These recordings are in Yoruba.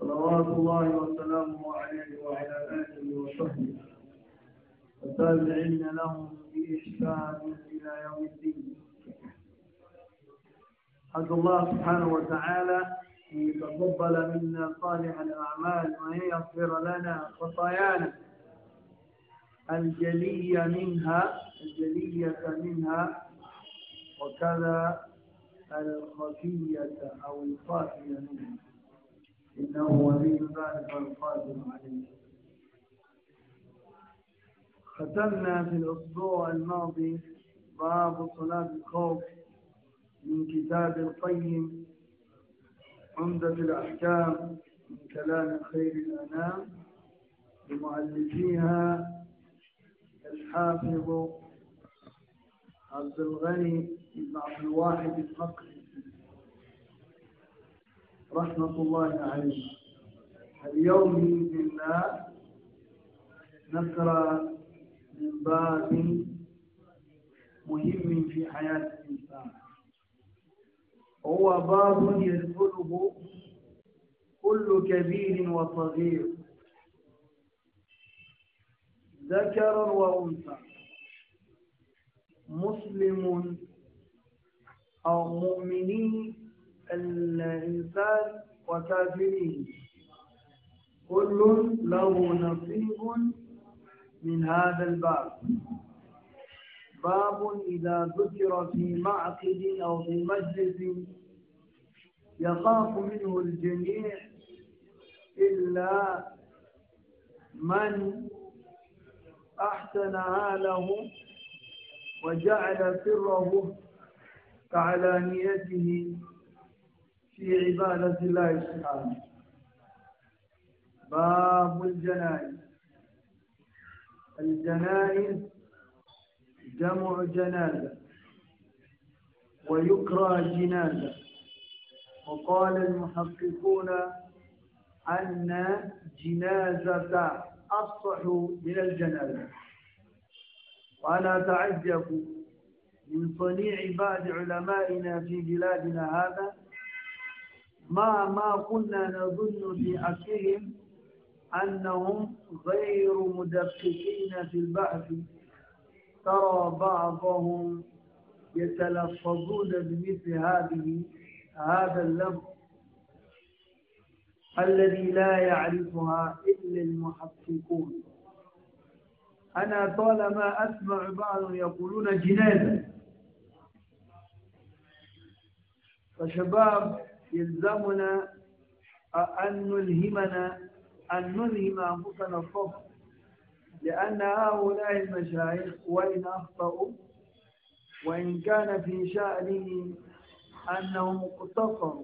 صلوات الله وسلامه عليه وعلى آله وصحبه وتابعين لهم بإحسان إلى يوم الدين أسأل الله سبحانه وتعالى أن يتقبل منا صالح الأعمال وأن يغفر لنا خطايانا الجلية منها الجلية منها وكذا الخفية أو الخافية منها إنه ولي ذلك القادر عليه ختمنا في الأسبوع الماضي باب صلاة الخوف من كتاب القيم عمدة الأحكام من كلام خير الأنام لمؤلفيها الحافظ عبد الغني بن عبد الواحد المقري رحمة الله عليه اليوم بإذن الله نقرأ من باب مهم في حياة الإنسان هو باب يدخله كل كبير وصغير ذكر وأنثى مسلم أو مؤمنين الإنسان وكافره كل له نصيب من هذا الباب باب إذا ذكر في معقد أو في مجلس يخاف منه الجميع إلا من أحسن حاله وجعل سره كعلانيته في عبادة الله سبحانه باب الجنائز الجنائز جمع جنازة ويكرى جنازة وقال المحققون أن جنازة أصح من الجنازة وأنا أتعجب من صنيع بعض علمائنا في بلادنا هذا ما ما كنا نظن في أكلهم أنهم غير مدققين في البحث ترى بعضهم يتلفظون بمثل هذه هذا اللفظ الذي لا يعرفها إلا المحققون أنا طالما أسمع بعضهم يقولون جنازة فشباب يلزمنا أن نلهمنا أن نلهم أنفسنا الصبر لأن هؤلاء المشايخ وإن أخطأوا وإن كان في شأنهم أنهم اقتصروا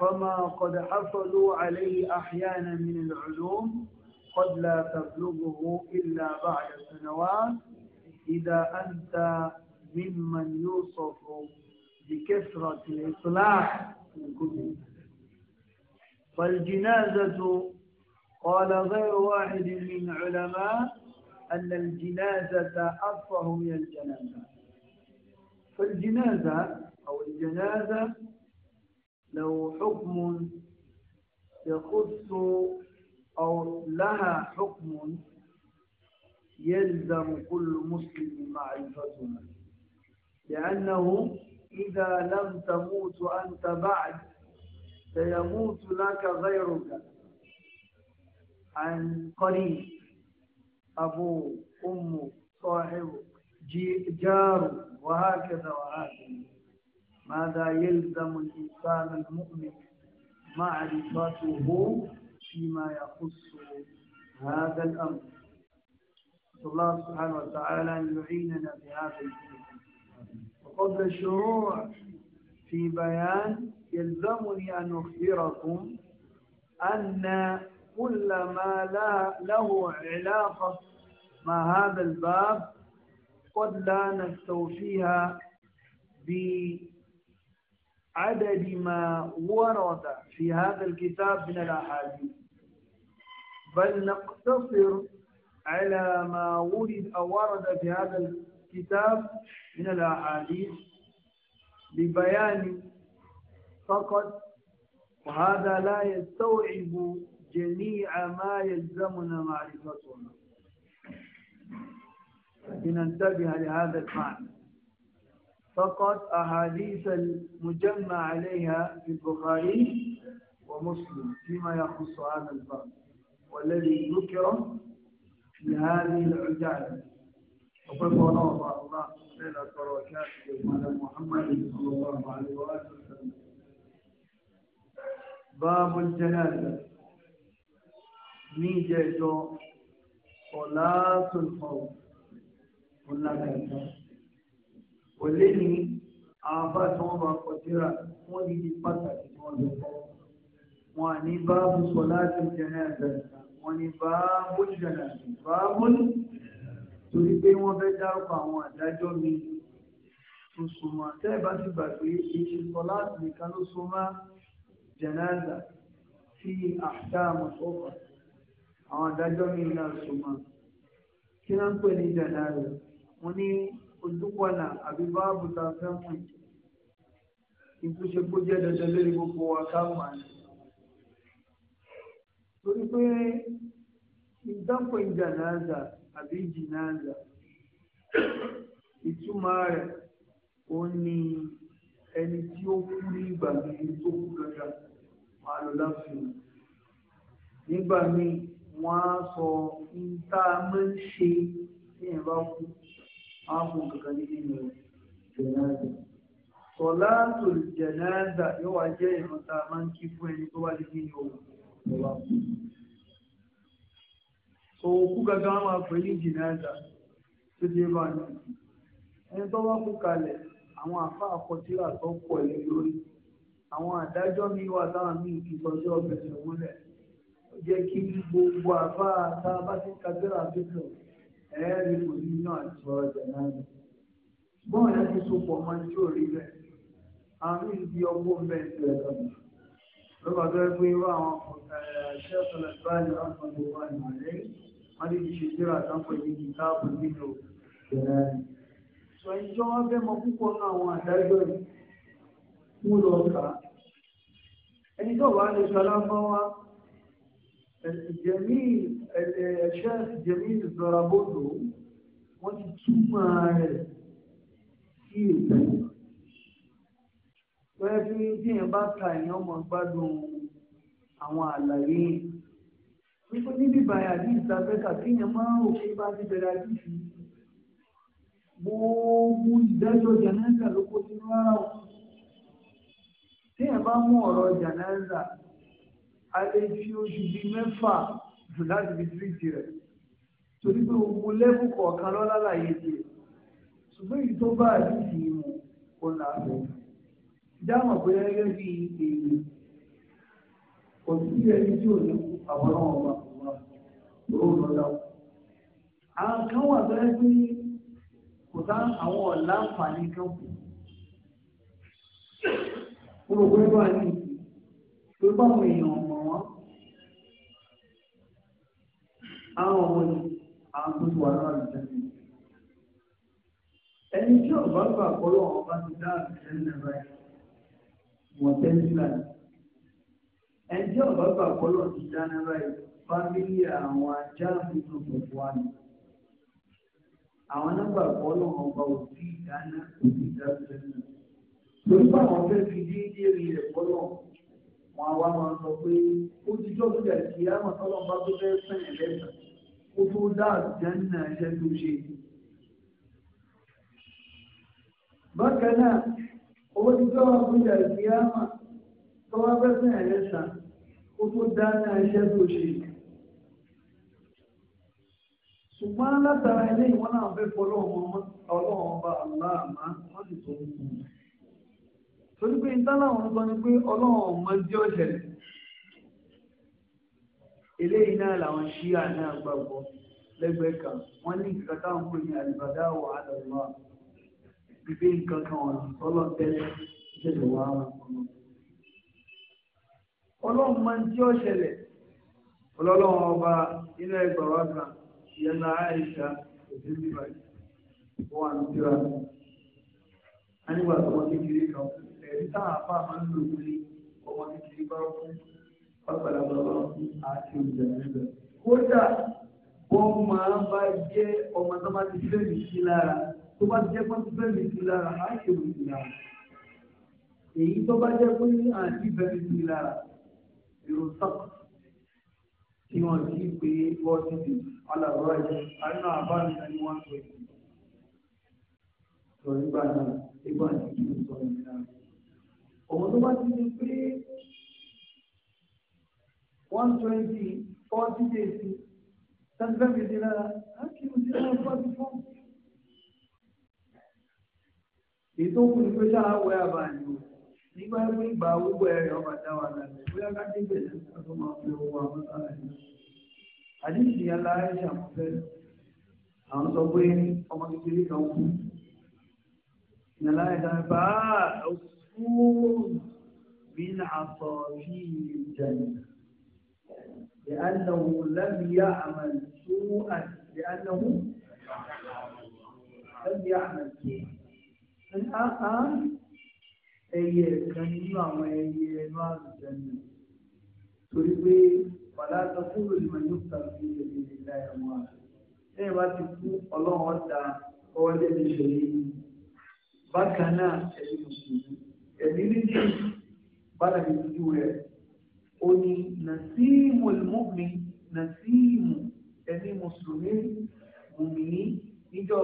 فما قد حصلوا عليه أحيانا من العلوم قد لا تبلغه إلا بعد سنوات إذا أنت ممن يوصف بكثرة الإصلاح فالجنازة قال غير واحد من علماء أن الجنازة أصفه من الجنازة فالجنازة أو الجنازة له حكم يخص أو لها حكم يلزم كل مسلم معرفتها لأنه إذا لم تموت أنت بعد سيموت لك غيرك عن قريب أبو أم صاحب جار وهكذا وهكذا ماذا يلزم الإنسان المؤمن معرفته فيما يخص هذا الأمر الله سبحانه وتعالى أن يعيننا بهذا الدين قبل الشروع في بيان يلزمني أن أخبركم أن كل ما لا له علاقة مع هذا الباب قد لا نستوفيها بعدد ما ورد في هذا الكتاب من الأحاديث بل نقتصر على ما ورد أو ورد في هذا الكتاب من الأحاديث ببيان فقط وهذا لا يستوعب جميع ما يلزمنا معرفته لننتبه لهذا المعنى فقط أحاديث المجمع عليها في البخاري ومسلم فيما يخص هذا الباب والذي ذكر في هذه العجالة وقف الله وأثنينا بركاته على محمد صلى الله عليه وآله وسلم باب الجنازة نيجيتو صلاة الفوت ولكن ولني àbá tí wọ́n bá kọjúra wọ́n ní ní pàtàkì tí wọ́n lọ kọ́. Wọ́n ní báàbù sọ̀láàtì jẹ̀nẹ́ẹ̀dẹ̀, wọ́n ní báàbù jẹ̀nẹ́ẹ̀dẹ̀, báàbù torí pé wọ́n fẹ́ dárúkọ àwọn àdájọ́ mi tó súnmọ́ tẹ́ẹ̀bá ti gbà pé iṣẹ́ sọlá nìkan ló súnmọ́ jẹ̀náàzà sí àdáàmù ọkọ̀ àwọn àdájọ́ mi náà súnmọ́ kí wọ́n ń pè ní jẹ̀náàzà wọ́n ní ojúkọ̀nà àbí báàbù tá a fẹ́ mú ìtúnṣe dandan lórí gbogbo wa ká mà torí pé ìdánpọ̀ ìjànáàzà àbí jìnnàza ìtumọ̀ rẹ̀ ó ní ẹni tí ó kú ní ìgbà míì tó kú dandan máa lọ láfihàn nígbà míì wọ́n á sọ níta máa ń ṣe ní ẹ̀rọ kú máa kú kankan nínú jìnnàza sọlá tó jìnnàza yóò wá jẹ́ ìrántá máa ń kí fún ẹni tó bá ti kí ni òun lọ́wọ́ so òkú gangan wọn máa pè ní jìnnàjà tó dé bá ní ẹni tó bá kú kalẹ̀ àwọn àfa àkọsílà tó pọ̀ lé lórí àwọn àdájọ́ mi wà táwọn míì fi sọjọ́ ọ̀bẹ̀sẹ̀ múlẹ̀ ó jẹ́ kí gbogbo àfa tá a bá ti kagbéra pípọ̀ ẹ̀ẹ́rì kò ní náà ti sọ̀rọ̀ náà lọ. bọ́ọ̀n yẹn ti sopọ̀ mọ́ tí ò bẹ́ẹ̀ àwọn míì di ọgbọ́n bẹ́ẹ̀ ti tó yẹ pé irú àwọn ṣẹ́ẹ̀tọ̀ lẹ́gbẹ̀ẹ́ wọ́n ní kí ṣe síra àtàkùn yìí kì í káàbù nínú ìrẹ́ni. sọ ìjọ wọn fẹ́ mọ púpọ̀ náà àwọn àdájọ́ yìí mú lọ kà á. ẹni tó wàá lè sọ lágbọ́nwá ẹ̀ṣẹ́ ìjẹ̀mí ìzọ̀ràbọ̀dọ̀ wọ́n ti túmọ̀ rẹ̀ sí ìgbẹ́. pẹ́ẹ́ bí díẹ̀ bá ta èèyàn mọ̀ gbádùn àwọn àlàyé wípé níbi báyà ní ìtafẹ́kà kéèyàn máa ń òfin bá ti bẹ̀rẹ̀ àdìsí gbogbo ìdájọ́ jànáńsà ló kó sínú ara wọn téèyàn bá mú ọ̀rọ̀ jànáńsà a lè fi oṣù bíi mẹ́fà jù láti fi tírìtì rẹ̀ torí pé gbogbo lẹ́bù kọ̀ọ̀kan lọ́lá láàyè tiẹ̀ ṣùgbọ́n èyí tó bá àdìsí mu kò láàbẹ̀ dáhùn pé gẹ́gẹ́ bíi èyí kò sí ẹni tí ò ní àwọn ọmọ yóò lọ lọ. àwọn kan wà bẹ́ẹ̀ pé kò tá àwọn ọ̀la àǹfààní kan kù. mo rò pé bá a ní pé báwọn èèyàn mọ̀ wọ́n. àwọn ọmọ ni àwọn tó ti wà lọ́wọ́ àlùjá ni. ẹni tí ọ̀bá gbà kọ́ lọ́wọ́ bá ti dá àlùjá ní ẹ̀rọ ẹ̀ wọ́n tẹ́lifíà ni. ẹni ọ̀bá gbà kọ́ lọ́wọ́ ti fámílì àwọn ajá tuntun gbogbo wa ni àwọn nọ́mbà kan náà ọba òbí ìdáná òbí ìdájọ́ náà lórí bá àwọn fẹ́ẹ́ fi dídí rí ẹ̀kọ́ náà wọn àwa máa sọ pé ó ti jọ́ fún ìdàgbé àwọn tọ́lọ́ bá tó fẹ́ẹ́ sẹ́yìn lẹ́sàn ó tó dá àjẹ́ náà tó ṣe. bákan náà owó ti jọ́ fún ìdàgbé àwọn tọ́wọ́ fẹ́ẹ́ sẹ́yìn lẹ́sàn ó tó dá náà iṣẹ́ tó ṣe. ṣùgbọ́n látara ilé ìwọ́n náà fẹ́ fọ́ ọlọ́run ọba aláàmá wọ́n sì tó ń kú un. torí pé ìtàn àwọn sọ ni pé ọlọ́run ọmọ tí ó eléyìí náà làwọn lẹ́gbẹ̀ẹ́ kan wọ́n ní nǹkan táwọn pè ní àlùbádá wà á lọ́wọ́ nǹkan kan tẹ́lẹ̀ ṣẹlẹ̀ wà á wọn. ọlọ́run ọba inú ẹgbẹ̀rún ìyẹn náà àìsà òfin bíbá wọn wà nígbà a nígbà tó wọn kékeré kan ẹ̀rí táwọn afá máa ń lò wọlé ọmọ kékeré bá fún pàgbàlagbà bá fún àti òjò níbẹ̀. kódà wọn máa bá jẹ ọmọ tó bá ti fẹ́ mi sí lára tó bá ti pé ti fẹ́ mi sí lára á ṣe òjò lára èyí tó bá jẹ́ pé àti bẹ́ẹ̀ mi sí lára èrò sọ́kù tí wọ́n ti pé forty days alàbọ̀ ẹ̀ àrínà àbáni ní one twenty. sọ nígbà náà nígbà tí kì í sọ nígbà náà. òun tó bá ti di pé one twenty forty days sanfẹ́ mi ti lára á kí n ti lára forty four. ètò òkú ni pé sáà wẹ́ àbáyé o nígbà tó ìgbà owó ẹ̀rẹ̀ ọba dáwà lálẹ́ bóyá kájí gbèsè tó máa fi owó àwọn sára yìí. àdéhùn ìyá láàyè àkọsẹ́ àwọn sọ pé ọmọ kékeré kan kú. ìyá láàyè dáná bá òkú mi nà àtọ̀ sí ìjẹun. لأنه لم يعمل سوءا لأنه لم يعمل سوءا الآن ẹyẹ kan nínú àwọn ẹyẹ ẹnu àlùjẹnu torí pé wàlá sọ fún olùmọ̀ yóò tàbí ẹ̀mí ìlà ẹ̀wọ̀n àti lẹ́yìn bá ti kú ọlọ́run ọ̀dà ọwọ́ lẹ́nu ìṣẹ̀lẹ̀ yìí bákan náà ẹ̀mí mùsùlùmí ẹ̀mí méjì bára mi dúdú rẹ̀ ó ní nàṣíìmù ẹ̀lmọ́mi nàṣíìmù ẹ̀mí mùsùlùmí mùmí níjọ́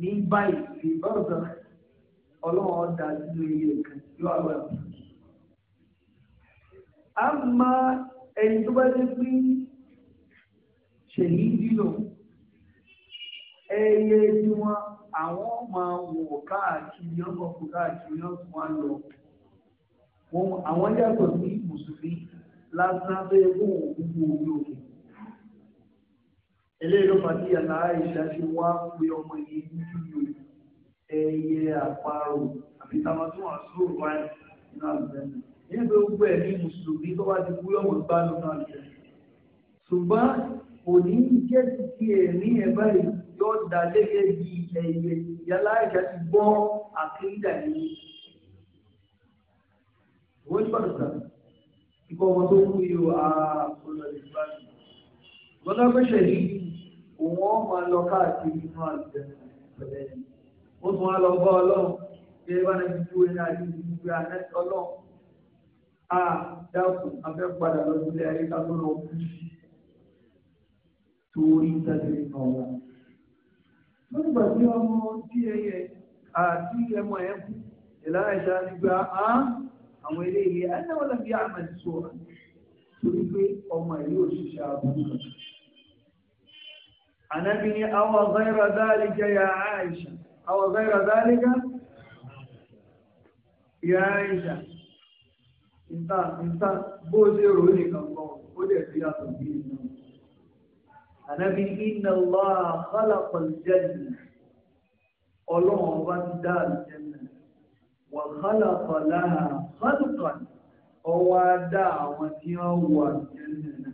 ní báyìí lè bá ọlọ́run ọ̀dà sínú iye kan yóò àwọn ẹ̀kọ́. a máa ẹni tó bá dé pé ṣèyí dìlò ẹyẹ tí wọn àwọn máa wò káàkiri ọkọ̀ káàkiri ọkọ̀ wọn lọ àwọn yàtọ̀ sí mùsùlùmí lásán tó kó gbogbo orí òkè. eléyìí ló fà sí yàrá ìṣàṣe wá pé ọmọ yìí ń dúró ẹyẹ àparò àbí táwọn tó wà sóòrò wáyé nínú àlùfẹ́ẹ̀nì nínú pé gbogbo ẹ̀ ní mùsùlùmí tó bá ti kú yọ̀wọ̀ gbá nínú àlùfẹ́ẹ̀nì ṣùgbọ́n òní jẹ́ títí ẹ̀mí ẹ̀ báyìí yóò dá lẹ́yẹ di ẹyẹ yálà ìjà ti gbọ́ àkéńdà yìí. wọ́n ti bàtà ikọ̀ ọmọ tó kú yìí wà á kọlọ̀ lè gbà mí. gbọ́dọ̀ yìí òun ọ̀ máa lọ káàkiri nínú àlùfẹ́ẹ̀nì ó tún wá lọ bọ́ ọlọ́run bí ẹ bá ní ju ẹni àti ìlú àná ọlọ́run a dákun afẹ́ padà lọ sílé ayé ká tó lọ kú torí tẹ́lẹ̀ náà wọn. nígbà tí ọmọ tí ẹyẹ àti ẹmọ ẹ kú ìlànà ìṣá nígbà á àwọn eléyìí ẹnáwó làbí àmà ìṣòro torí pé ọmọ ẹ yóò ṣiṣẹ́ àbúrò kan. Ànábi àwọn ọ̀gá ìrọ̀dá àlejò ya Aisha. أو غير ذلك يا عائشة nta nta bó ṣe rò ó nìkan kan ó lè fi yàtọ̀ bí iná. Ànábi iná lọ àkàlàkọ̀ jẹ́nì ọlọ́run bá ti dá àlùjẹ́nì wà kàlàkọ̀ lára kàlùkàn ọwọ́ á dá àwọn tí wọ́n wà àlùjẹ́nì náà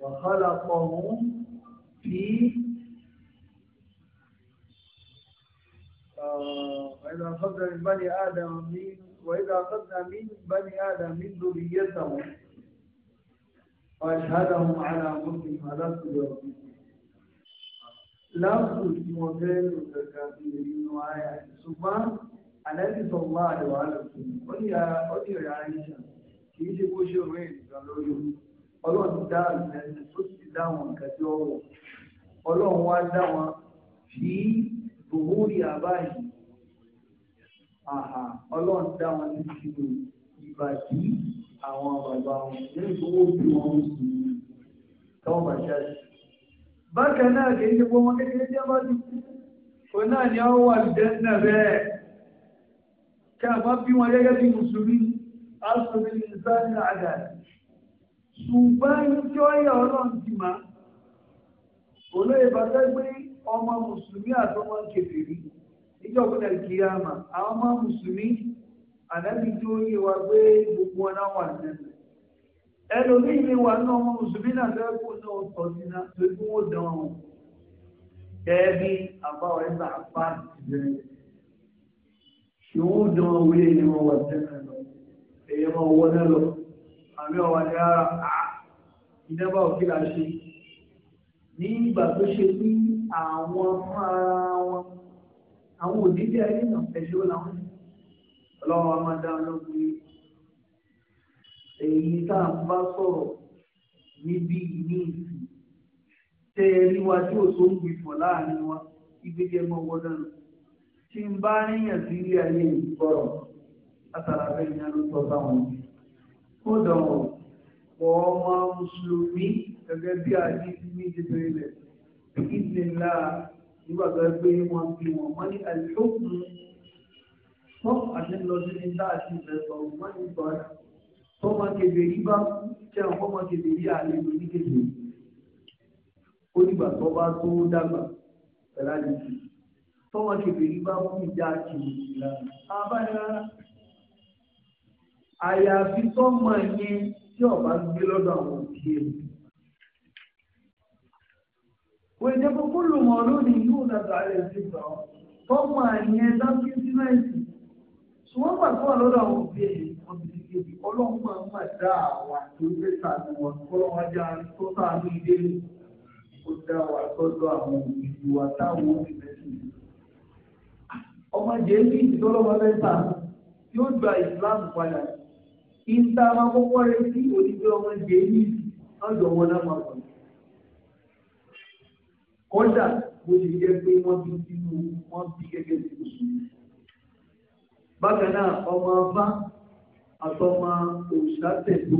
wà kàlàkọ̀ ọ̀hún fi وإذا أخذنا من بني آدم من وإذا أخذنا من بني آدم من ذريتهم وأشهدهم على مسلم ألست بربكم لم تسلموا غير الكافرين وآيات سبحان النبي صلى الله عليه وسلم قل يا قل يا عائشة kìí ṣe bó ṣe rìn nìkan lórí ọlọ́run dá ìrẹsì tó sì dá wọn nǹkan tí ó wọ̀ ọlọ́run wá lòwúrì àbáyé àhà ọlọ́run dá wọn ní ṣírò ìbàdí àwọn bàbá wọn nínú ìgbówó bí wọn ń sùn táwọn bá ṣáàṣì. bákan náà kì í ṣe gbọmọ kékeré jẹ́ bá ti kú kò náà ni wọ́n wà lùdẹ́nà bẹ́ẹ̀ kí a bí wọn gẹ́gẹ́ bí mùsùlùmí asùnmí ní sáàlì àdá ṣùgbọ́n ìjọ ìyá ọlọ́run ti máa olóyè bàtà gbé ọmọ mùsùlùmí àtọmọ kèfèrí níjọ́ gbọ́dọ̀ kíyàmà àwọn ọmọ mùsùlùmí ànábì tó yé wa pé gbogbo ọ̀nà wà nínú ẹlòmíì ni wà ní ọmọ mùsùlùmí náà lẹ́kùn náà tọ́ sí náà tó kí wọ́n dán wọn kẹ́ẹ̀bí àbáwọ̀ ẹ̀sà àpá ìbẹ̀rẹ̀ ṣòwò dán wọn wílé ni wọ́n wà sẹ́nà lọ èyí wọn wọ́n náà lọ àmì ọ̀wà ní ara ìdábà òkè làṣẹ ní ìgbà tó ṣe ní àwọn fúnra wọn àwọn òdílé ayé náà ẹ̀ṣọ́ làwọn ọlọ́wọ́ máa dá lóko yìí èyí tá a bá sọ̀rọ̀ níbí ní ìsìn tẹ́ ẹ rí wa tí òṣò ń gbìfọ̀ láàrin wa ibi jẹ́ mọ́ wọ́dọ̀ nù tí n bá ríyàn sí ilé ayé ìgbọ́rọ̀ látara bẹ́ẹ̀ ni a ló sọ báwọn yìí kódà wọ́n ọmọ mùsùlùmí gẹ́gẹ́ bí àdìsí ní ìdíje ilẹ̀ ìdílá nígbà tó ẹ pé wọ́n fi wọ́n wọ́n ní àìsókun tó àtẹ́lọ́sí ní táàtì ìrẹsọ̀ wọ́n ní bọ́ọ̀dà tó máa kébè yí bá tẹ̀ ọ́n kó máa kébè yí àlejò ní ó nígbà tó bá tó dàgbà pẹ̀lá lè fi tó máa kébè yí bá fún ìjà kìí ìlànà abáyá àyàfi tó máa yẹn tí ọba gbé lọ́dọ̀ àwọn òbí rẹ̀. ويجب كل مولود يولد على الفطرة ثم ينزل في سنة ṣùgbọ́n gbà tó wà lọ́dọ̀ àwọn òbí ẹ̀ wọ́n ti di kejì ọlọ́run máa ń mà dá àwa tó ń fẹ́ sàánú wọn kọ́lọ́run ajá tó sàánú ilé rẹ̀ ó dá wa sọ́dọ̀ àwọn òbí wa táwọn òbí rẹ̀ sì ní. ọmọ jẹ́ẹ́lì ìdílọ́lọ́mọ fẹ́ yóò gba ìsìláàmù padà ìta máa kọ́kọ́ rẹ̀ sí òdìgbé ọmọ jẹ́ẹ́lì náà máa pọ̀ kọ́dà bó ṣe jẹ́ pé wọ́n bí sínú wọ́n bí gẹ́gẹ́ bí mùsùlùmí. bákan náà ọmọ bá àtọmọ òṣìṣẹ́ tẹ̀lé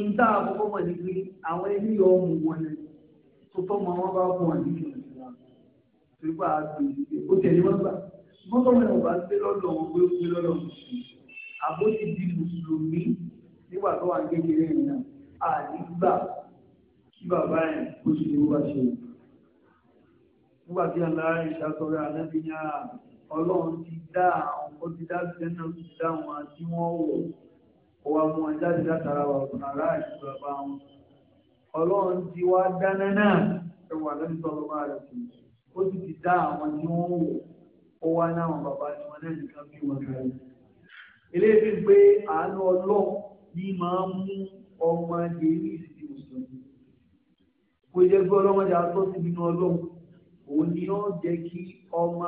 ìta àkọ́kọ́ mọ̀ ní pé àwọn ẹni ọmọ wọn ni tó tọ́mọ wọn bá fún wọn nínú ìlú nípa àgbègbè ó tẹ̀lé wọn gbà mọ́tò wọn ò bá gbé lọ́dọ̀ wọn pé ó gbé lọ́dọ̀ mùsùlùmí àbó ti di mùsùlùmí nígbà tó wà kékeré yìí náà àdìgbà kí bàbá yẹn kó sì ní wúwa ṣe nígbà tí alára ìṣàkọrẹ àlẹ́bí ní ara ọlọ́run ti dá àwọn ó ti dá sílẹ̀ náà ti dá wọn tí wọ́n wọ̀ kó wa mú wọn jáde látara wà fún ara àti bàbá wọn ọlọ́run ti wá dáná náà ẹ wà lẹ́nu tó ọlọ́run rẹ̀ fún mi ó sì ti dá àwọn tí wọ́n wọ̀ ó wá náwọn bàbá tí wọ́n náà nìkan bí wọn kàrí eléyìí pé àánú ọlọ́run ní máa mú ọmọ dèrí kó jẹ́ pé ọlọ́mọdé atọ́ sí nínú ọlọ́run òun ni ó jẹ́ kí ọmọ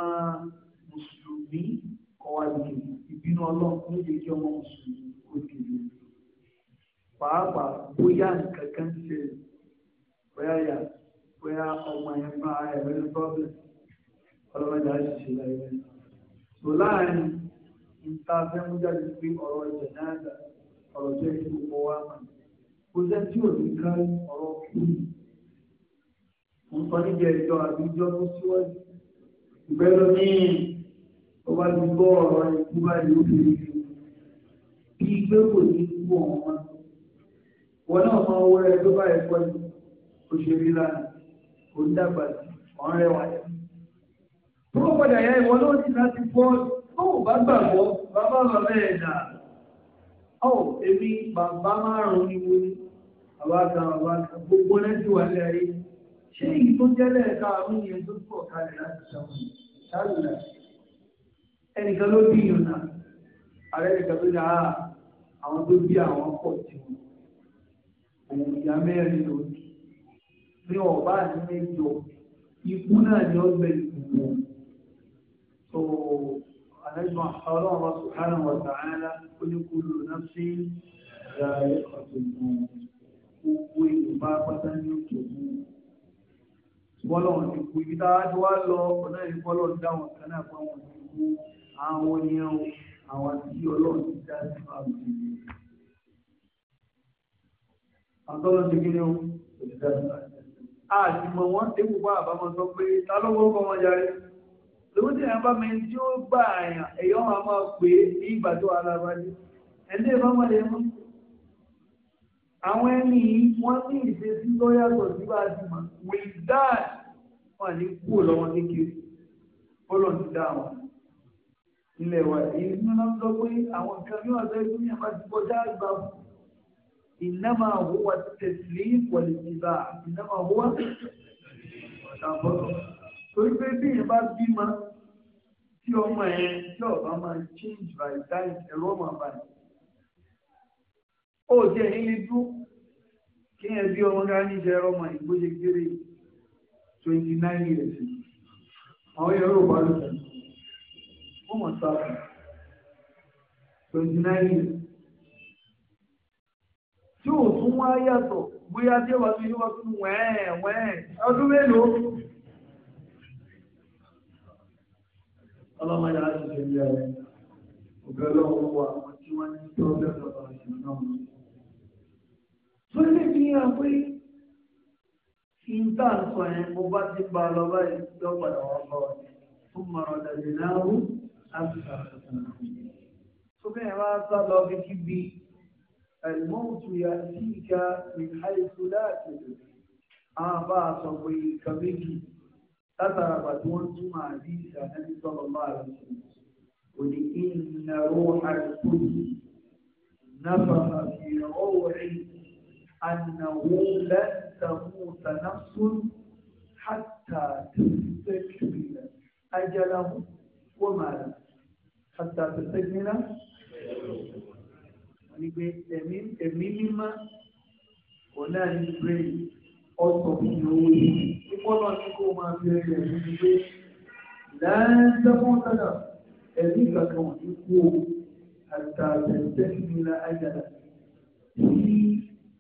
mùsùlùmí kọ́wá di ìbínú ọlọ́run ló jẹ́ kí ọmọ mùsùlùmí kó di ìbínú pàápàá bóyá nǹkan kan ṣe bóyá yà bóyá ọmọ yẹn bá ẹ̀ lórí problem ọlọ́mọdé á ṣe láyé tó láàrin nta fẹ́ mú jáde pé ọ̀rọ̀ ẹ̀jẹ̀ náà ọ̀rọ̀ jẹ́ kí gbogbo wa mọ̀ kó jẹ́ tí òní ká ọ̀rọ̀ kúrò nǹkan níbi ẹ̀jọ́ àbíjọ́ tó síwájú ìgbẹ́lú ní ọba ti gbọ́ ọ̀rọ̀ ikú báyìí ó fi rí bí ìgbé kò ní kú ọ̀hún mọ́ wọn náà máa wọ ẹ tó báyìí pọ̀ ní òṣèré lánàá kò ń dàgbà sí ọ̀rẹ́ wa yẹn. tó o padà yá ìwọ ló ti láti fọ́ tó o bá gbàgbọ́ bàbá bàbá ẹ̀ dà ọ́ èmi bàbá márùn-ún ni mo ní bàbá kan bàbá kan gbogbo náà ti wà ní ayé yìí ṣé èyí tó jẹ́lẹ̀ ká àwọn èèyàn tó pọ̀ kalẹ̀ láti sọ̀rọ̀ ṣáàlùlà ẹnìkan ló bí ìyọ̀nà ààrẹ nìkan tó dáa ah, àwọn tó bí àwọn pọ̀ tí wọn òun ìyá mẹ́rin ló ní ní ọ̀bá àti mẹ́jọ ikú náà ni ó gbẹ ìkùnkùn tó àlejò ọlọ́run wa sùkánà wà sàánà ó ní kúlù náà sí ìyá ẹ̀kọ́ tó gbọ́n gbogbo èèyàn pátá ní òkè òkun bọ́lọ̀n ti kú ibi tá a ti wá lọ ọ̀nà yìí bọ́lọ̀n dáhùn kan náà fún àwọn ti kú àwọn oníyàn àwọn tí ọlọ́run ti dá sí fáwọn ti kú. àtọ́lọ́ ti kí ni ó ti dá sí fáwọn ti kú. a ti mọ wọn tí kò bá sọ pé ta ló wọ́pọ̀ wọn yarí. lóun tí èèyàn bá mi tí ó gbà àyàn èèyàn máa máa pè é ní ìgbà tó ara wájú. ẹ̀ àwọn ẹni yìí wọ́n ní ìṣesí tó yàtọ̀ sí bá a ti mọ̀ with that wọ́n ní kú lọ́wọ́ kékeré bọ́lọ̀ ti dá wọn. ilẹ̀ wa èyí ní wọ́n sọ pé àwọn nǹkan bí wọ́n sọ pé ní àbá ti kọjá àgbà fún ìnáma huwa tẹ̀sílẹ̀ pọ̀lì ìbá ìnáma huwa àbọ̀tọ̀. torí pé bí yẹn bá bímọ tí ọmọ yẹn tí ọba máa change by time ẹ̀rọ máa bàjẹ́. ó jẹ́ ilé dúró. kenya bi onwe gị anyị ji ere ọma igbo 29 years onye yoruba luta ụmụ asatọ 29 years tụ otu nwa ahịa atọ bụ ya dị ọbatụ ihe ọtụ nwee nwee ọdụme na otu ọlọma jara ajụjụ ndị ahụ obere ọgwụgwọ ahụ ji nwanne ndị ọbịa dọtara ji n'ọnụ tó lè fi hàn pé ìta nǹkan yẹn mo bá ti bá a lọ báyìí lọ́pàdà wọn bá wọn fún mọ̀ràn dàdé láwù láti ṣàkóso tó bẹ́ẹ̀ wá sá lọ bí kíbi àìmọ́ọ̀tù yà sí ìka ìhàìsù láti rẹ̀ àwọn bá a sọ pé ìka méjì látara bàtí wọ́n túmọ̀ àbí ìṣàkóso sọ̀rọ̀ máa rẹ̀ sí i. ولإن روح القدس نفخ في روحي أنه لن تموت نفس حتى تستكمل أجله وماله حتى تستكمل wọ́n gbé ẹ̀mí ẹ̀mí mímá òun náà ní pé ọ̀sọ̀ ìyẹn owó yìí nípa náà ní kó máa fi ẹ̀rẹ̀ ẹ̀mí ní pé láńsẹ́fún sádà ẹ̀mí kankan wọ̀n ní kú àtàtẹ̀tẹ̀ nílá ayára tí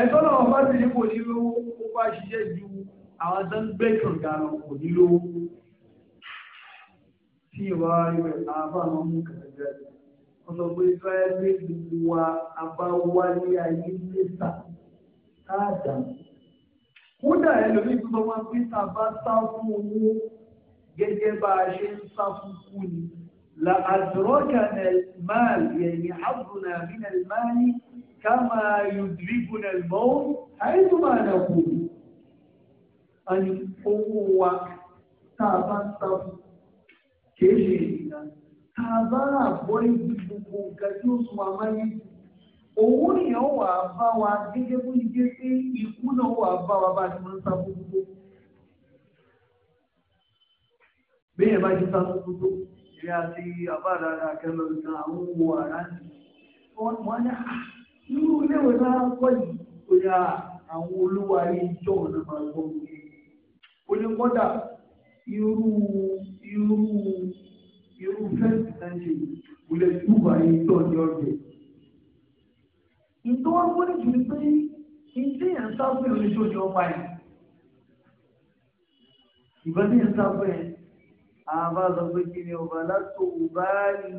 ẹ̀tọ́ náà bá ti ní kò ní lówó ó bá ṣiṣẹ́ ju àwọn tó ń gbé kànga lọ kò ní lówó tí ìwà rẹ̀ àbá àwọn mú kànga ọ̀sọ̀ pé israẹli gbogbo wa abáwálé ayé lẹ́sà káàdàmù kódà ẹlòmíì tó sọ wọn pé tá bá sá fún owó gẹ́gẹ́ bá a ṣe ń sá fún kú ni la àdúrókà náà máàlì ẹ̀yìn àbùnà àbínà máàlì. كما يدركنا الموت ما نقول أن قوة تابطب كجينا tàbára àbọ̀ ibi gbogbo nǹkan tí ó sún wa máyé òun yẹn wà bá wa gẹ́gẹ́ bó ti jẹ́ pé ikú náà wà bá wa bá ti máa ń sá bẹ́ẹ̀ bá ti sá ìrìn àti àbára akẹ́lọ́ọ̀ta àwọn owó ara ni wọ́n ní àá irú iléèwé náà kọ́ yìí bóyá àwọn olówó ayé ìjọ ọ̀nà máa gbọ́ mi ó ní kọ́dà irú irú irú fẹ́ǹsì náà ṣe ìpìlẹ̀ ìdúgbà ayé ìjọ ní ọ̀dẹ̀. ìtọ́wọ́ gbọ́dọ̀ jù ní pé ilé yẹn sáfẹ́ oníṣòwò ni ọba yẹn ìbọn ní yẹn sáfẹ́ yẹn àbá sọ pé kí ni ọba látò báyìí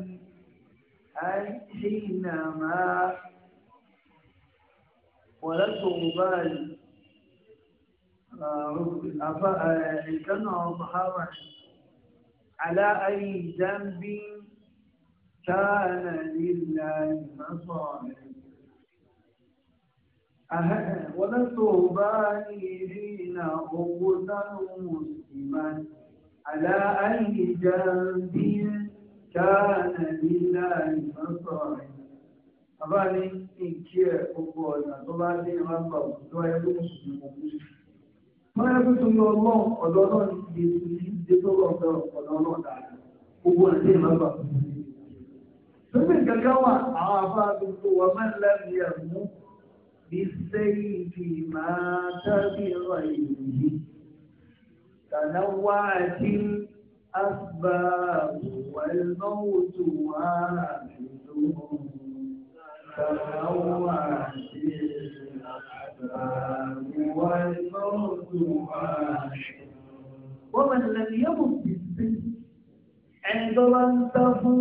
àìṣe ìnàmá. ولست مبالي كان صحابة على أي ذنب كان لله مصالح ولست أبالي حين أقتل مسلما على أي ذنب كان لله مصالح bàbá ní ìkí ẹ̀ gbogbo ọ̀nà tó bá dé ẹ̀ máa ń gba òkúta ẹ̀ ló kù sí òkú. wọ́n yẹ kó tún lọ mọ́ ọ̀dọ́ náà ní ìdè tó lọ fẹ́ ọ̀dọ́ náà dà gbogbo ọ̀nà tí ẹ̀ gbà kú. lókè gẹ́gẹ́ wà àwọn afá gbogbo wa máa ń lẹ́nu ẹ̀ mú bí sẹ́yìn fi máa tábí ẹ̀rọ ìròyìn تنوعت الأسباب والموت واحد wọ́n máa lè yẹ́wò bìbí ẹ̀ńdọ́ bá ń tán fún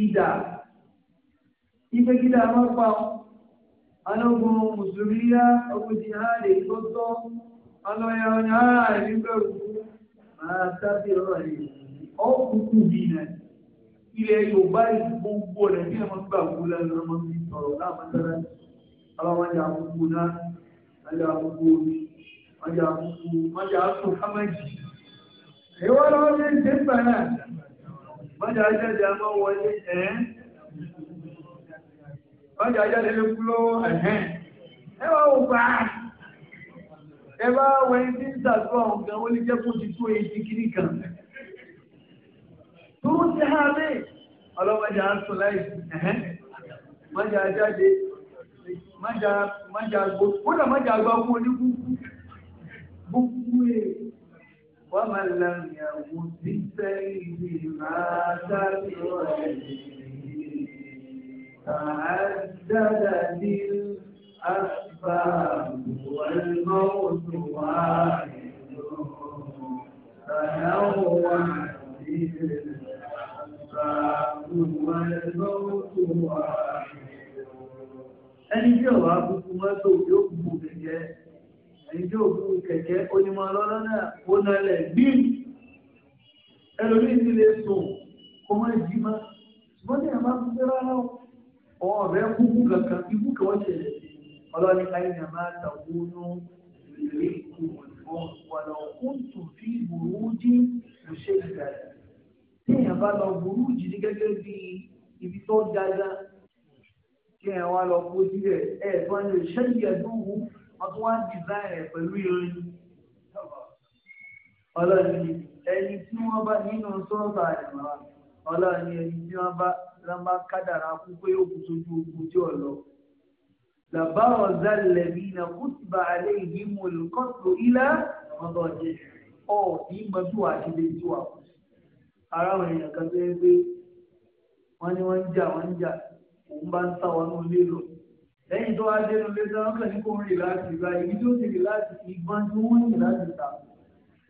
ìdá ìgbégídà máa pa alógun mùsùlùmí yá ọkùnrin jihadi tó tọ́ alọ́yà ọ̀nà àìrí bẹ̀rù máa tábí ọ̀rọ̀ yìí ọ̀kùnkùn bíi náà ilẹ̀ yorùbá yìí gbogbo ọ̀rẹ́ bí wọn gbà wú lẹ́nu ọmọ mi sọ̀rọ̀ láàmúdára ọlọ́wọ́n yà gbogbo náà wọ́n yà gbogbo omi wọ́n yà gbogbo wọ́n yà sùn kámẹ́jì. ìwọ lọ́wọ́ ṣe ń ṣe ń bà náà wọ́n yà jáde àmọ́ wọlé ẹ̀ wọ́n yà jáde lé kúló ẹ̀hẹ́n ẹ wá wò bá ẹ bá wẹ́n tí ń ọ̀gá wọ́n lè jẹ́ kó ti tó èyí kiri kan túnjẹ́ àmì ọlọ́mọdé àásùn láì mọ́jà jáde mọ́jà gbó kódà mọ́jà gbá fún oníkú gbogbo ẹ̀ e. wọ́n máa làmìyàwó sí sẹ́yìn máa dábì ọ̀rẹ́ تعدد الأسباب والموت واحد تنوع في ẹni tí ò wá gbogbo mọ́tò yóò gbogbo kẹ̀kẹ́ ẹni tí ò gbogbo kẹ̀kẹ́ onímọ̀ lọ́lọ́ náà ó nalẹ̀ bíi ẹlòmíì ti lè sùn kó má jí má ṣùgbọ́n ní àbá fún fẹ́ rárá o ọ̀rẹ́ kúkú kankan ikú kan tí èèyàn bá lọ burú jìdí gẹ́gẹ́ bí ibi tó dáadáa kí èèyàn wá lọ kó sí rẹ̀ ẹ̀ tó ń lè ṣẹ́yìn ẹ̀dúnwó wọ́n tún wá design rẹ̀ pẹ̀lú irin. ọlọ́ọ̀ni ẹni tí wọ́n bá nínú sọ́ọ̀tà àdìmọ́ ọlọ́ọ̀ni ẹni tí wọ́n bá lọ́mọ kádàrá kú pé ó kù sójú ogun tí ò lọ. làbáwọ̀ zálẹ̀ bí iná kú ti bá alẹ́ ìdí mọ̀lùkọ́tò ilá ọ̀dọ̀ aráwọn èèyàn kan tó yẹ pé wọ́n ní wọ́n ń jà wọ́n ń jà òun bá ń sá wọn ní olé lọ lẹ́yìn tó wá dé lọlé tí wọ́n kàn ní kó ń rìn láti ìgbà ibi tó ti rìn láti ìgbọn tí wọ́n ń rìn láti ta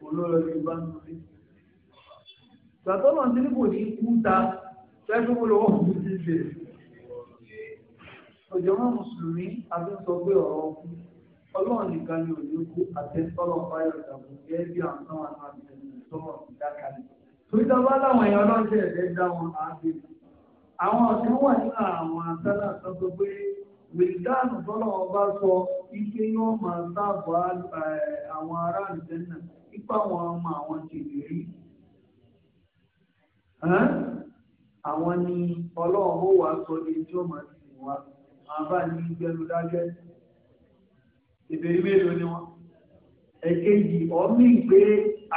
olóró ní ìgbà ń lọlé. gbàtọ́ náà ti ní kò ní kú ta fẹ́ẹ́ fún olówó kò ti ṣe. ọ̀jọ̀ mọ́ mùsùlùmí àti sọ pé ọ̀rọ̀ kú ọlọ́run nìkan ni òní kú àtẹ́sọ́lọ́ fáyọ̀ ìdàgbò gẹ́gẹ́ bí àwọn àwọn àti ẹ̀sìn Tòlítà bá láwọn èèyàn ọlọ́jẹ́ ẹ̀dẹ́ dá wọn àábí. Àwọn ọ̀sán wà nínú àwọn àtàlà sọ pé pé Wìlìdáànù tọ́lọ̀ ọba sọ ike yóò máa sáàbù àwọn ará àlùjẹ́nà ipa àwọn ọmọ àwọn tèlè rí. Àwọn ni ọlọ́run ó wàá sọ ní tí ó máa ti sìn wá. Màá bá ní gbẹnu dájẹ́. Ìbéèrè mélòó ni wọ́n? Ẹ̀kejì, ọ̀mí pé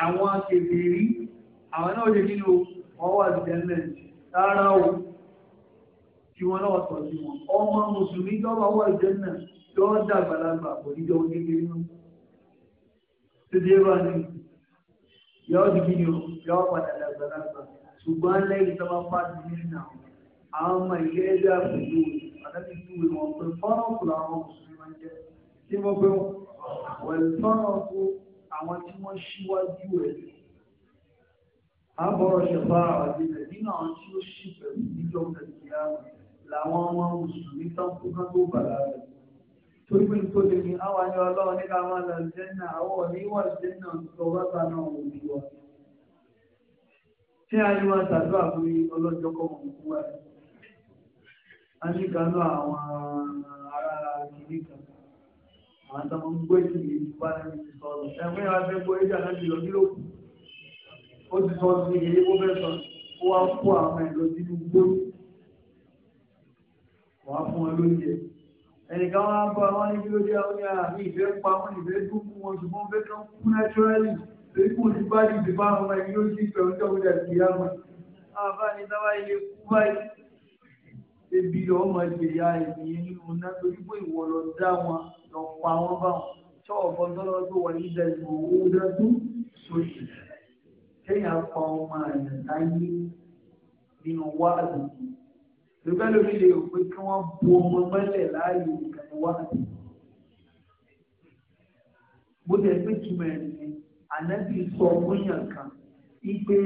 àwọn kèfèrí àwọn náà lè nínú ọwọ́ àdìjẹ́lẹ̀ rárá o tí wọ́n náà sọ sí wọn ọmọ mùsùlùmí jọba ọwọ́ àdìjẹ́lẹ̀ yóò dàgbàlagbà kò ní jọ kékeré nù títí ẹ bá ní yóò di kí ni o yóò padà dàgbàlagbà ṣùgbọ́n lẹ́yìn tó bá bá ti ní nà àwọn ọmọ ìyá ẹgbẹ́ àpèjú àtàkì ìtúwé wọn pé fọ́nrọ́ọ̀kù làwọn mùsùlùmí máa ń jẹ tí wọ́n fọ́nrọ́ọ̀kù àwọn wọ́n ṣíwájú ẹ̀ àbọ̀rọ̀ ṣẹ̀fà àti nàìjíríà àwọn tí ó ṣì pẹ̀lú níjọ́ nàìjíríà làwọn ọmọ mùsùlùmí tán kó kán tó bàlá rẹ̀. torí pé tó lè ní àwọn ayé ọlọ́run ní ká máa lọ jẹ́nà àwọ̀ ní ìwà jẹ́nà tó bá ta náà wò ní wa. ṣé ayé wa tàdúrà fún ọlọ́jọ́ kọ́ mọ̀ kú wa? a ní kanú àwọn ará kìíní kan àwọn tó máa ń gbé bá ẹni sọ̀rọ̀ ẹgbẹ́ wa fẹ́ gbé ìjà ó ti sọ sí ilé ó fẹ́ sọ ó wá kó àwọn ẹ̀ lọ sínú gbó wàá fún wọn lóúnjẹ ẹnìkan wá bá wọn ní kí ló dé àwọn yàrá mi ìfẹ́ pa wọn ìfẹ́ dún fún wọn ṣùgbọ́n fẹ́ kí wọ́n kú náṣọ́rẹ́lì èyí kò ní bá dìde bá àwọn ẹni ló ti pẹ̀lú ìjọba ìjà sí ìyá wọn. àwọn bá ní sábà ilé kú báyìí ebi ọmọ ìgbéyà ènìyàn ní ọ̀nà torí pé ìwọ lọ dá wọn lọ pa wọn báwọn ṣọ́ọ̀bọ tọ́lọ́ tó wà ní ìdẹ̀lẹ̀ òwúrọ̀ tó sóṣù kéèyàn pa ọmọ àyàn láyé nínú wáàdì lùbẹ́lò mi lè rò pé kí wọ́n bu ọmọ mọ́lẹ̀ láàyè nìkan wáàdì bó tẹ̀ pé túmọ̀ ẹ̀ ní ànábì sọ fúnyàn kan ipe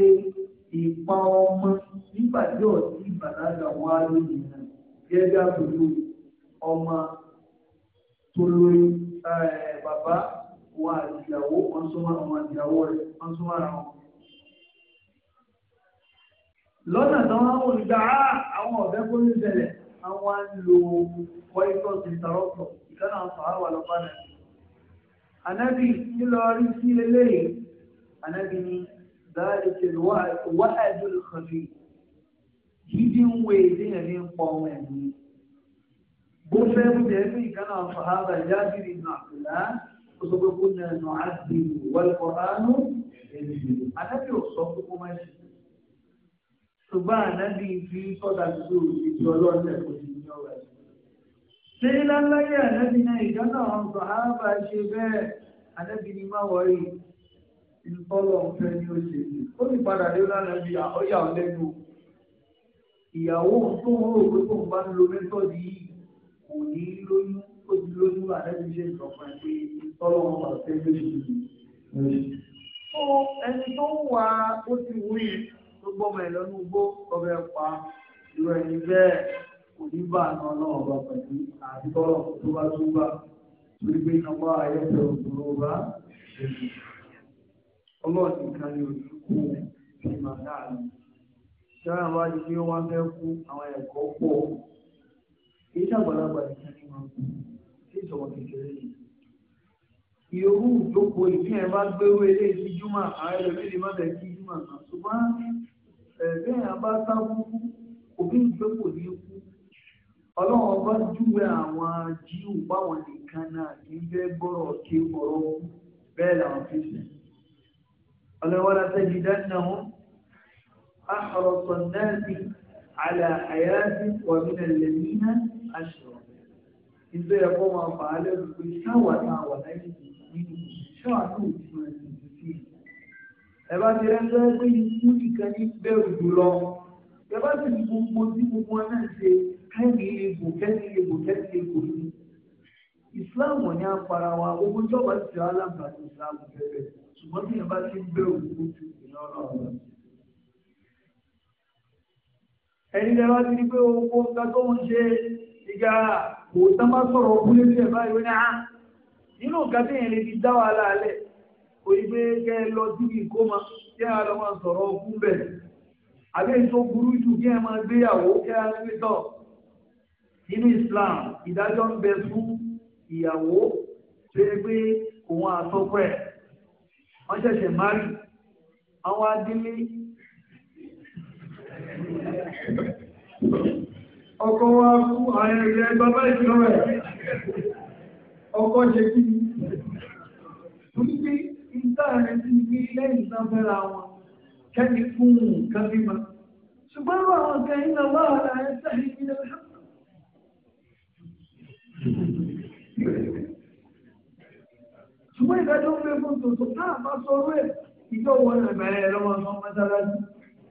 ìpa ọmọ nígbà tí ọtí ìbàdàgà wá lónìí náà gẹ́gẹ́ àbúrò ọmọ tó lórí bàbá wa àtìyàwó wọn súnmọ́ àwọn àtìyàwó rẹ̀ wọn súnmọ́ ara wọn lọ́nà táwọn àwọn olùgbà àwọn ọ̀bẹ́ kó ní ìṣẹ̀lẹ̀ àwọn á ń lo kọ́íkọ́ sí ìtàrọ́pọ̀ ìkànnà sàárà lọ́pàá náà. ànábì ńlọrí sí eléyìí ànábì ní dáàlìkì wáàdù lùkọ́lì yídí ń wé ìdíyàn ní pọ̀ ẹ̀mí. bó fẹ́ mú jẹ́ fún ìkànnà jábìrì nù àbùlá ó sọ pé kó nà nù àdìrì wọ́lùkọ́ ṣùgbọ́n ànábì fi kọ́ta tó ìṣe ọlọ́ọ̀tẹ̀ kò sí ní ọ̀rọ̀ ẹ̀. ṣé láláyé ànábì náà ìjọ́nà àwọn sọ̀hábà ṣe bẹ́ẹ̀ ànábì ni má wọ̀rí ìfọ́lọ̀ ọ̀fẹ́ ni ó ṣe ní. ó sì padà dé lánàbì ọ̀yà ọ̀lẹ́nu ìyàwó tó ń rò pé kò ń bá ń lo mẹ́tọ́ọ̀dì yìí kò ní lóyún ó ti lóyún ànábì ṣe ìtọ́pẹ́ pé ìfọ́lọ̀ ọ̀fẹ́ ló ṣe tó gbọ́mọ ẹ̀ lọ́nú igbó ọbẹ̀ pa irú ẹni bẹ́ẹ̀ kò ní bá àná náà ọba pẹ̀lú àdúgbò tó bá tún bá torí pé iná bá ayẹ́fẹ́ òdòdó bá ọlọ́ọ̀ nìkan ni òjú kú ní màdá mi. Ṣáà wá di pé wọ́n fẹ́ kú àwọn ẹ̀kọ́ pọ̀. Kì í ṣàgbàlagbà nìkan ni máa kú sí ìṣọ̀wọ̀ kékeré yìí irú ìjókòó ìpín ẹ bá gbérú eléyìí sí júmọ àwọn ẹlòmíì lè má kí júmọ kan ṣùgbọ́n ẹ̀rí àbá sábúkú òbí ìjókòó ní ikú ọlọ́run ọba júwe àwọn jíù báwọn nìkan náà kì í fẹ́ gbọ́rọ̀ kí ọ̀rọ̀ bẹ́ẹ̀ làwọn fi sìn. ọlọ́wọ́ la tẹ́jú dáná wọn ahọ̀rọ̀sọ̀ náà àlà àyáàtì wàmínà lẹ́mínà àṣọ. ìgbéyàwó máa fà á lẹ́nu pé ṣáwà náà wà láyé nínú ṣáwà náà ò tí ẹ bá ti rẹ́ńtọ́ pé ikú nìkan ní bẹ̀rù jùlọ ẹ bá ti ní gbogbo tí gbogbo wọn náà ṣe kẹ́ni egbò kẹ́ni egbò kẹ́ni egbò sí. ìsìláàmù ni a para wa gbogbo tí ọba ti ṣe aláǹbà ní ìsìláàmù bẹ̀rẹ̀ ṣùgbọ́n tí ẹ ti bẹ̀rù gbogbo ti ìlànà ọ̀rọ̀ ẹni lẹ́wà ti rí pé owó ọ̀gá tó ń ṣe ìgbà òótọ́ máa sọ̀rọ̀ ọkùnrin tí ẹ̀ báyìí wọ́n ní à ah, nínú ọ̀gá tí èèyàn lè fi dá wàhálà alẹ́ orígbé kẹ́ ẹ lọ síbi ìkómọ kí ẹ lọ máa sọ̀rọ̀ ọkùn bẹ̀ àbẹ́ ètò burú jù kí ẹ gbéyàwó kí ẹ nínú Islam ìdájọ́ ń bẹ fún ìyàwó tó yẹ pé òun àtọ́kọ ẹ̀ wọ́n ṣẹ̀ṣẹ̀ márì àwọn adílé ọkọ wa kú ààrẹ bàbá ìjọba ọkọ ṣe kí ni ti dáàrin sí ní ilé ìsànfẹ́ra wọn kẹ́ni fún nǹkan mímọ́. ṣùgbọ́n àwọn kan iná máa ra ẹsẹ̀ ìpínlẹ̀ ṣùgbọ́n ìdájọ́ pé fún tòótọ́ náà bá sọ orí ẹ̀ ìjọ wọn ẹ̀mẹ́ ẹ̀rọ wọn sọ mọ́sálásí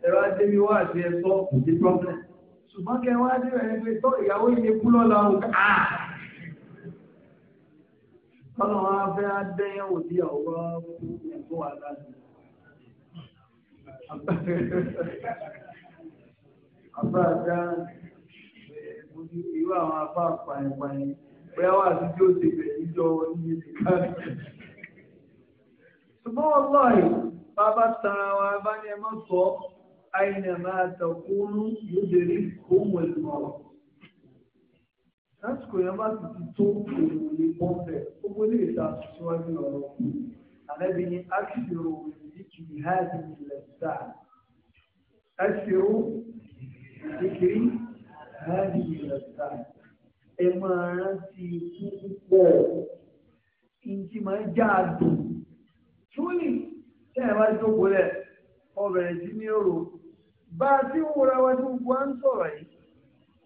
ẹ̀rọ adébí wá àti ẹ̀sọ́ kò sí pọ́blẹ̀ ṣùgbọ́n kẹwàá dé rẹ̀ pé tọ́ ìyàwó ìyẹn kú lọ́la òkà tọ́nà wọn fẹ́ dẹ́yẹ̀wò ọ̀wọ́ ẹ̀kọ́ àdáṣe. Àbá àdá irú àwọn apá àpàyànpàyàn bóyá wà sí ó ti bẹ̀rẹ̀ níjọ oníyè nìkan. Ṣùgbọ́n wọn lọ yìí, bàbá tara wa bá ní ẹ mọ́ sọ, àìnà máa tẹ̀kúnú yóò dé rí òun ẹ̀sùn ọ̀rọ̀ lásìkò yẹn bá sì ti tó èrò lè bọ́ bẹ̀ gbogbo ilé ìta síwájú ọ̀rọ̀ àlẹ́bí ni àṣìṣirò ìdíkì ìháàdì ilẹ̀ sáà àṣìṣirò ìdíkì ìháàdì ilẹ̀ sáà ẹ máa rántí ikú púpọ̀ ìjì máa ń já àdùn túlì tẹ́ ẹ bá jókòó rẹ̀ ọbẹ̀ rẹ̀ sí ní òrò bá a ti ń wúra wájú gbogbo à ń sọ̀rọ̀ yìí.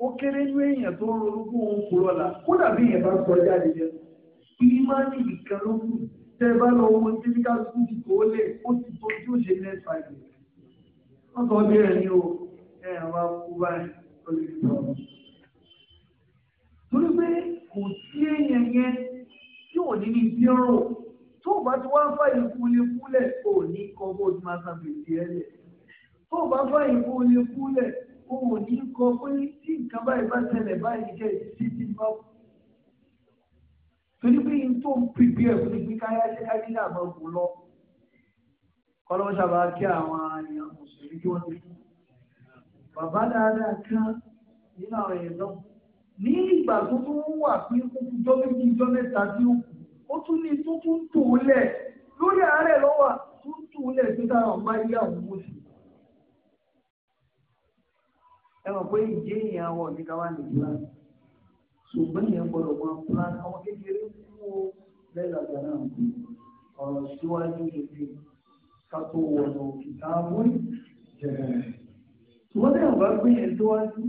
ó kéré ní èèyàn tó ń ronúkú ọla kò lọ́la kódà bí èèyàn bá sọ jáde yẹn ìní máa ní ìkan ló kù ẹ bá lọ owó tíríkà skúùtì tó lé ó ti tó tí ó ṣe sọ bí o ẹ̀ wá kú báyìí ó lè fi sọ. torí pé o bá ti wá fàyè kúlẹ̀kúlẹ̀ ò ní kọ́ bó o ti máa san lẹ̀ tó o bá fàyè mo mọ̀ ní kọ pé tí nǹkan báyìí bá ṣẹlẹ̀ báyìí jẹ́ ìṣí ti bá kú. torí pé yín tó ń pèpè ẹ̀kú ni pé káyá ṣe ká nílẹ̀ àmọ́ kò lọ. kọ́lọ́ sábà kí àwọn èèyàn mùsùlùmí kí wọ́n ti kú. bàbá dáadáa kan nínú àwọn èèyàn náà ní ìgbà tó tún wà pé ó kú jọ́ méjì jọ́ mẹ́ta tí ó kù ó tún ní tó tún tò ó lẹ̀ lórí àárẹ̀ lọ́wọ́ tó tún tò ó lẹ̀ ẹ mọ̀ pé ìjẹ́ èèyàn wọ̀ ní káwá nìjọba ṣùgbọ́n èèyàn gbọ́dọ̀ mọ plan àwọn kékeré kú o lẹ́yìn àgbà náà kú ọ̀rọ̀ síwájú ṣèṣe ká tó wọ̀nà òkìta wọ́n jẹ̀rẹ̀. ṣùgbọ́n tí àwọn bá gbé yẹn síwájú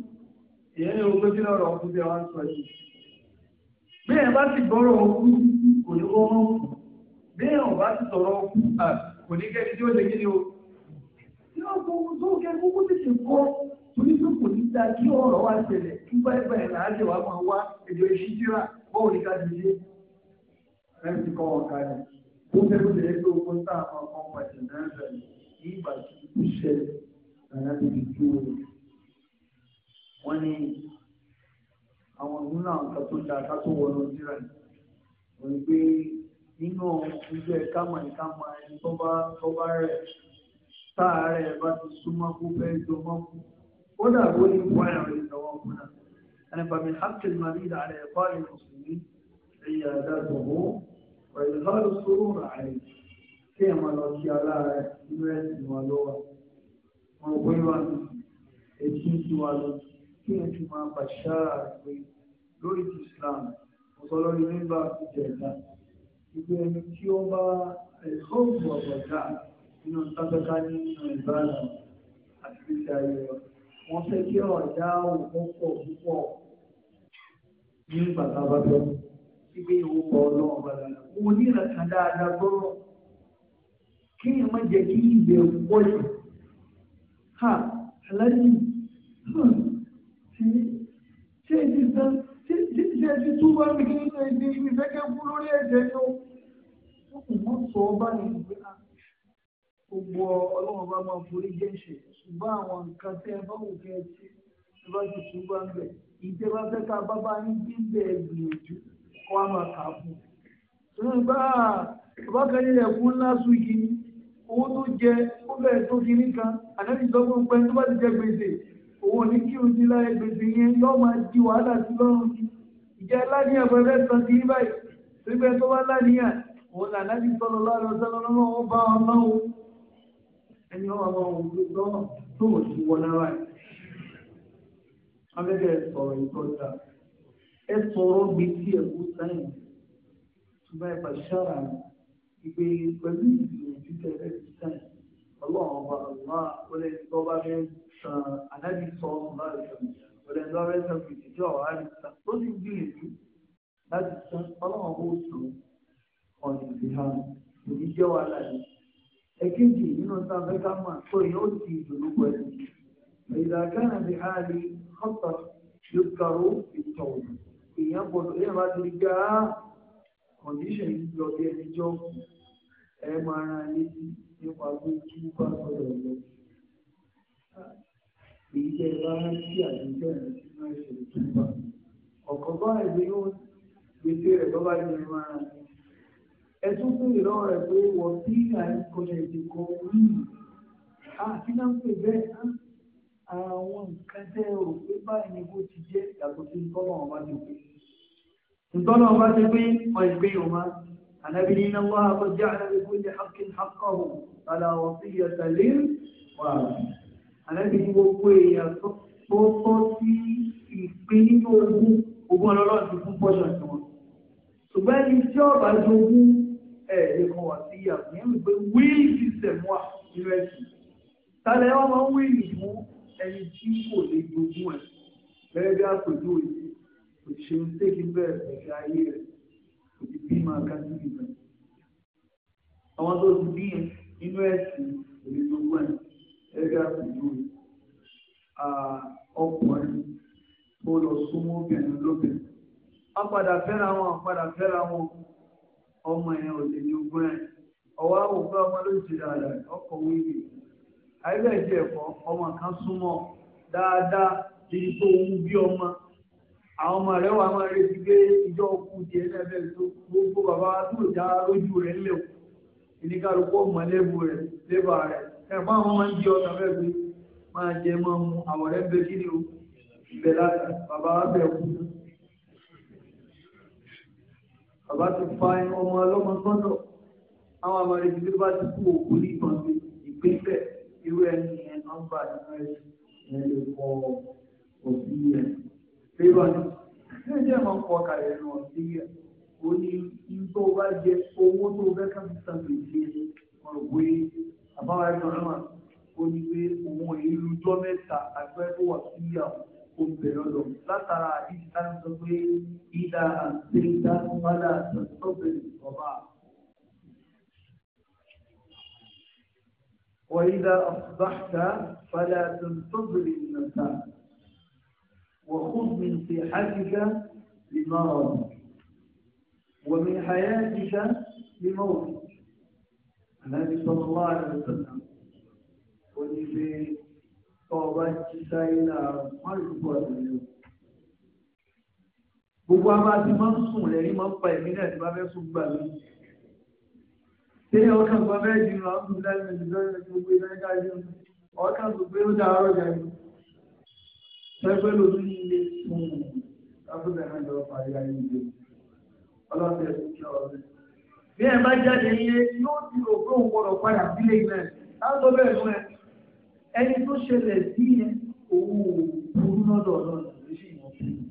èèyàn ní ogún tí lọ́rọ̀ ọkùnrin bí wọ́n sọ yìí. bí èèyàn bá ti gbọ́rọ̀ ọkú kò ní wọ́n kù bí èèyàn bá ti sọ̀rọ̀ ọkú kò ní kẹ́ni tí ó lè kí ni o. yóò kó kó kẹ́ kókó tètè torí pé kò ní dáa kí ọ̀rọ̀ wa ṣẹlẹ̀ kí báyìí báyìí là á lè wá máa wá èdè ìṣíjíra bọ́ọ̀ ní ká ti ṣe ẹni tí kọ́ ọ̀ka rẹ̀ ó fẹ́ kó lè tó ogun tá a máa kọ́ pàṣẹ náà rẹ̀ ní ìgbà tí ó ṣẹ ẹ̀rọ níbi tí ó rẹ̀ wọ́n ní àwọn nínú àwọn kan tó dáa ká tó wọnú ìdíra ni wọ́n ní pé nínú ìgbẹ́ kámọ̀ ìkámọ̀ ẹni tó bá rẹ̀ táà rẹ̀ bá ti súnmọ́ kó fẹ́ jọmọ́ kú kódà bó ní wáyà rẹ̀ lọ́wọ́ kúnà ẹnìfàmì hakil marid àrẹ ẹ̀kọ́ ìmùsùlùmí ẹ̀yà àdàgbòho pẹ̀lú sóró ràáyé kí ẹ̀ máa lọ kí alára inú ẹ̀sìn wa lọ́wọ́ wọn ò wáyé wa ní ètí ń ti wa lọ kí ẹ̀ tún máa bàṣá àgbè lórí ti Islam ọ̀sọ́ lórí nígbà ìjẹ̀dá ìgbé ẹni tí ó bá ẹ̀kọ́ òkú ọ̀gọ̀dá nínú sáfẹ́ká nínú ìbára àti ìgbésí ayé wa wọ́n fẹ́ kí ọ̀dà òun pọ̀ púpọ̀ ní bàbá ibi ìwò pọ̀ ọlọ́run bàbá wọn ní ìrànkà dáadáa gbọ́rọ̀ kí ni má jẹ́ kí ìgbẹ́ pọ̀ jù ha aláàjì hmm. ṣé ti sàn ṣé ti túbọ̀ mi kí ni ìgbẹ́ kẹ́kẹ́ kú lórí ẹ̀jẹ̀ yóò wọ́n sọ ọ́ bá ní ìgbẹ́ ah, gbogbo ọlọ́run bá máa forí jẹ́ ṣe ṣùgbọ́n àwọn nǹkan tẹ́ ẹ bá wò kẹ́ ẹ ti ẹ bá ti tún bá ń bẹ̀ ìjọba fẹ́ ká bábá ń dín bẹ́ẹ̀ gbìyànjú kó a máa kà á fún un. ṣùgbọ́n bàbá kan ní ẹ̀kún ńlá sùn yìí owó tó jẹ ó bẹ̀rẹ̀ tó fi nìkan ànábì sọ fún pẹ́ tó bá ti jẹ gbèsè òun ò ní kí o ti láyé gbèsè yẹn yóò máa di wàhálà sí lọ́rùn ìjẹ́ láníyàn pẹ̀lẹ́ san ti báyìí tó bá láníyàn òun làǹdà ti sọ̀rọ̀ lọ́wọ́ bá ọmọ òun ẹni ọmọ ọmọ òun ló gbọ́ tó wò sí wọn náírà yìí. Abẹ́kẹ̀ sọ̀rọ̀ ìtọ́jà. Ẹ sọ̀rọ̀ gbé tí ẹ kú sáyìn. Ṣùgbọ́n ẹ pàṣẹ́ra ìgbé pẹ̀lú ìgbìyànjú tẹ̀lé ti sáyìn. Ọlọ́run ọba àlùmá wọlé tó bá fẹ́ san àdájú sọ ọmọ láti sàn. Wọlé tó bá fẹ́ san fìdí tí ọ̀rọ̀ á lè sàn. Ó gbìyànjú láti sàn. Ọlọ́run ọba ó èkejì nínú south africa man tó yẹ ó ti ìdùnnú pẹ̀lú ìdàkánà bí a lè kọ́tà yóò karó ìtọ̀wọ̀ èèyàn gbọdọ̀ èèyàn bá ti gbá kọ̀ndíṣàn ah, yìí lọ bí ẹni jọ ẹ máa ran létí nípa pé kí bá sọ̀rọ̀ lọ. èyí jẹ́ bá rántí àdúgbò ẹ̀ tí ṣe tó bá ọ̀kọ̀ọ̀kan ẹ̀gbẹ́ yóò gbèsè rẹ̀ bọ́ bá yẹn máa ràn ẹtún fún ìrọ̀rùn rẹ̀ pé wọ́n bí àìkọlẹ̀ ìdìbò yìí àti náà ń pè bẹ́ẹ̀ àwọn nǹkan tẹ́ ò pé báyìí ni bó ti jẹ́ yàtọ̀ sí ntọ́nà ọba ti pé ntọ́nà ọba ti pé wọ́n ìgbé yòó má ànábi ní iná wọ́n àbọ̀ jẹ́ ànábi kó jẹ́ hakin hakahu tàlà wọ́n sí yàtọ̀ lé wà ànábi ní gbogbo èèyàn tó tọ́ sí ìpín nínú ogún ogún ọlọ́run fún pọ́ṣọ̀ tiwọn ṣùgbọ́n ẹni tí ọba jogún ẹ̀ẹ́dẹ́ kan wà sí ìyàwó yẹn wípé wíìlì sẹ̀mú à nínú ẹ̀sìn tálẹ̀ wọn máa ń wíìlì mú ẹni tí kò lè gbogbo ẹ̀ bẹ́ẹ̀ bí àpèjú òyìn òṣìṣẹ́ ṣéèkì bẹ́ẹ̀ ẹ̀ṣẹ̀ ayé rẹ̀ kò ti bí máa ká níbi rẹ̀ àwọn tó ti bí nínú ẹ̀sìn kò lè gbogbo ẹ̀ bẹ́ẹ̀ bí àpèjú òyìn ọkùnrin tó lọ súnmọ́ obìnrin lóbìnrin wọn padà fẹ́ra wọn padà fẹ́ra wọn. ọmọ yẹn ò lè ní ogún ẹ̀ ọwọ́ àwọn òkú ọmọ ló ti dàda ọkọ̀ wíìlì àìbẹ̀jì ẹ̀kọ́ ọmọ kan súnmọ́ dáadáa níbi tó ń bí ọmọ àwọn ọmọ rẹ̀ wà máa retí pé ìjọ tó gbogbo bàbá tó ọmọ àwọn máa bàbá ti fa ọmọ ọlọ́mọ gbọ́dọ̀ àwọn àmàlẹ́ ti bá ti kú òkú ní ìbọn sí ìpínlẹ̀ irú ẹni yẹn nọ́mbà nínú ẹ̀sìn ẹ̀ lè kọ́ òbí rẹ̀. Bébà ni ṣé jẹ́ máa ń kọ́ kàlẹ́ nù ọ̀sí rẹ̀? O ní ìtọ́ bá jẹ owó tó fẹ́ ká fi san gbèsè ọ̀rọ̀ pé àbáwá ẹ̀sán náà o ní pé òun èyí lójọ́ mẹ́ta àgbẹ̀ tó wà sí obìnrin lọ látara àdìsí tá sọ pé ìdá àgbéga padà sọ́bìnrin ọba. وإذا أصبحت فلا تنتظر المساء وخذ من صحتك لمرضك ومن حياتك لموتك النبي صلى الله عليه وسلم ولي ọba jíta ilà márùnkù àtẹlẹ o gbogbo àwọn àti máa ń sùn lẹ́rí máa ń pa ẹ̀mí náà tí bá fẹ́ sùn gbà mí ṣé ọkàn bá fẹ́ di ìrọ̀ ọdún lẹ́nu ìdílé gbogbo ìdájọ́ dájú ọkàn tó gbé ó dàárọ̀ jáde pẹ́pẹ́ lórí ilé fún un lábúlé náà lọ parí ayé ìgbé ọlọ́dẹ ọ̀rẹ́ bí ẹ bá jáde yóò ti òun gbọdọ̀ padà sílé ẹni tó ṣẹlẹ̀ sí yẹn òun ò burú lọ́dọ̀ ọlọ́run ló sì yàn fún un.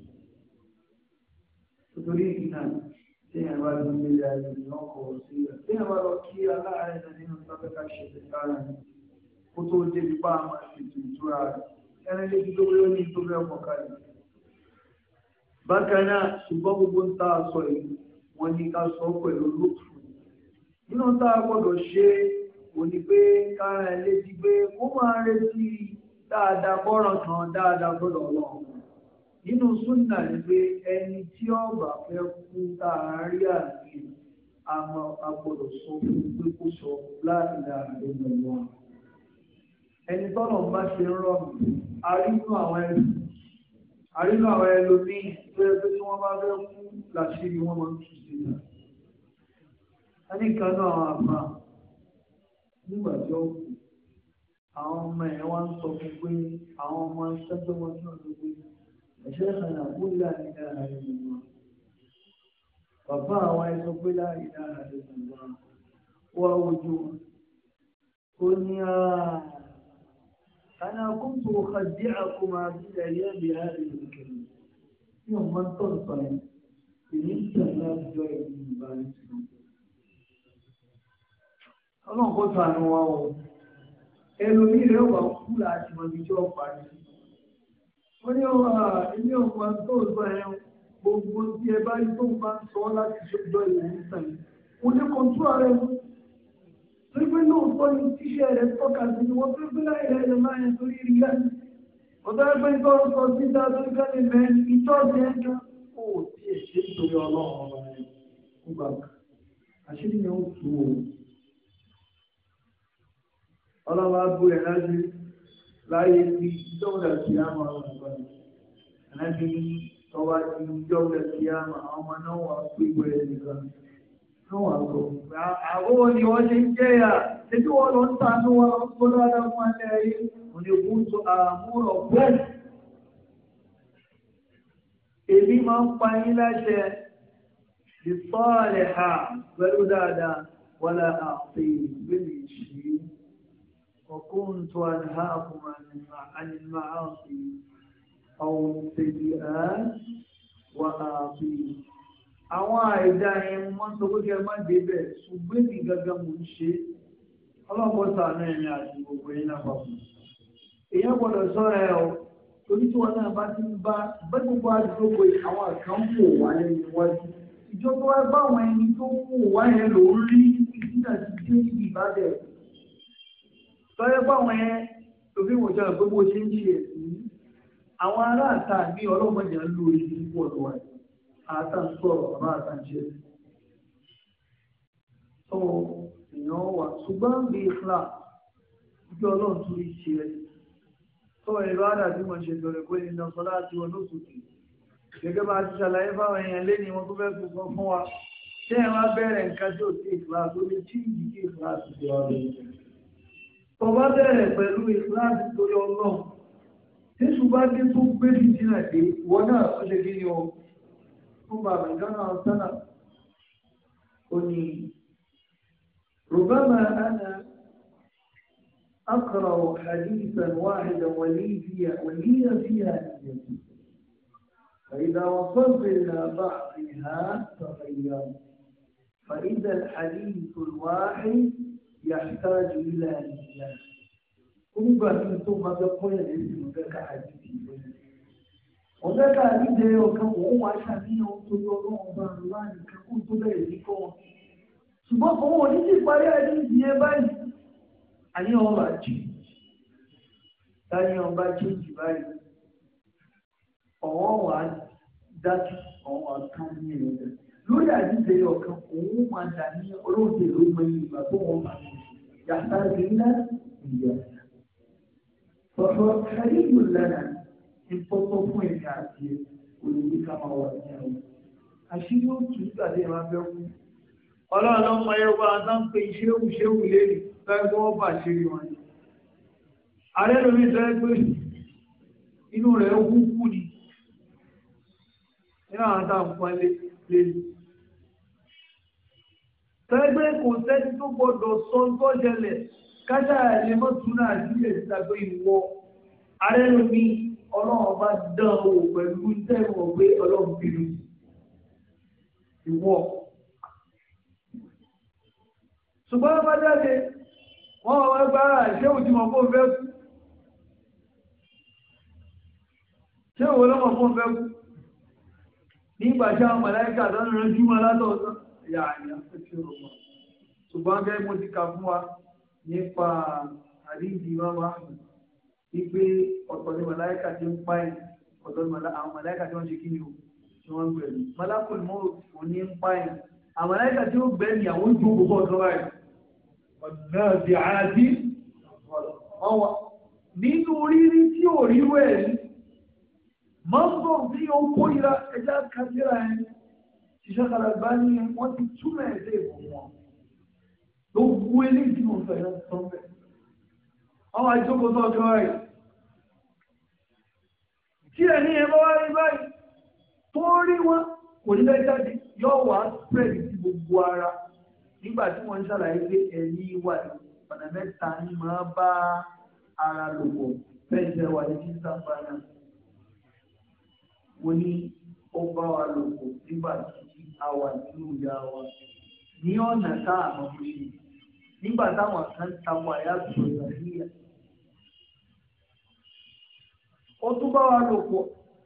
nítorí ìgbà tí ẹ bá lọ sí ilé ayé ní ọkọ̀ sí rẹ̀ tí ẹ bá lọ kí aláàárẹ̀ náà nínú sábẹ́ká ṣẹlẹ̀ sára ni kó tó dé ipá máa ṣètò ìtura rẹ̀ ẹni lè dúró lórí ní ìtòrí ọkọ̀ kalẹ̀. bákan náà ṣùgbọ́n gbogbo ń tá a sọ yìí wọ́n ní ká sọ pẹ̀lú lókùn nínú tá a gbọ́dọ̀ ṣe é kò ní pé kára ẹ̀ létí pé kó máa retí dáadáa bọ́rọ̀ kan dáadáa gbọ́dọ̀ lọ. nínú súnà ni pé ẹni tí ọba fẹ́ kú tá a rí àmọ́ a gbọ́dọ̀ sọ fún pé kó sọ láti dá àgbẹ̀ lọ. ẹni tọ́nà bá ṣe ń rọrùn a rí inú àwọn ẹni àrínú àwọn ẹlòmíì tó yẹ pé tí wọ́n bá fẹ́ kú làṣírí wọn máa ń tù sí i. a kan náà àwọn nígbà tí ó kù àwọn ọmọ ẹ̀ wá ń sọ fún pé àwọn ọmọ ṣẹ́jọ́ wọn tí wọ́n ti pé ẹ̀ṣẹ́ ìsàlẹ̀ àbúlé àìdá ààrẹ ìlúwa bàbá àwọn ẹ̀sọ́ pé láàrídá ààrẹ ìlúwa wá ojú wọn ó ní ààrẹ kúntù kàdí àkùmà àti ẹ̀yẹ́ bí ààrẹ ìlúkẹ̀lẹ̀ tí wọ́n máa ń tọ̀ sọ ẹ̀ èyí ń tẹ̀lé àjọ ìlú ìbáraẹ̀sì ọlọ́run kò tó àánú wa o ẹlòmí rẹ̀ wà kú láti mọ ibi tí ó parí ó ní ọwọ́ ilé ọ̀pá tó ń sọ ẹ̀ gbogbo tí ẹ bá rí tó ń bá ń sọ láti ṣọjọ́ ìlú sàn mo ní kọ́ńtù ààrẹ mu torí pé lóòótọ́ ni tíṣẹ́ rẹ̀ tọ́ka sí ni wọ́n fẹ́ gbé láì rẹ̀ lè máa yẹn torí rí ká ọ̀dọ́ ẹgbẹ́ ìtọ́rọ̀ sọ sí dáa torí ká lè mẹ́ ìtọ́jú ẹ̀ ká kó o tiẹ̀ ṣe nítorí ọlọ́run ọ̀rọ̀ ẹ̀ kó gbàgbà àṣírí yẹn ó tu o ọlọ́wọ́ abú ẹ̀ lájú láyé bí ìjọba ti àmà ọ̀rọ̀ nǹkan ẹ̀lẹ́bí tọ́wá ti ìjọba ti àmà ọmọ náà wà pípé ẹ̀ nìkan náà wà lọ. àwọn ni wọ́n ṣe ń jẹ́yà títí wọ́n lọ ń tanú wọn lọ́dọ̀ adágún alẹ́ ayé òní kún tó àmúrọ̀ bẹ́ẹ̀. èmi máa ń pa yín láṣẹ ìtọ́ àlẹ́ ha pẹ̀lú dáadáa wọ́n àpè ìgbélé ìṣèlú. وكنت أنهاكم عن المعاصي أو السيئات وآصي àwọn àìdá yẹn mo máa ń sọ pé kí ẹ má débẹ̀ ṣùgbọ́n èmi gangan mò ń ṣe ọlọ́pàá sàánú ẹ̀yìn àti gbogbo ẹ̀yìn lápapọ̀ èèyàn gbọ́dọ̀ sọ́ra ẹ̀ o torí tí wọn náà bá ti ń bá bẹ́ẹ̀ gbogbo àdúgbò àwọn kan ń wò wá lẹ́yìn iwájú ìjọba báwọn ẹni tó ń wò wá yẹn ló ń rí ìdíjà ti dé ibi ìbàdàn sọ́yẹ́ báwọn ẹ lóbi wò jẹ́ gbogbo ṣe ń ṣe ẹ̀sìn àwọn aráàta ní ọlọ́mọdé ń lo ìlú wọ̀lọ̀ wà áta ń sọ̀rọ̀ ọ̀rọ̀ áta ń ṣe. sọ èèyàn wà ṣùgbọ́n bí ìfúnra ìjọ ọlọ́run tún lè ṣe ẹ̀ sọ ẹ̀rọ àdàbí wọn ṣe bẹ̀rẹ̀ pé iná sọlá àti wọn lóṣù tì gẹ́gẹ́ bá a ti ṣàlàyé fáwọn èèyàn lẹ́ni wọn tó fẹ́ fi fún wa ṣé ẹ wá bẹ̀rẹ̀ nǹkan tí ò sí ìfúnra tó lè tí ìdíkì tọba bẹ̀rẹ̀ pẹ̀lú ìsìláàmù lórí ọlọ́run tí ṣùgbọ́n dé tó gbé fìdíhà dé ìwọ náà tó ṣe kí ni o fún bàbá ìdáná sánà ó ní rubama ana أقرأ حديثا واحدا ولي فيها ولي فيها نيتي فإذا وصلت إلى بعضها تغيرت فإذا الحديث الواحد yàtàjù ilẹ̀ àyíká onígbà tí tó máa fẹ́ kọ́ yẹn lẹ́yìn ìlú fẹ́ka àdìdì ọ̀fẹ́ka àdìdì ọ̀kan òun wá ṣàníyàn tó yọ ọlọ́run bá ń wá nìkan kó tó bẹ̀rẹ̀ sí kọ́ wọn ṣùgbọ́n kò wọ́n ní ti parí àdìdì yẹn báyìí ayé wọn bá jù táyé wọn bá jù jù báyìí ọ̀wọ́ wà dájú ọ̀wọ́ kan ní ẹ̀rọ lórí àdìdì ọ̀kan òun máa dà ní olóògbé ló mọ ìgbà tó wọn máa يحتاجون إيانا فهو حري لنا إن تطفوا إنعاتي ولدي كما وأنه àṣírí òtù ìgbàdé máa bẹ́ kú. ọlọ́run ọmọ yorùbá àtàǹpé ìṣéwù ṣéwù lérí bẹ́ẹ̀ bí wọ́n bà ṣírí wọn ni. ààrẹ lómi sọ pé inú rẹ̀ wú kú ni nínú àwọn àtàǹpọ̀ lé lé pẹ́ẹ́gbẹ́ kò sẹ́ni tó gbọdọ̀ sọ tó jẹlẹ̀ kájà ẹ̀yẹ mọ́tò náà sí ìdàgbé ìwọ arẹ́nu mi ọlọ́run bá dán o pẹ̀lú tẹ́wọ̀n pé ọlọ́run bínú ìwọ. ṣùgbọ́n bá jáde wọ́n wọ́n gbá ṣé òjì mọ̀ fún fẹ́ kú ṣé òwò lọ́mọ̀ fún fẹ́ kú nígbà tí àwọn mọ̀láìkà lọ́nà rẹ̀ jùmọ̀ látọ̀ọ̀tọ̀ ya àyànfẹ́ tí ó wà. ṣùgbọ́n mo ti kà fún wa nípa àríyí mama wípé ọ̀tọ̀ ni màláìka ti ń pa ẹ̀ ọ̀tọ̀ ni àwọn màláìka tí wọ́n ṣe kí ni o tí wọ́n ń gbẹ̀mí. malakul mọ́rò kò ní ń pa ẹ̀ àwọn màláìka tí ó gbẹ̀mí àwọn ojú gbogbo ọ̀tọ̀ rẹ̀ ọ̀nà ti àádí ọ̀wà nínú rírí tí ò rí wẹ̀ mọ́ńgò tí ó kó ìra ẹja kásíra ẹni ṣiṣẹ́ kalaba ní wọ́n ti túmọ̀ ẹ̀ lé ìbò wọn ló wú eléyìí tí mo fẹ́ yẹn tó bẹ̀. àwọn àjọkò tó ọjọ́ rẹ̀ tí ẹ̀ ní ẹ bá wá rí báyìí tó rí wọn kò ní bẹ́ẹ̀ jáde yóò wá spread sí gbogbo ara nígbà tí wọ́n ń ṣàlàyé pé ẹ̀mí wà ní ọ̀nà mẹ́ta ni máa bá ara lò pọ̀ bẹ́ẹ̀ jẹ́ wà ní títà náà. mo ní ó bá wa lò pọ̀ nígbà tí àwà nínú ìyá wa ní ọ̀nà tá a mọ̀ fi ṣe nígbà táwọn kan takò àyàtò ìgbàlíyà. ó tún bá wa lò pọ̀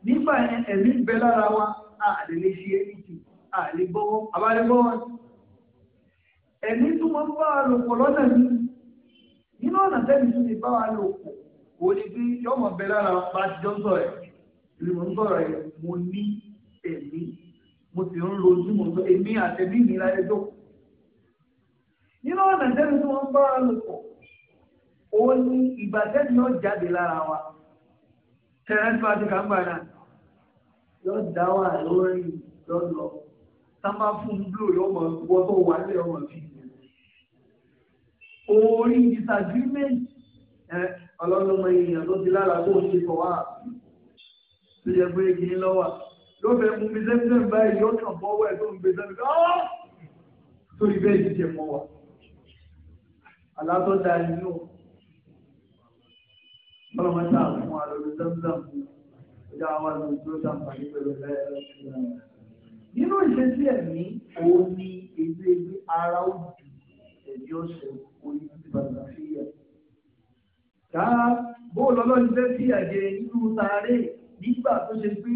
nígbà ẹ̀mí ń bẹ lára wa a lè lè ṣe èyí a lè gbọ́wọ́ àbálẹ́ gbọ́wọ́ ẹ̀mí tún máa ń bá wa lò pọ̀ lọ́nà yìí nínú ọ̀nà tẹ́lẹ̀ tún lè bá wa lò pọ̀ kò ní bí yọmọ bẹ lára wa bá ti jọ ń sọ̀rọ̀ ẹ̀ lè mọ̀ ń sọ̀rọ̀ ẹ̀ mo ní ẹ̀mí mo sì ń lo ojú mo sọ èmi àtẹ̀bí mi láyé tó. nínú ọ̀nà tẹ́lẹ̀ tí wọ́n bá lò pọ̀ ó ní ìgbà tẹ́lẹ̀ yóò jáde lára wa tẹ́lẹ̀ tó a ti kà ń gbà yóò dá wà lórí lọ́dọ̀ sábà fún yóò mọ̀ wọ́n tó wà lé ọmọ fi. orí disagreement ọlọ́lọ́mọ èèyàn ló ti lára tó ń ṣe kọ̀ wá tó yẹ pé kí n lọ́wọ́ ló fẹ́ mú mi sẹ́mísẹ́mí báyìí yóò kàn bọ́wọ́ ẹ̀ tó ń gbé sẹ́mi ọ́ tó ibẹ̀ yìí jẹ mọ́ wa alátọ́jà inú ọlọ́mọta fún wa lórí sẹ́mísẹ́mí ọjà wa lórí tó sàǹfààní pẹ̀lú ẹ̀ nínú ìṣesí ẹ̀mí òun ni èdè ẹgbẹ́ ara ó ju ẹ̀mí ọ̀sẹ̀ orí ìbàdàn fìyà ká bóòlù ọlọ́run fẹ́ fìyà jẹ nínú sáré nígbà tó ṣe pé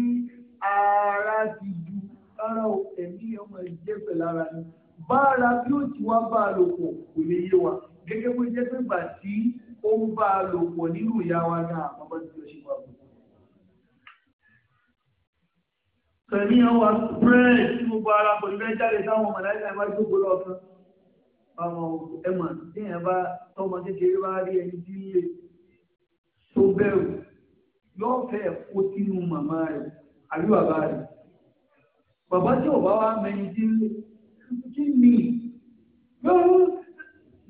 ara ti ju ara ẹ̀mí ọmọ ìjẹ́ pẹ̀lú ara ni bára bí ó ti wá bá a lò pọ̀ kò lè yé wa gẹ́gẹ́ bó jẹ́ pé gbà tí ó ń bá a lò pọ̀ nínú ìyá wa náà bàbá tí ó ṣe wà pọ̀. Kẹ̀mí àwọn bírẹ̀ tí mo bá ara pọ̀ níbẹ̀ jáde táwọn ọmọ láìka ẹ̀ bá jókòó lọ́ọ̀kan. Àwọn ẹ̀mọ̀ tí bá tọmọ kékeré bá rí ẹni tí tó bẹ̀rù yóò fẹ́ sínú màmá rẹ̀ àbí bàbá rẹ̀ bàbá tí ò bá wá mẹni tí kí ni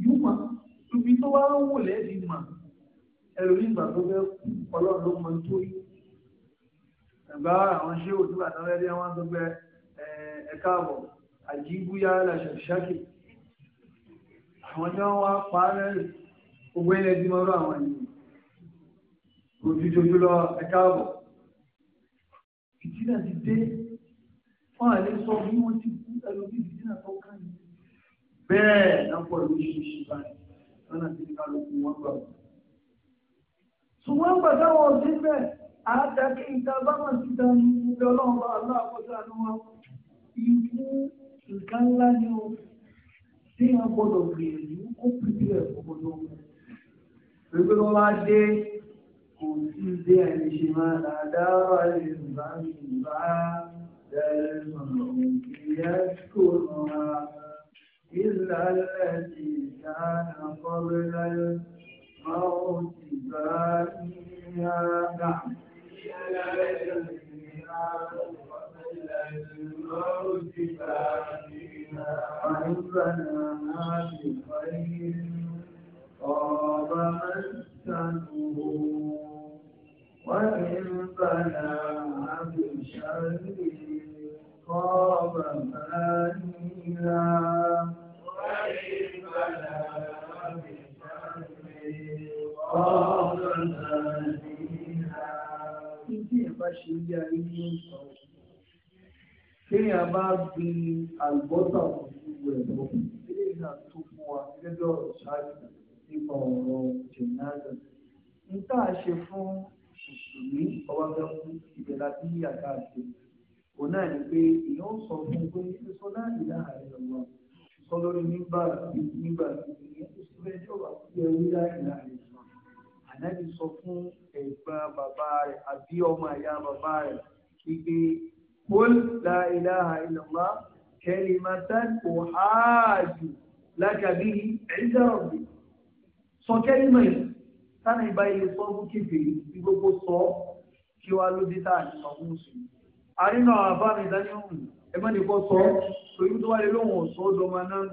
yóò mà ibi tó wá ń wò lẹ́ẹ̀dì mà ẹ̀rù nígbà tó fẹ́ ọlọ́run ló mọ tó yí ẹ̀gbá àwọn ṣé òtún bàtà lẹ́dí wọn tó gbẹ ẹ̀ka àbọ̀ àjíbúyá làṣàṣàkì àwọn tí wọ́n wá pa á lẹ́rù gbogbo ẹ̀yẹ mọ́rọ́ àwọn ènìyàn òjijì lọ ẹ̀ka àbọ̀ fìtínà ti dé fún àlẹ sọ bí wọn ti kú ẹlòmíì fìtínà tó kàn yín bẹ́ẹ̀ náà pọ̀ lóṣìṣì báyìí lọ́nà tí kálukú wọn gbà wọn ṣùgbọ́n gbàgbà wọn ò sí bẹ́ẹ̀ àdàkì ìta bá wọn ti dá ní ìgbẹ́ ọlọ́run bá aláàkọ́sá ni wọn ikú nǹkan ńlá ni o tí wọn gbọdọ̀ gbìyànjú kó pìpì ẹ̀ gbọdọ̀ gbẹgbẹ́ kò sí bí ẹni ṣe máa dáadáa lè bá ṣùgbà tẹ̀sán ìyá kò rọra ìlà lẹ́sì ìdáná kọ́rẹ́ láyé ọ̀rọ̀ وإن بنى بشر خاب بانيا وإن بنى بشر خاب بانيا Ìdí ẹ̀bá ṣe yá ilé ìsọ̀. Kéèyàn bá gbin àlùbọ́sà gbogbo ẹ̀fọ́. Ilé ìgbà tó fún wa gẹ́gẹ́ ọ̀rọ̀ ṣáájú nípa ọ̀rọ̀ jẹ̀nàdà. Ní tá a ṣe fún mùsùlùmí ọba fẹ́ kú ibẹ̀ láti yí àga àti òun náà ni pé ìyá ń sọ fún un pé sísọ náà ní láàárín ọ̀wọ́ sọ lórí nígbà nígbà ìyẹn tó sì fẹ́ jọba sí ẹrú láàárín láàárín ọ̀wọ́ ànábì sọ fún ẹ̀gbọ́n bàbá rẹ̀ àbí ọmọ ìyá bàbá rẹ̀ wípé kúl láìláha ìlọ́lá kẹlìmátán kò háàjù lákàbí ẹ̀dá ọ̀gbìn sọ kẹlìmọ̀ yìí sani ìbá ilé sọ fún kékeré tí gbogbo sọ kí wàá ló dé tá à ní ọmú sùn àrínà àbá mi dánilóhùn ẹgbẹ́ nìkan sọ torí tó wà lé lóhùn ọ̀sán ọdọọmọ náà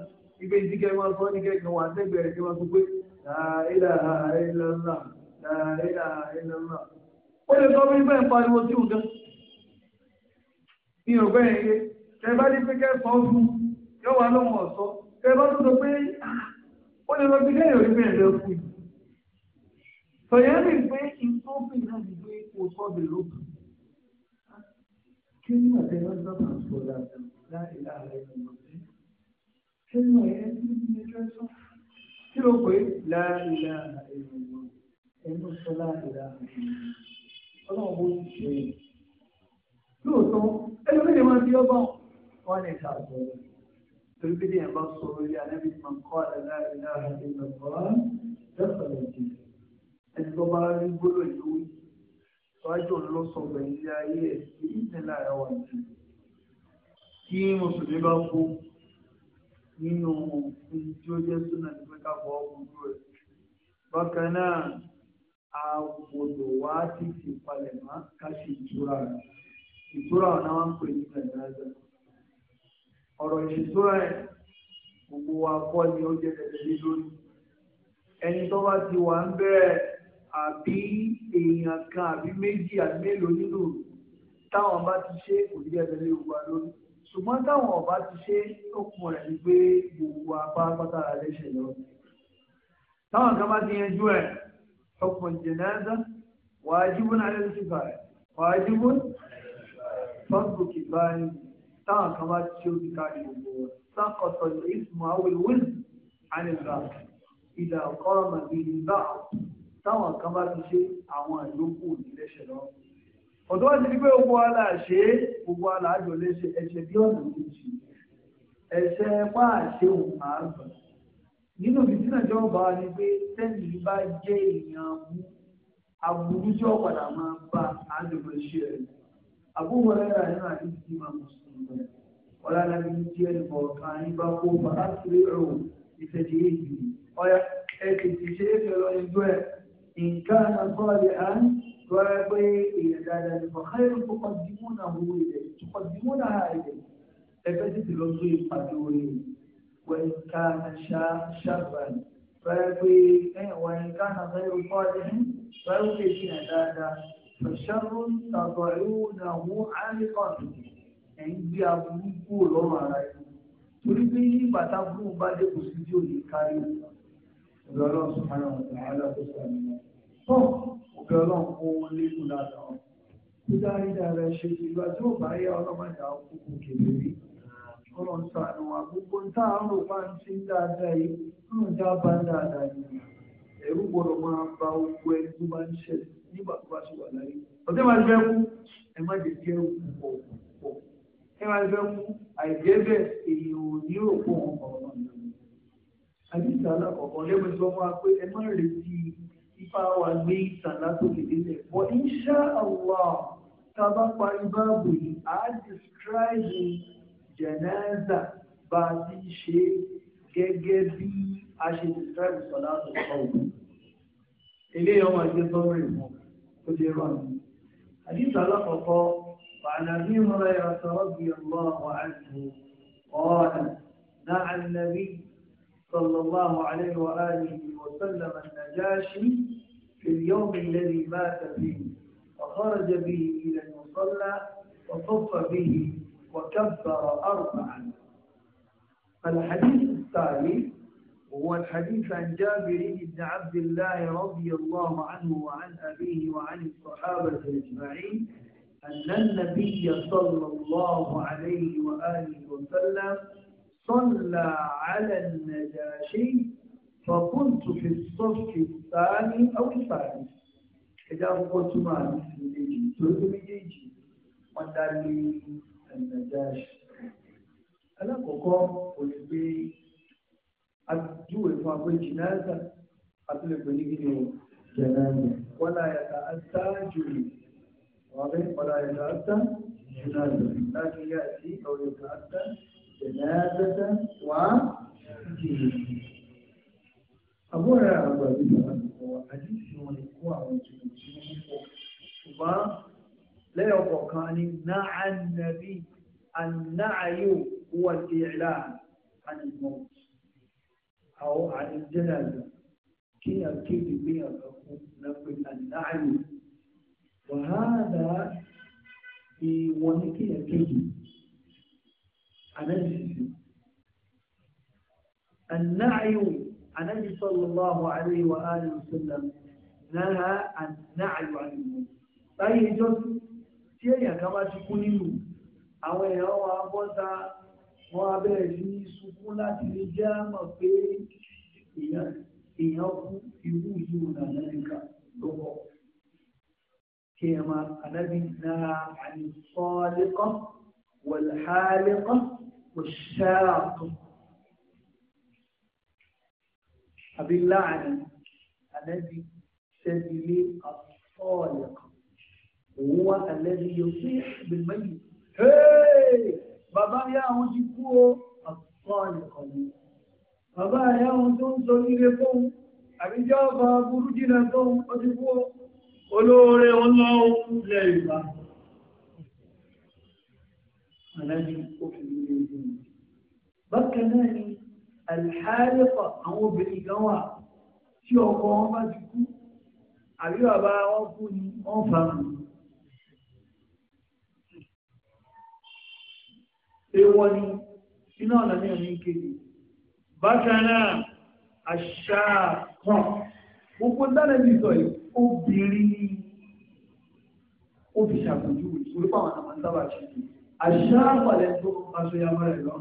ibẹ̀ ìdíkẹ́ máa sọ nígbà ìgbà wà sẹ́gbẹ̀rẹ̀ kí wọ́n sọ pé láàrídà àìlànà láàrídà àìlànà. ó lè sọ bí bẹ́ẹ̀ pariwo sí òun gan. mi ò bẹ́ẹ̀ yé tẹ bá ní pé kẹ́kọ̀ọ́ fún yóò wá lóhùn ọ̀sán tẹ bá tó sọ pé ah, ó lè lọ bí kẹ́yìn òní tọ̀yẹ́ rí pé ìtọ́bì náà ní pé kò sọ́bì lókè. kí ni àtẹ̀wọ́n sábà ń sọ dáadáa láì láàárẹ̀ ìmọ̀ sí? kí ni ọ̀yẹ́ tí ní ẹjọ́ sọ? kí ló pé láì láàárẹ̀ ìmọ̀ ẹnu sọ láì láàárẹ̀ ìmọ̀ ọlọ́run bó ti ṣe é. lóòótọ́ ẹlòmíì lè máa di ọgbà wọn ní ìta àgbọ̀rọ̀. torí bí díẹ̀ bá sọ orí anábìsí máa ń kọ́ àdá láì láàárẹ̀ ìmọ̀ ẹni tó bá rí gbọ́dọ̀ yìí wájú ọlọ́sọ̀gbẹ̀ ilé ayé ẹ̀ sí ìpínlẹ̀ ara wà ní ìlú. kí mùsùlùmí bá kú nínú òfin tí ó jẹ́ súnà ní pé ká bọ́ ojú rẹ̀. bákan náà a gbọ́dọ̀ wá títí palẹ̀ mọ́ ká ṣe ìtura rẹ̀. ìtura ọ̀nà wa ń pè ní nàìjíríà. ọ̀rọ̀ ìṣètura ẹ̀ gbogbo wa ni ó jẹ́ tẹ̀lé lórí. ẹni tó bá ti wà ń bẹ́ẹ̀ àbí èèyàn kan àbí méjì àbí mélòó nínú òru táwọn bá ti ṣe kò ní ẹ̀dẹ̀ lé gbogbo àlórí ṣùgbọ́n táwọn ọba ti ṣe okùn rẹ̀ ni pé gbogbo apá pátára lẹ́sẹ̀ lọ. táwọn kan bá ti yanjú ẹ̀ okùn jẹ̀nẹ́sán wàá jíbó náà lẹ́nu sí bàrẹ̀ wàá jíbó fọ́nbù kì táwọn kan bá ti ṣe ó ti káàdì gbogbo wọn. sákòtò ìsmọ̀ àwọn ìwé àníbà ìdá ọ̀kọ́rọ̀ màbí ìbá àwọn táwọn kan bá ti ṣe àwọn àyókù níléṣẹ lọ ọ̀dọ́ ti di pé gbogbo ala ṣe é gbogbo ala àjọ léṣe ẹ̀ṣẹ̀ bí ọ̀nà méjì ẹ̀ṣẹ̀ má ṣe òun máa gbà nínú bìtínà jọ bá ni pé tẹ́lẹ̀ yìí bá jẹ́ èèyàn mú aburú tí ó padà máa bá àjọpọ̀ ṣe ẹ̀ àbúrò rẹ̀ nínú àdìsí ti máa mú sí i ọ̀la lábí ní díẹ̀ nípa ọ̀kan ẹ̀ tètè ṣe é fẹ́ lọ ẹ̀ nǹkan àgbọ̀lì à ń sọ ẹ pé èèyàn dáadáa ni wọ́n káyọ̀ kó kọ́dìmúnà owó ilẹ̀ kọ́dìmúnà ilẹ̀ ẹgbẹ́ títí lọ sí ìpàdé orí wọ́n ká ṣàbà sọ ẹ pé ẹ̀yìn wọ́n nǹkan àgbọ̀lì kọ́dì ń sọ ẹ pé èèyàn dáadáa ṣàṣàrò tàbọ̀ ìwúna wọ́n á ní kọ́ọ̀tù ẹ̀ ń gbé aburú kúrò lọ́rùn ara yìí torí pé yí bàtà burú bá dé kò sí tí ò ní kárí òun ọ̀bẹ ọlọ́run sùpáyà ọ̀tẹ̀ alákòóso àmì wọn. tó ọ̀bẹ ọlọ́run kó wọn lékún dáadáa wọn. tó dárí dáadáa ṣe ìgbà tí ó bá yá ọlọ́mọdé àwọn kókó kèlè rí. ọlọ́run sànù wa gbogbo ń tá àárò bá ń ti dáadáa yìí ń dá bá dáadáa yìí. ẹ̀rú gbọ́dọ̀ máa bá gbogbo ẹni tó bá ń ṣẹ̀ nígbà tó bá ti wà láyé. ọ̀tẹ́ máa fẹ́ kú ẹ má jẹ́ kí ẹrù pọ̀ ẹ máa fẹ́ kú àìjẹ́ èèyàn ò ní àdìsá alákọ̀ọ́kọ́ lẹ́gbẹ̀ẹ́ sọ fún wa pé ẹ má retí ipa wa gbé ìtàn látòkè délẹ̀ wọ́n insha Allah tá a bá parí báàbò yìí á describe jẹ̀nẹ́ẹ́sà bá a ti ṣe gẹ́gẹ́ bí a ṣe describe sọ̀lá tó kọ̀ wọ́n. eléyìí ọmọ ẹgbẹ́ sọ́mọ́rì mọ́ tó dé rán mi. àdìsá alákọ̀ọ́kọ́ bàánà bí mo rẹ̀ yàtọ̀ ọ́ bí ọlọ́run àìsàn ọ̀ọ́dà náà àìlẹ́bí. صلى الله عليه وآله وسلم النجاشي في اليوم الذي مات فيه وخرج به إلى المصلى وصف به وكبر أربعا الحديث التالي هو الحديث عن جابر بن عبد الله رضي الله عنه وعن أبيه وعن الصحابة أجمعين أن النبي صلى الله عليه وآله وسلم صلى على النجاشي فكنت في الصف الثاني أو الثالث إذا قلت ما نسيجي تريد وندالي النجاشي alákọ̀ọ́kọ́ kò lè pe ajúwe fún apẹ́ jìnnáza àti lè pe nígbìdì o jẹ̀náza wọ́lá yàtà àtà jùlọ wọ́n rẹ̀ wọ́lá yàtà àtà jìnnáza láti yá sí ọ̀rẹ́ yàtà àtà jìnnáza. جنازة و أبو هريرة رضي الله عنه حديث ونقوى ṣùgbọ́n lẹ́yìn ọ̀kọ̀ọ̀kan ni náà nàbí ànáàyò wà ní ìlà ànìmọ̀ àwọn àníjẹ́nà rẹ̀ kí a kéde bí àkàkùn lápẹ́ ànáàyò wàhálà ìwọ̀n ní kí a kéde. النعي أن نعي صلى الله عليه وآله وسلم نهى عن نعي عن المنزل أي جزء تيهي كما تكون يلو أو يهو أبوزا وابعجني سكونة الجامة في يوم يوزون ذلك لغو كما النبي نهى عن الصادقه والحالقة والشاقة أبي اللعنة الذي سبيل الصالق هو الذي يصيح بالميت هاي، بابا يا هو الصالق بابا يا àwọn tó أبي sọ nílé fún àbíjọ́ ọba burú jìnà olóore ọlọ́run lẹ́yìn bá aláàjì ó fi ní ojú mi. bákan náà ni àlìhálẹ́fà àwọn obìnrin kan wà tí ọkọ wọn bá ti kú àbí bàbá wọn kú ni wọn fà á. ewọ ni iná ọ̀nà ní òní kejì bákan náà àṣà kan gbogbo dáná sọ yìí obìnrin ni ó fi ṣàpèjúwe torí pàwọn àwọn sábà ṣe kìí àṣà pàlẹ́ tó aṣọ yàmọ́ rẹ̀ lọ.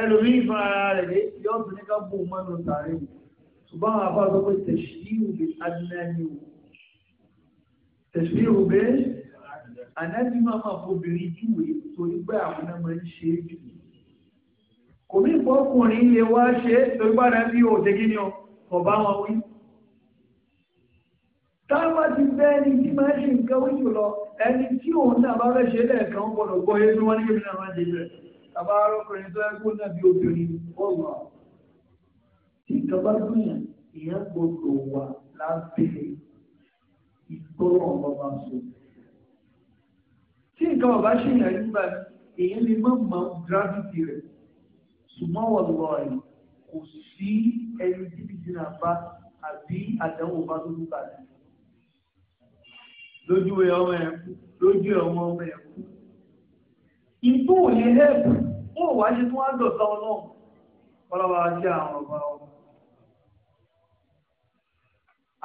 ẹlòmí ìfara rẹ̀ lé yọ́ tó ní ká bò mọ́nu tààrí ṣùgbọ́n àwọn afá sọ pé tẹ̀síwù bí adínẹ́ni o tẹ̀síwù bí ànábì máa máa fobìnrin júwe torí pé àwọn náà máa ń ṣe é jù kò ní ìfọkùnrin lè wá ṣe é torí pé ànábì ò dégé ni bá wọn wí táwa ti bẹ́ ẹni tí máa ṣe nǹkan oṣù lọ ẹni tí òun náà bá fẹ́ ṣe lẹ́ẹ̀kan gbọ́dọ̀ gbọ́ yé tí wọ́n ní kébí náà máa ṣe bẹ́ẹ̀ tàbá arákùnrin tó ẹgbẹ́ náà bí obìnrin ọ̀wà tí ìjọba gbìyàn ìyẹn gbọdọ̀ wà lábẹ́ ìgbọ́ràn bàbá sọ. tí nǹkan ọ̀bá ṣe yàn nígbà èyí lè má mọ gravity rẹ̀ ṣùgbọ́n wọ̀lọ́ ẹ̀ kò sí ẹni tí bìtìnà lójú ọmọ ẹ̀ kú lójú ọmọ ọmọ ẹ̀ kú. ìbú òye hẹ́ẹ̀bù ó wà á ṣe tí wọ́n á dọ̀tá ọlọ́run kọ́lọ́wà sí àwọn ọba ọmọ.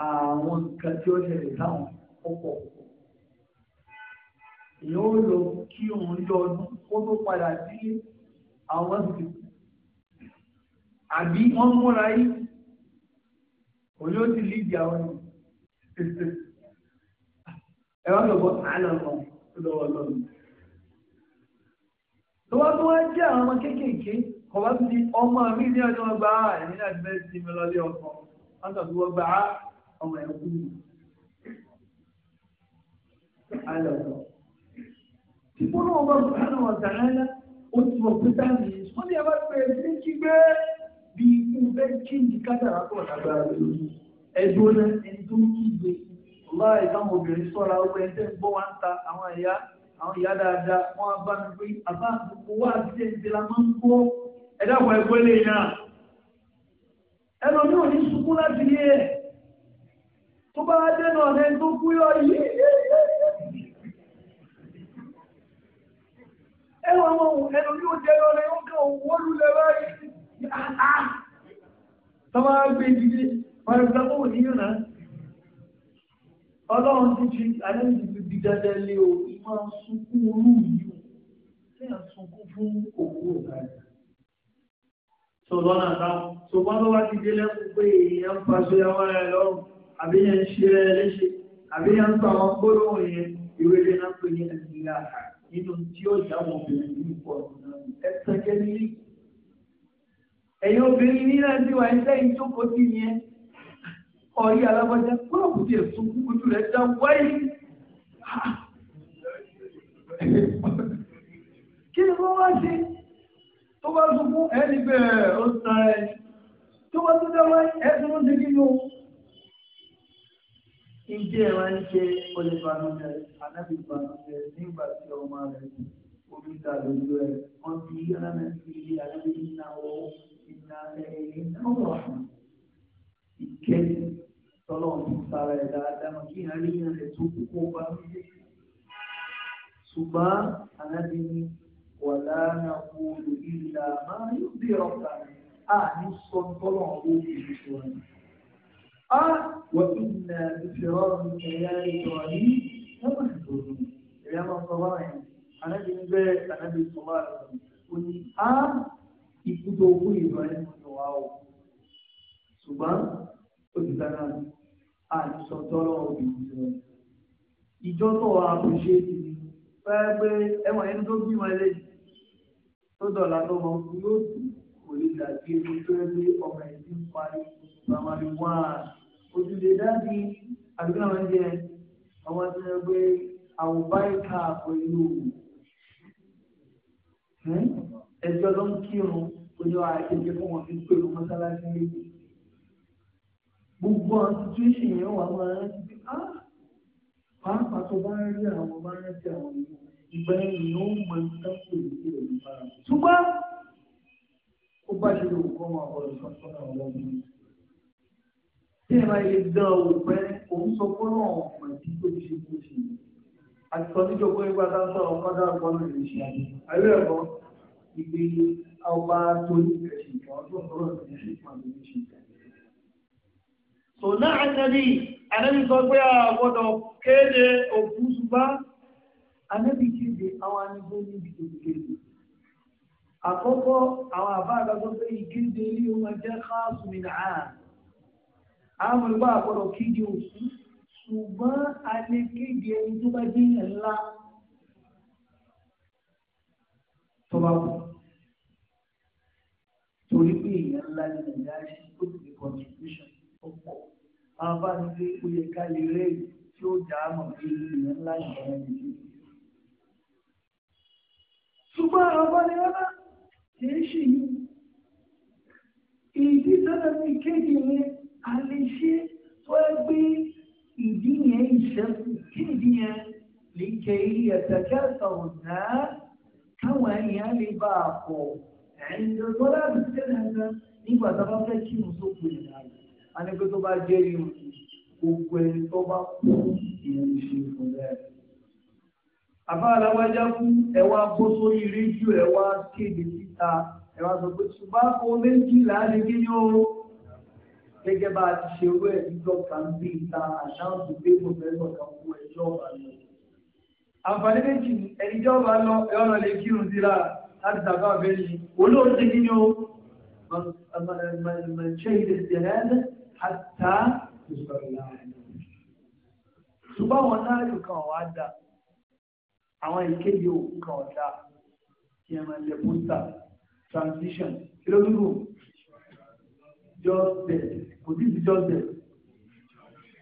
àwọn nǹkan tí ó ṣẹlẹ̀ sáwọn púpọ̀ èyí ó lọ kí òun lọ ọdún kó tó padà sí àwọn ti àbí wọ́n múra yìí òun yóò ti lídìí àwọn ènìyàn. ẹ wá lọ bọ àánà kan lọ́wọ́ lọ́rùn. lọ́wọ́ tó wá jẹ́ àwọn ọmọ kéékèèké kò wá sí ọmọ mi ní ọjọ́ gbà á ẹ̀mí náà ti fẹ́ sí mi lọ́lé ọkọ wọ́n tàn fi wọ́n gbà á ọmọ ẹ̀ kú mi. alọ̀tọ̀ tìpọ́ náà wọ́n bá sọ àánà wọn tààlà ó ti wọ̀ pé táàmì wọ́n ní ẹ bá bẹ̀rẹ̀ sí kígbé bí ikú fẹ́ kíndì kátàrà láì káwọn obìnrin sọ́ra ó gbẹ́ni tẹ́ ń gbọ́ wá ń ta àwọn ìyá àwọn ìyá dáadáa wọ́n á bá mi pé àbá àgbègbè wá àti ṣe ìdílé máa ń kó ẹ̀dá wọ ẹgbẹ́ lè yàn. ẹlòmíràn ní sunkún láti rí ẹ̀ tó bá dẹ́nu ọ̀nà tó kú yọ yé ẹwà ọmọ ẹlòmíràn jẹ́ lọ́rẹ́ ó kàn wọ́n lulẹ̀ báyìí. tọ́wọ́ á gbé ìdílé wọn lè gbà ó níyàn náà ọlọ́run ti fi àlejò ti di dandan lé o máa sunkún olú yìí o ṣé à ń sunkún fún òkú ọ̀gá rẹ̀. sọ̀rọ̀ náà táwọn ṣùgbọ́n tó bá ti dé lẹ́kùn pé èèyàn ń faṣọ ìyàwó rẹ̀ lọ́rùn àbí yẹn ń ṣe rẹ̀ léṣe àbí yẹn ń sọ àwọn gbólóhùn yẹn ìwé lè náà pè ní ẹ̀sìnlá nínú tí ó dá wọn bẹ̀rẹ̀ ní ìpọ̀ ẹ̀sẹ̀ jẹ́ nílé. ẹ̀yin obìnrin ọ̀rí alábọ́já kúrò kò tiẹ̀ tún ojú rẹ̀ já wáyé. kí ni wọ́n wá ṣe tó bá tún fún ẹni bẹ́ẹ̀ ó san ẹ tó bá tún dá wáyé ẹ̀sùn ló ṣe kí ni o. Ǹjẹ́ ẹ máa ń ṣe olùbànújẹ́ ànábìbànújẹ́ nígbà tí ọmọ rẹ̀ omi ta lójú ẹ̀ wọ́n fi yára náà fi ànábìbànújẹ́ náà wọ́n ìnáwó ìnáwó àná ìké tọ́lọ́run ti sára ẹ̀ dáadáa kí àríyàn rẹ̀ tó kókó bá ń lé. ṣùgbọ́n aláàbí ni wà láàárín olù ìlà máa ń bí ọ̀gá àní sọ tọ́lọ́run ó fi ṣe wọn. a wà ìnà ìfìrọ́rùn ẹ̀yà ìtọ́ ní wọ́n ti ẹ̀yà máa sọ báyìí aláàbí ń bẹ́ẹ̀ aláàbí sọ báyìí ó ní a ìbúdó owó ìrọ̀lẹ́ nínú wa o ṣùgbọ́n olùdáná àìsọ̀tọ̀ obìnrin rẹ̀. ìjọ tó wà àbùṣe ti ní fẹ́ẹ́ pé ẹ̀wọ̀n ẹni tó bímọ ẹlẹ́yìn tó dọ̀là tó mọ fún yóò tún kò lè dàbí ewu tó ẹ pé ọmọ ẹ̀ ti ń parí pàmàlì wá ojúlé dábì àbíkú náà ń jẹ ọmọ tó ẹ pé àwòbá ìka pẹ̀lú ẹjọ́ ló ń kírun ojú àìsèjì fún wọn fi pẹ̀lú mọ́sálásí méjì gbogbo àwọn situation yẹn wà máa rántí pé á ah! pàápàá tó bá rí àwọn bá rántí àwọn ìgbà ẹ̀yìn ló ń mọ ní sáfù ìdílé rẹ̀ bára. ṣùgbọ́n ó bá ṣe lè kọ́ wọn àwọn ìfọ̀sọ́ náà lọ́wọ́ tí ẹ máa yẹ dán o pé òun sọ fún náà ọmọ ìdí tó ti ṣe kó ṣe àti níjọ pé nígbà tá a sọ ọmọ dá ọgbọ́n ló lè ṣe àyè àyè ẹ̀kọ́ ọba tó ní ìrẹsì tòná ànábì ànábì sọ pé àgbọ̀dọ̀ kéde òkú ṣùgbọ́n ànábì kéde àwọn anigbó níbi tó kéde àkọ́kọ́ àwọn àbá àgbàgbọ́ pé ìkéde ilé wọn jẹ́ káàsù mi nàá àwọn olùgbà àgbọ̀dọ̀ kéde òkú ṣùgbọ́n a lè kéde ẹni tó bá jẹ́ yẹn ńlá tó bá wù torí pé èèyàn ńlá ní nàìjíríà ṣe ó ti di contribution ó pọ̀ àwọn bá ní pé ó yẹ ká lè rẹ́ tí ó dá mọ̀ sí ìyẹn ńlá ìyẹn nìyí. ṣùgbọ́n àwọn bá ní rárá kì í ṣì yí. ìdí sọ́dọ̀ ní kéde yẹn a lè ṣe tó gbé ìdí yẹn ìṣẹ́kù kí ìdí yẹn lè jẹ ilé ẹ̀tẹ̀kẹ́ sọ̀rọ̀ náà káwọn èèyàn lè bá a pọ̀ ẹ̀yìn ìdọ̀tọ́lá àbùsẹ́ náà nígbà tó bá fẹ́ kí n tó kú ìlànà anigbe tó bá jẹ́ irú gbogbo ẹni tó bá kú ìyẹn ní ṣe fún bẹ́ẹ̀. àbá aláwájá kú ẹ wá bó sórí rédíò ẹ wá kéde síta ẹ wá sọ pé ṣùgbọ́n kó méjìlá ni kí ni ó gẹ́gẹ́ bá a ti ṣe owó ẹ̀ níjọ́ kan bí ìta àṣàǹtì pé kò fẹ́ lọ kan kú ẹjọ́ ọ̀bà lọ. àǹfààní méjì ẹnìjọ́ ọ̀bà lọ ẹ ọ̀nà lè kírun síra láti tàbá àbẹ́yìn olóòtú kí ni ó. من شهد الجهاد àtà ìsọ̀rọ̀ láàrin. ṣùgbọ́n àwọn náírà kan wà dà àwọn ìkéde òkú kan ọ̀dà ìyẹn lẹ́pọ́tà transition kílódúró just there kò tí ì sí just there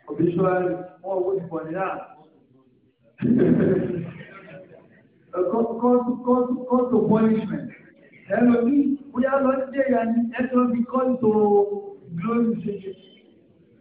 obituary wọn owó ti pọ̀ ní náà. Call to punishment. Ẹlòmíì, bóyá lọ sí ẹ̀yà ni ẹ̀tọ́ bí call to glory ṣe ṣe.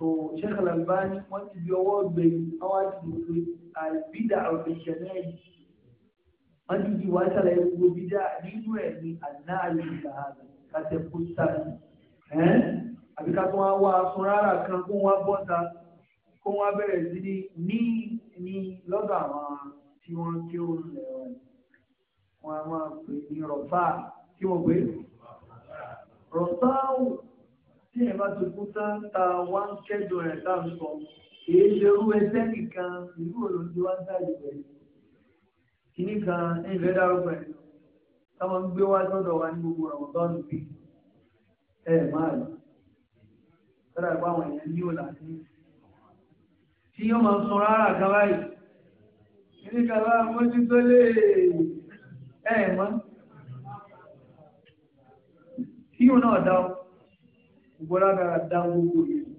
so Sheikh Al-Albani wọ́n ti fi ọwọ́ gbé àwọn àti gbogbo àbídà ọ̀gbẹ̀ṣẹ̀ náà yìí wọ́n ti di wá sàlàyé gbogbo bídà nínú ẹ̀ ní àná àyíká kàtẹ́ pósítà ẹ̀ àbí ká tó wá wá aṣọ rárá kan kó wá bọ́ta kó wá bẹ̀rẹ̀ sí ní ní ní lọ́dọ̀ àwọn tí wọ́n kí ó ń lẹ̀ wọ́n wọ́n á máa pè ní rọ̀bà tí wọ́n gbé rọ̀bà tí ẹ bá ti kú tán tá a wá ń kẹ́dùn ẹ̀ tá a ń sọ èyí ṣe irú ẹsẹ̀ nìkan ìlú òlòdì wá ń dájú rẹ̀ kìíní kan ẹ̀fẹ̀ dárúkọ ẹ̀ táwọn ń gbé wá sọ́dọ̀ wa ní gbogbo ọ̀rọ̀ tó ń bí ẹ̀ máa lọ sọ́dọ̀ ẹ̀kọ́ àwọn èèyàn ní òlà sí tí yóò máa sun rárá kan báyìí kìíní kan bá mójútó lè ẹ̀ mọ́ tí yóò náà dá ọ ìgbọ́lá dára dá gbogbo yìí.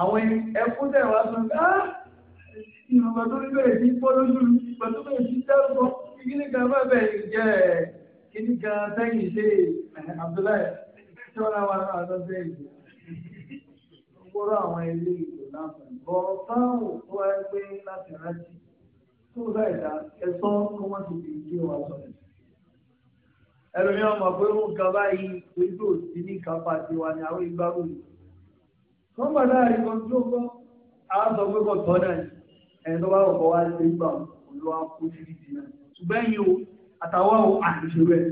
àwọn ẹkún tẹ̀ wá sọ pé ah, ìrọ̀gbà tó ní bẹ̀rẹ̀ sí pọ́ lójú mi ìgbà tó bẹ̀rẹ̀ sí dárúkọ kíní kan bá bẹ̀rẹ̀ jẹ́ kíní kan sẹ́yìn ṣe Abdullahi tí wọ́n náà wà náà lọ sẹ́yìn. gbọ́dọ̀ àwọn ilé ìlú láǹfààní bọ́ táwọn tó wáyé pé láti rántí tó láì dá ẹ̀sán kí wọ́n ti fi ìdí wa sọ̀rọ̀ ẹlòmí ọmọ pé wọn kan báyìí ojú òsì ní kápá tiwa ni àwọn ìgbà wò ni wọn bá láàrin kan tó kọ àwọn sọ pé kò tọ́ náà ni ẹni tó bá wọ̀ kọ́ wá ṣe ń gbà olú wa kú sí ìdí náà ṣùgbọ́n yìí o àtàwọn ò àṣìṣe rẹ̀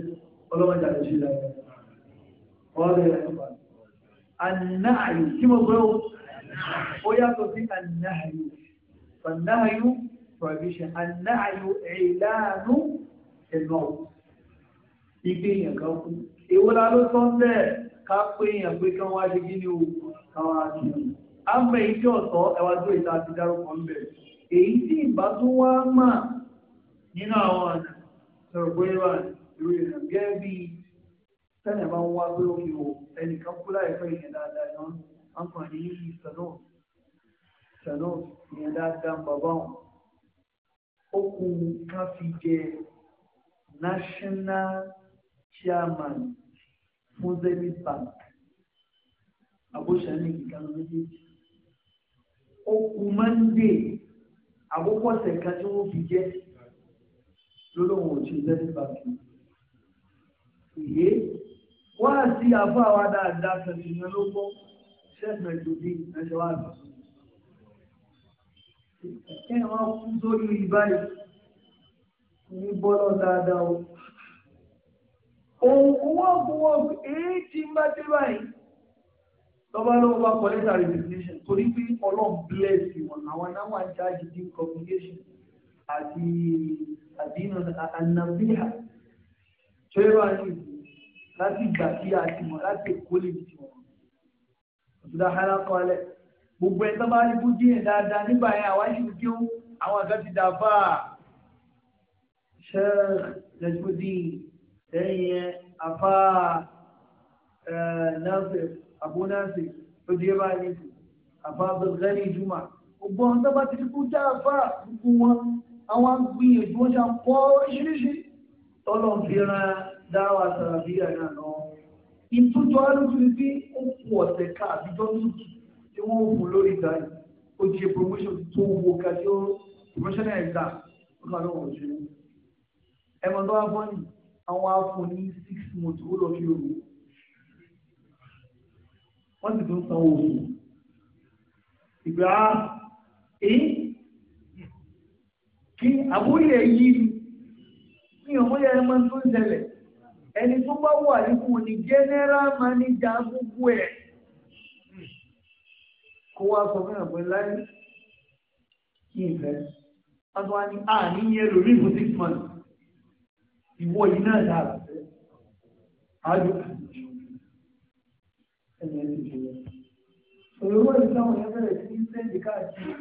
ọlọ́wọ́n jà lè ṣe láyé wọ́n lè rẹ̀ nípa kí mo gbé o ó yàtọ̀ sí ànáàyò ànáàyò prohibition ànáàyò ìlànà ẹ̀gbọ́n ìgbé èèyàn kan kú èwo la ló tán bẹ́ẹ̀ ká pé èèyàn pé kí wọ́n wá ṣe kí ni o káwọn á ti rìn àmọ́ èyí tí ọ̀tọ̀ ẹwà tó ìta ti dárúkọ ń bẹ̀ èyí tí ìbá tó wá mà nínú àwọn ọ̀nà sọ̀rọ̀ pé wà ìrù ìrìn gẹ́gẹ́ bí sẹ́yìn bá ń wá pé ó fi wò ẹnìkan kú láìpẹ́ ìyẹn dáadáa yẹn wọ́n kàn ní sànó ìyẹn dáadáa bàbá wọn ó kú ká fi jẹ national chairman fún zenith bank abóṣẹ́ni ìkànnì méjèèjì ó kú mọ́ndé àkókò ọ̀sẹ̀ kan tí wọ́n fi jẹ́ lọ́lọ́wọ́ òtún zenith bank ìyé wọ́n á sí àbọ̀ àwọn dáadáa pẹ̀lú ìyẹn ló gbọ́ sẹ́sìn ẹ̀dùnbí ẹ̀ṣẹ̀ wà lọ. ẹ̀ wọ́n kú sórí ìbáyìí ní bọ́lọ̀ dáadáa o òun wọ́n bu wọn èyí tí ń bá dé báyìí lọ́ba lọ́wọ́ bá kọ́ lẹ́tà resignation torí pé ọlọ́run bless wọn àwọn náwọn ajáde ní communication àti àdínà ànàbíyà tó yẹ wá ní láti ìgbà tí a ti mọ̀ láti èkó lè ti wọn. òtútù àhálà kọ́ alẹ́ gbogbo ẹ̀ tó bá rí bú díẹ̀ dáadáa nígbà yẹn àwọn àṣìṣe kí ó àwọn àgbà ti dà fáà. sheikh jẹ́síwọ́dín lẹ́yìn yẹn afá nasir abu nasir tó di yé báyìí nìsí afá abdulgani juma gbogbo àwọn sábà ti fi kú já afá gbogbo wọn àwọn agbìyànjú wọn ṣe à ń pọ oríṣiríṣi tọ́lọ̀ ń fi ran dáwà sàràbíyà náà lọ. ìtújọ alùpùpù bí ó kù ọ̀sẹ̀ ká àbíjọ́ méjì tí wọ́n ń fún lórí ìgbà yìí ó ṣe promotion tó wo kájọ́ promotional exam ó kà lóun ò ẹ̀mọ́ tó wá fọ́ nìyí àwọn afun ní six months ó lọ fi òru wọ́n sì tún san owó ìgbà èyí kí àbúyẹ yìí ni mi ò mọ̀ yẹ ẹ máa tó ń ṣẹlẹ̀ ẹni tó bá wà nípò ní general manager gbogbo ẹ̀ kó wá sọ fún ẹ̀pẹ́ láì kí n fẹ́. wọ́n tún wá ní àníyàn lórí fún six months ìwọ yìí náà dára ájú ẹni ẹni ti wọ. Òwe wọ́n ti sáwọn yẹn bẹ̀rẹ̀ sí sẹ́ǹdì káàkiri.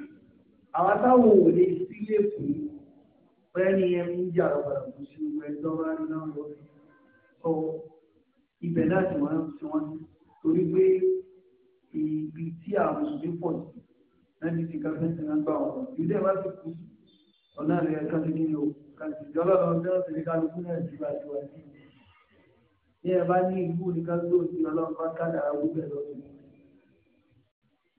Àwọn táwọn ò lè sílé fún un. Bẹ́ẹ̀ ni ẹ ń jà ọ̀gbà kò sí ìwé ẹjọ́ bá ń náà lọ. Sọ ibẹ̀ láti wọ́n ti wọ́n torí pé ibi tí àwọn mùsùlùmí pọ̀ sí náà ti ti ká fẹ́ǹsì náà gbà wọ́n. Ìdílé wa ti kú ọ̀nà rẹ̀ ká ti nílò ìjọlọ́run tí wọ́n ti ní kálukú náà ti bá ti wà ní ìlú ní ẹ bá ní ìlú ní kálukú tí ọlọ́run bá kádà owó bẹ̀ lọ́dún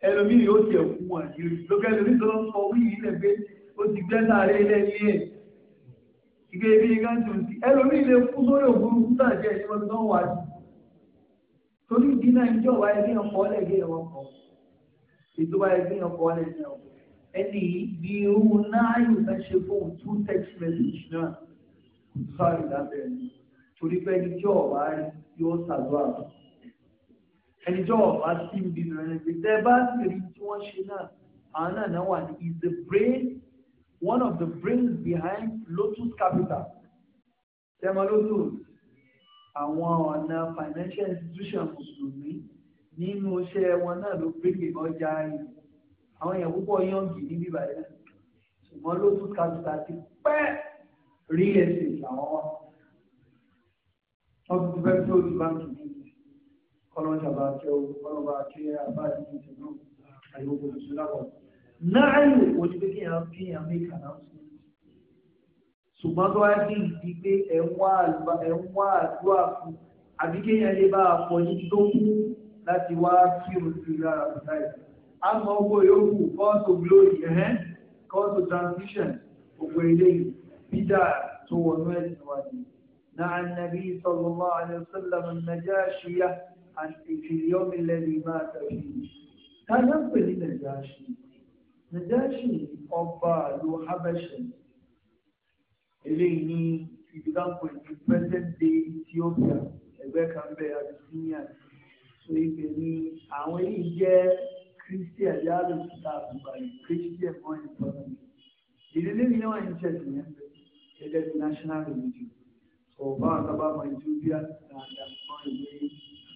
ẹlòmíì yóò tiẹ̀ kú wọn yìí lókè ẹlòmíì tó ń sọ orí yìí lẹ̀ pé ó ti gbẹ́ sáré ilé ní ẹ̀ ìgbé ibi ní káńtì òsì ẹlòmíì lè kú sórí òfurufú sàjẹ́ ìṣẹ́ tó ń wà sí torí ìdí náà ìjọba ẹgbẹ́ ọkọ̀ ọlẹ́gbẹ́ ọkọ̀ ètò ẹgbẹ́ ọkọ̀ ọlẹ́gbẹ́ ọkọ̀ ẹni bí owó náà yóò fẹ́ ṣe fóun two text message náà kò sáré lábẹ́ ẹni torí pé ẹni jọ́ ọ̀bá rí yóò ṣàdúrà ẹni jọ́ ọ̀bá sí ibi ìrìn ẹni tẹ́ bá sì rí tí wọ́n is the brain one of the brains behind Lotus Capital tẹ́mọ Lotus àwọn ọ̀nà financial institution mùsùlùmí nínú iṣẹ́ wọn náà ló gbé ọjà yìí àwọn èèyàn púpọ̀ yọ̀ǹgì ní bíbá yẹn ṣùgbọ́n ló tún kàtúkà ti pẹ́ rí ẹsẹ̀ làwọn wá wọ́n tún fẹ́ tó ti báńkì ní ìlú kọ́lọ́jà bá kẹ́ o kọ́lọ́jà kẹ́ abáyé ní ìlú àyẹ̀wò gbogbo ìṣúná wọn. náà yóò wọ́n ti pé kí èèyàn kí èèyàn mí kàná sí i ṣùgbọ́n tó wá ní ìdí pé ẹ̀ ń wá àdúrà fún àbí kéèyàn bá àpọ̀ yín tó kú láti wá kírun sí lára ọ̀tá ìlú a mọ owó yòókù cost of glory ẹ̀hẹ́n cost of transmission gbogbo eléyìí bídà tó wọnú ẹ̀sìn wa ni. نعى النبي صلى الله عليه وسلم النجاشية في اليوم الذي مات فيه كان يقبل النجاشي نجاشي ọba ìlú habẹ́ṣẹ̀ eléyìí ní ìdílàpọ̀ ní present day Ethiopia ẹgbẹ́ kan bẹ́ẹ̀ Abyssinia so ìpè ní àwọn èyí jẹ́ Christian yaro su ta su bari Christian wani problem. Idilin yawan interest ne yadda da national religion. So ba ka ba mai dubiya na da mai ne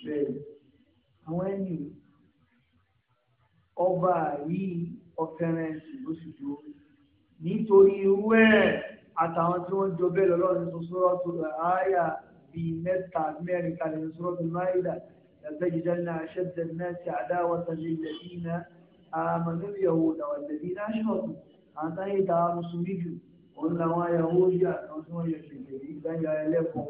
bẹ́ẹ̀. Àwọn ẹni ọba yìí ọ̀fẹ́rẹ́ǹsì ló sì dúró. Nítorí irú ẹ̀ àtàwọn tí wọ́n jọ bẹ́ẹ̀ lọ́lọ́run tó sọ́rọ́ tó rẹ̀ áyà bíi mẹ́ta mẹ́rin kalẹ̀ sọ́rọ́ tó máyìdá. لتجدن أشد الناس عداوة للذين آمنوا اليهود والذين أشركوا أنت هيدا مسلمين قلنا ويهود يأتون يعني يشركين لا يلفهم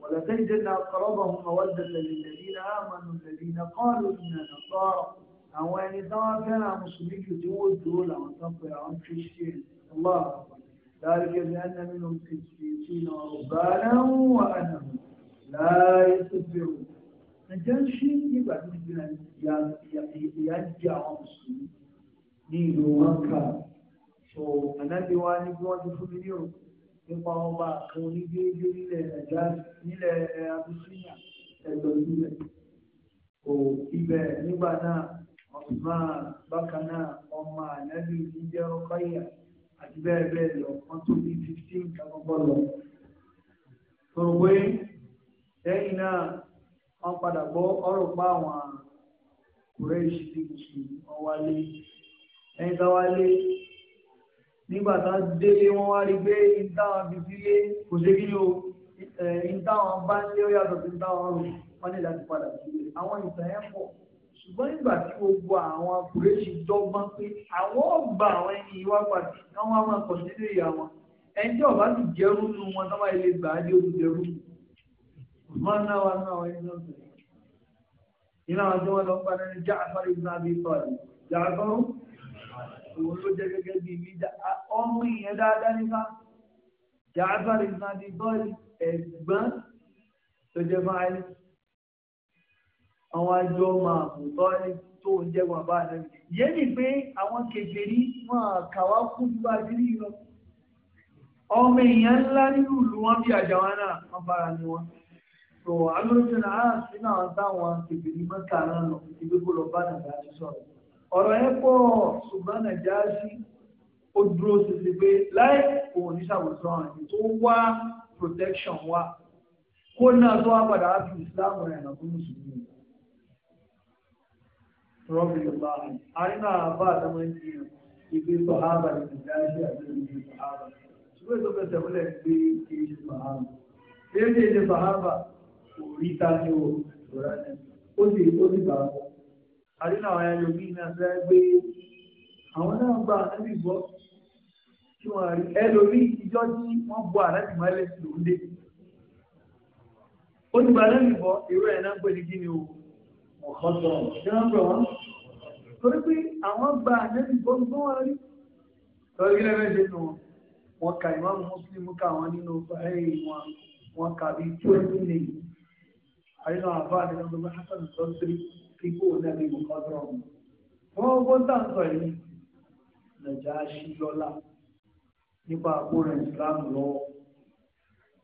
ولتجدن أقربهم مودة للذين آمنوا الذين قالوا إنا نصارى أو يعني سواء كان مسلمين دول دولة وتنطي عن كشتين الله أكبر ذلك بأن منهم قسيسين وربانا وأنهم لا يستكبرون Nàìjíríà nígbà tó ti ìyá jẹ àwọn mùsùlùmí ní ìlú Mọ́kà. Sọ ànábi wa ní bí wọ́n ti fún mi ní òkú nípa ọba kan onígbéégbé nílẹ̀ Nàìjíríà nílẹ̀ Abisínia ẹ̀dọ̀ ìlú Kò ibẹ̀ nígbà náà Osman bákan náà ọmọ ànábi ti jẹ́ ọkọ̀ ìyá àti bẹ́ẹ̀ bẹ́ẹ̀ lọ wọ́n tó ní fifteen kakọ́kọ́ lọ. Sọ̀rọ̀ pé náà wọ́n padà gbọ́ ọ̀rọ̀ pa àwọn kùrẹ́ẹ̀ṣì tí mùsùlùmí wọ́n wálé ẹ̀yìn tá wálé nígbà tá délé wọ́n wá rí gbé ìtàwọn fi sílé kò sí kí ni o ìtàwọn bá ń lé ó yàtọ̀ sí ìtàwọn rò wọ́n ní láti padà sílé àwọn ìtàn ẹ̀ pọ̀ ṣùgbọ́n nígbà tí gbogbo àwọn kùrẹ́ẹ̀ṣì dọ́gbọ́n pé àwọn ò gba àwọn ẹni ìwà pàtì káwọn á máa kọ̀ sílé ìyá wọn ẹni tí ọ̀bá ti jẹ́rú nu wọn tó bá ilé gbà á dé olùjẹ́rú nù wọn náà wà náà wọ́n yín lọ́sẹ̀. iná wọn tí wọ́n lọ padà ní Ja'far ibn Abi Talib Ja'far òun ló jẹ́ gẹ́gẹ́ bíi mídà ọmọ ìyẹn dáadáa nípa Ja'far ibn Abi Talib ẹ̀gbọ́n tó jẹ́ báyìí àwọn àjọ máa mú tọ́lí tó ń jẹ́ wọn bá rẹ̀. yé mi pé àwọn kèfèrí máa kàwá fún ju àdírí lọ. ọmọ èèyàn ńlá nínú ìlú wọn bí àjàwọn náà wọn bára ní wọn so alóòjọ náà á sí náà táwọn tèbèrè mọ́ta náà lọ ìdílé kó lọ bá nàìjà sí sọ̀rọ̀ ọ̀rọ̀ ẹ pọ̀ ṣùgbọ́n nàìjà sí ó dúró ṣèṣe pé láì òun ní ṣàwùjọ àyè tó wá protection wa kó náà tó wá padà á fi Islam rẹ̀ nà fún mùsùlùmí rọ́bì ọba àrínà àbá àtàwọn ẹni ìgbé sọ̀hábà ní nàìjà sí àti sọ̀hábà ṣùgbọ́n ètò fẹsẹ̀ gbé kí sọ̀hábà kí sọ̀hábà orí tani o ìrora ni ó sì ó sì bá wọn. àdínà àwọn ẹyọ bíi náà fẹ́ gbé àwọn náà gba ànábì gbọ́ tí wọ́n rí ẹlòmíì ìjọ tí wọ́n bọ ànábì mọ́lẹ̀ sí òun dé. ó ti gba ànábì gbọ́ irú ẹ̀ náà ń pè ní kí ni o ọ̀kọ́ sọ̀rọ̀ ṣé wọ́n pè torí pé àwọn gba ànábì gbọ́ gbọ́ wọn rí. lọ́ọ́ ilé rẹ̀ ṣe nù wọn ka ìmọ̀ mùsùlùmí ká wọn nínú ẹ̀yìn wọn wọn kà bí twenty minutes àyínà àbá àti ọmọ hasan sọ́sírí tí kò lẹ́bi nǹkan tó rọrùn. wọ́n gbọ́n tà ń sọ yìí Nàjáṣì lọ́la nípa àkórè Islam lọ́wọ́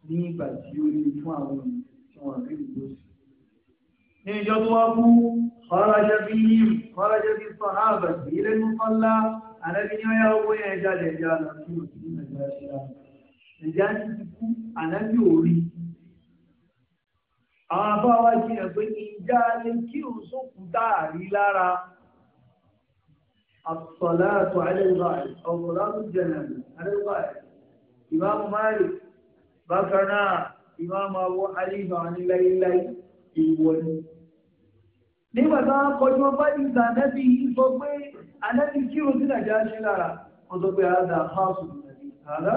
ní ìgbà tí ó lè fún àwọn ènìyàn tí wọ́n rí ìgbésí. ní ìjọ tó wá kú ọ̀rọ̀jẹ́ bí ọ̀rọ̀jẹ́ bí sọ ààbà sí ilé mọ́kànlá àlẹ́bí ní ọ̀yá owó yẹn jáde ẹ̀jẹ̀ àlọ́ sí òsì Nàjáṣì rà Nàjáṣì ti kú àlẹ́bí òrí àwọn afáwá jìnnà pé ìjà lè kí òun sókùn dáàrí lára àtọ̀láàtọ̀ àdéhùbáyé ọ̀pọ̀lọpọ̀ jẹ̀nàmù àdéhùbáyé ìmáàmù Malik bákan náà ìmáàmù Abu Hanifa ní láíláí ìwọ̀ni. nígbà táwọn kọjú ọba ìgbà anábì sọ pé anábì kí òun sí nàìjíríà ṣe lára wọn sọ pé àádá hásùn nàìjíríà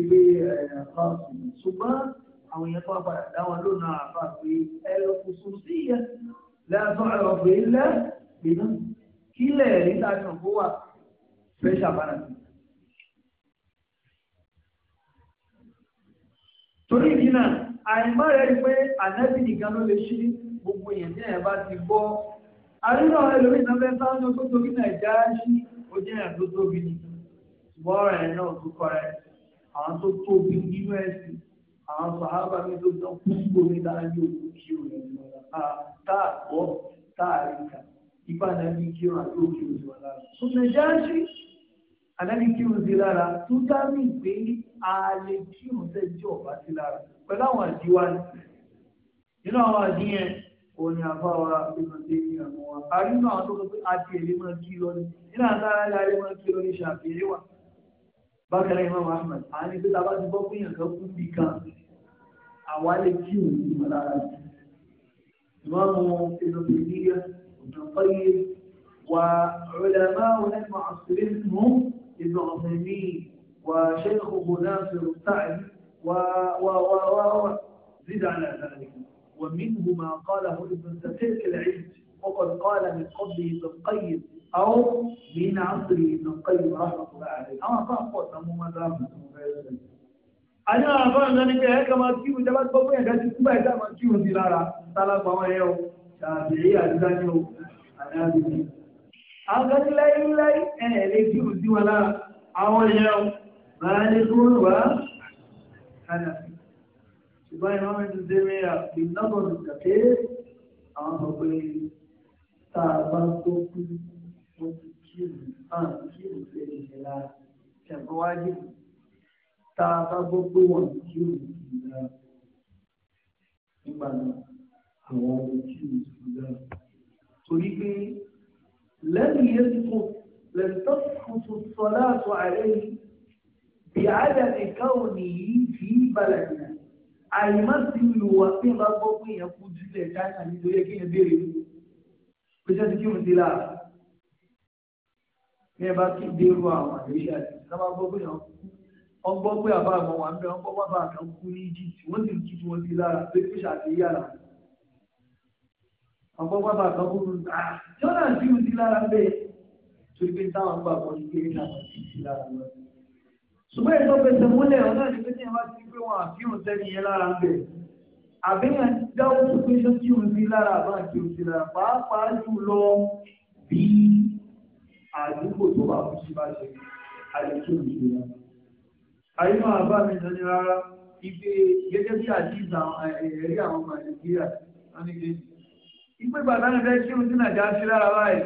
ìgbé ẹ̀ hásùn ṣùgbọ́n àwọn yẹn tó wá padà dá wọn lónà àfa pé ẹ lọ kó sí yẹn lẹ́tọ́ ẹ̀rọ pé lẹ́ gbẹ̀nà kílẹ̀ rí tájà kó wà fẹ́ṣà torí ìdí àìmọ́ rẹ̀ pé ṣí gbogbo èèyàn ẹ̀ bá ti gbọ́ ẹlòmíì náà fẹ́ tó tóbi náà já sí ojú tó tóbi wọ́ọ̀rẹ̀ náà tó kọ́ rẹ̀ àwọn tó tóbi nínú ẹ̀sìn àwọn sàhábà ní tó tán gbogbo mi dára ní òkú kí o lè lọ tá a gbọ́ tá a rí ká ipa àdáni kí o àti òkè òsì wà lára. sùnmọ̀ jáàsì àdáni kí o sí lára tó dá mi pé a lè kí o sẹ́jọ́ ọ̀bá sí lára pẹ̀lú àwọn àdíwá ni nínú àwọn àdíyẹn òun ni àbáwa ìmọ̀ sí ní àwọn àárín náà tó kọ pé a ti èlé máa kí lọ ní nínú àtàrà ilé máa kí lọ ní ṣàfihàn bákan náà imam ahmed àwọn ẹni tó bá ti bọ́ fún yàn kan fún bí kan àwa lè kí òun ti mọ̀ lára jù imam ìlòmí níyà òdòkọ́yé wà ọ̀rẹ́dàmá onímọ̀ àṣírí mú ìlú ọ̀sẹ̀ ní wà sheikh nasir sa'id wà wà wà wà زد على ذلك ومنه ما قاله ابن كثير العلم وقد قال من قبله ابن القيم àwọn yìí náà ń pè é nǹkan ìwà àkùrà rẹ̀ àwọn afọ àpọ̀ sàmú wọn lọ́wọ́ àwọn ọmọ rẹ̀ sọ̀rọ̀. àní àwọn afọ àná ni kẹ́hẹ́ kà máa kí wọn jábá gbọ́ fún ẹ̀ka ti kúbà ẹ̀ka máa kí wọn sí lára tálákọ̀ àwọn ẹ̀yọ́ tàbí èyí àdúrà ní àdá bìbí. àwọn kan ẹ̀ ẹ̀ lè kí wọn sí wọn lára àwọn ẹ̀yọ́ máa ní kúrò wá ṣùgbọ́n ìmọ̀ ó ti kírun hàn kírun sí ẹni ṣe lára ṣẹ̀kọ́ wájú tá a bá gbọ́ pé wọ́n kírun sí i lára nígbà náà àwọn ọmọ kírun sí i lára torí pé lẹ́yìn yẹn tó lẹ́yìn tó tuntun sọ láàtọ̀ àárẹ̀ yìí bí àádá nìkan ò ní yí fi í balẹ̀ nìyà àyìnbá sí ìlú tí wọ́n bá gbọ́ pé èèyàn kú jùlẹ̀ China nítorí ẹgbẹ́ yẹn béèrè pé ṣé ti kírun sí i lára ní ẹ bá kí dérú àwọn àlejò àti sábà gbọ́ pé wọn kú wọn gbọ́ pé àbá àwọn wà ń bẹ wọn gbọ́ pé àbá àwọn kú ní Egypt wọn sì kí wọn sí lára pé kí ṣàti yàrá wọn gbọ́ pé àbá àwọn kú ní jọ́nà sí wọn sí lára bẹ́ẹ̀ torí pé táwọn gbà wọn ní kéré náà wọn sì sí lára lọ. ṣùgbọ́n ètò pèsè múlẹ̀ wọn náà ní pé tí bá ti pé wọn àfihàn sẹ́ni yẹn lára ń bẹ̀ àbíyàn dáwọ́ tó pé ṣé kí wọn sí lára àbá wọn sí lára pàápàá jù lọ bíi àdúgbò tó bá kú sí bá ṣe àìtó ìṣúná. Àyè máa bá mi lọ ní rárá ibi gẹ́gẹ́ bí àdìsá ẹ̀rí àwọn ọmọ Nàìjíríà wọn ní ìpè bàbá mi fẹ́ kírun sí Nàìjíríà sí lára báyìí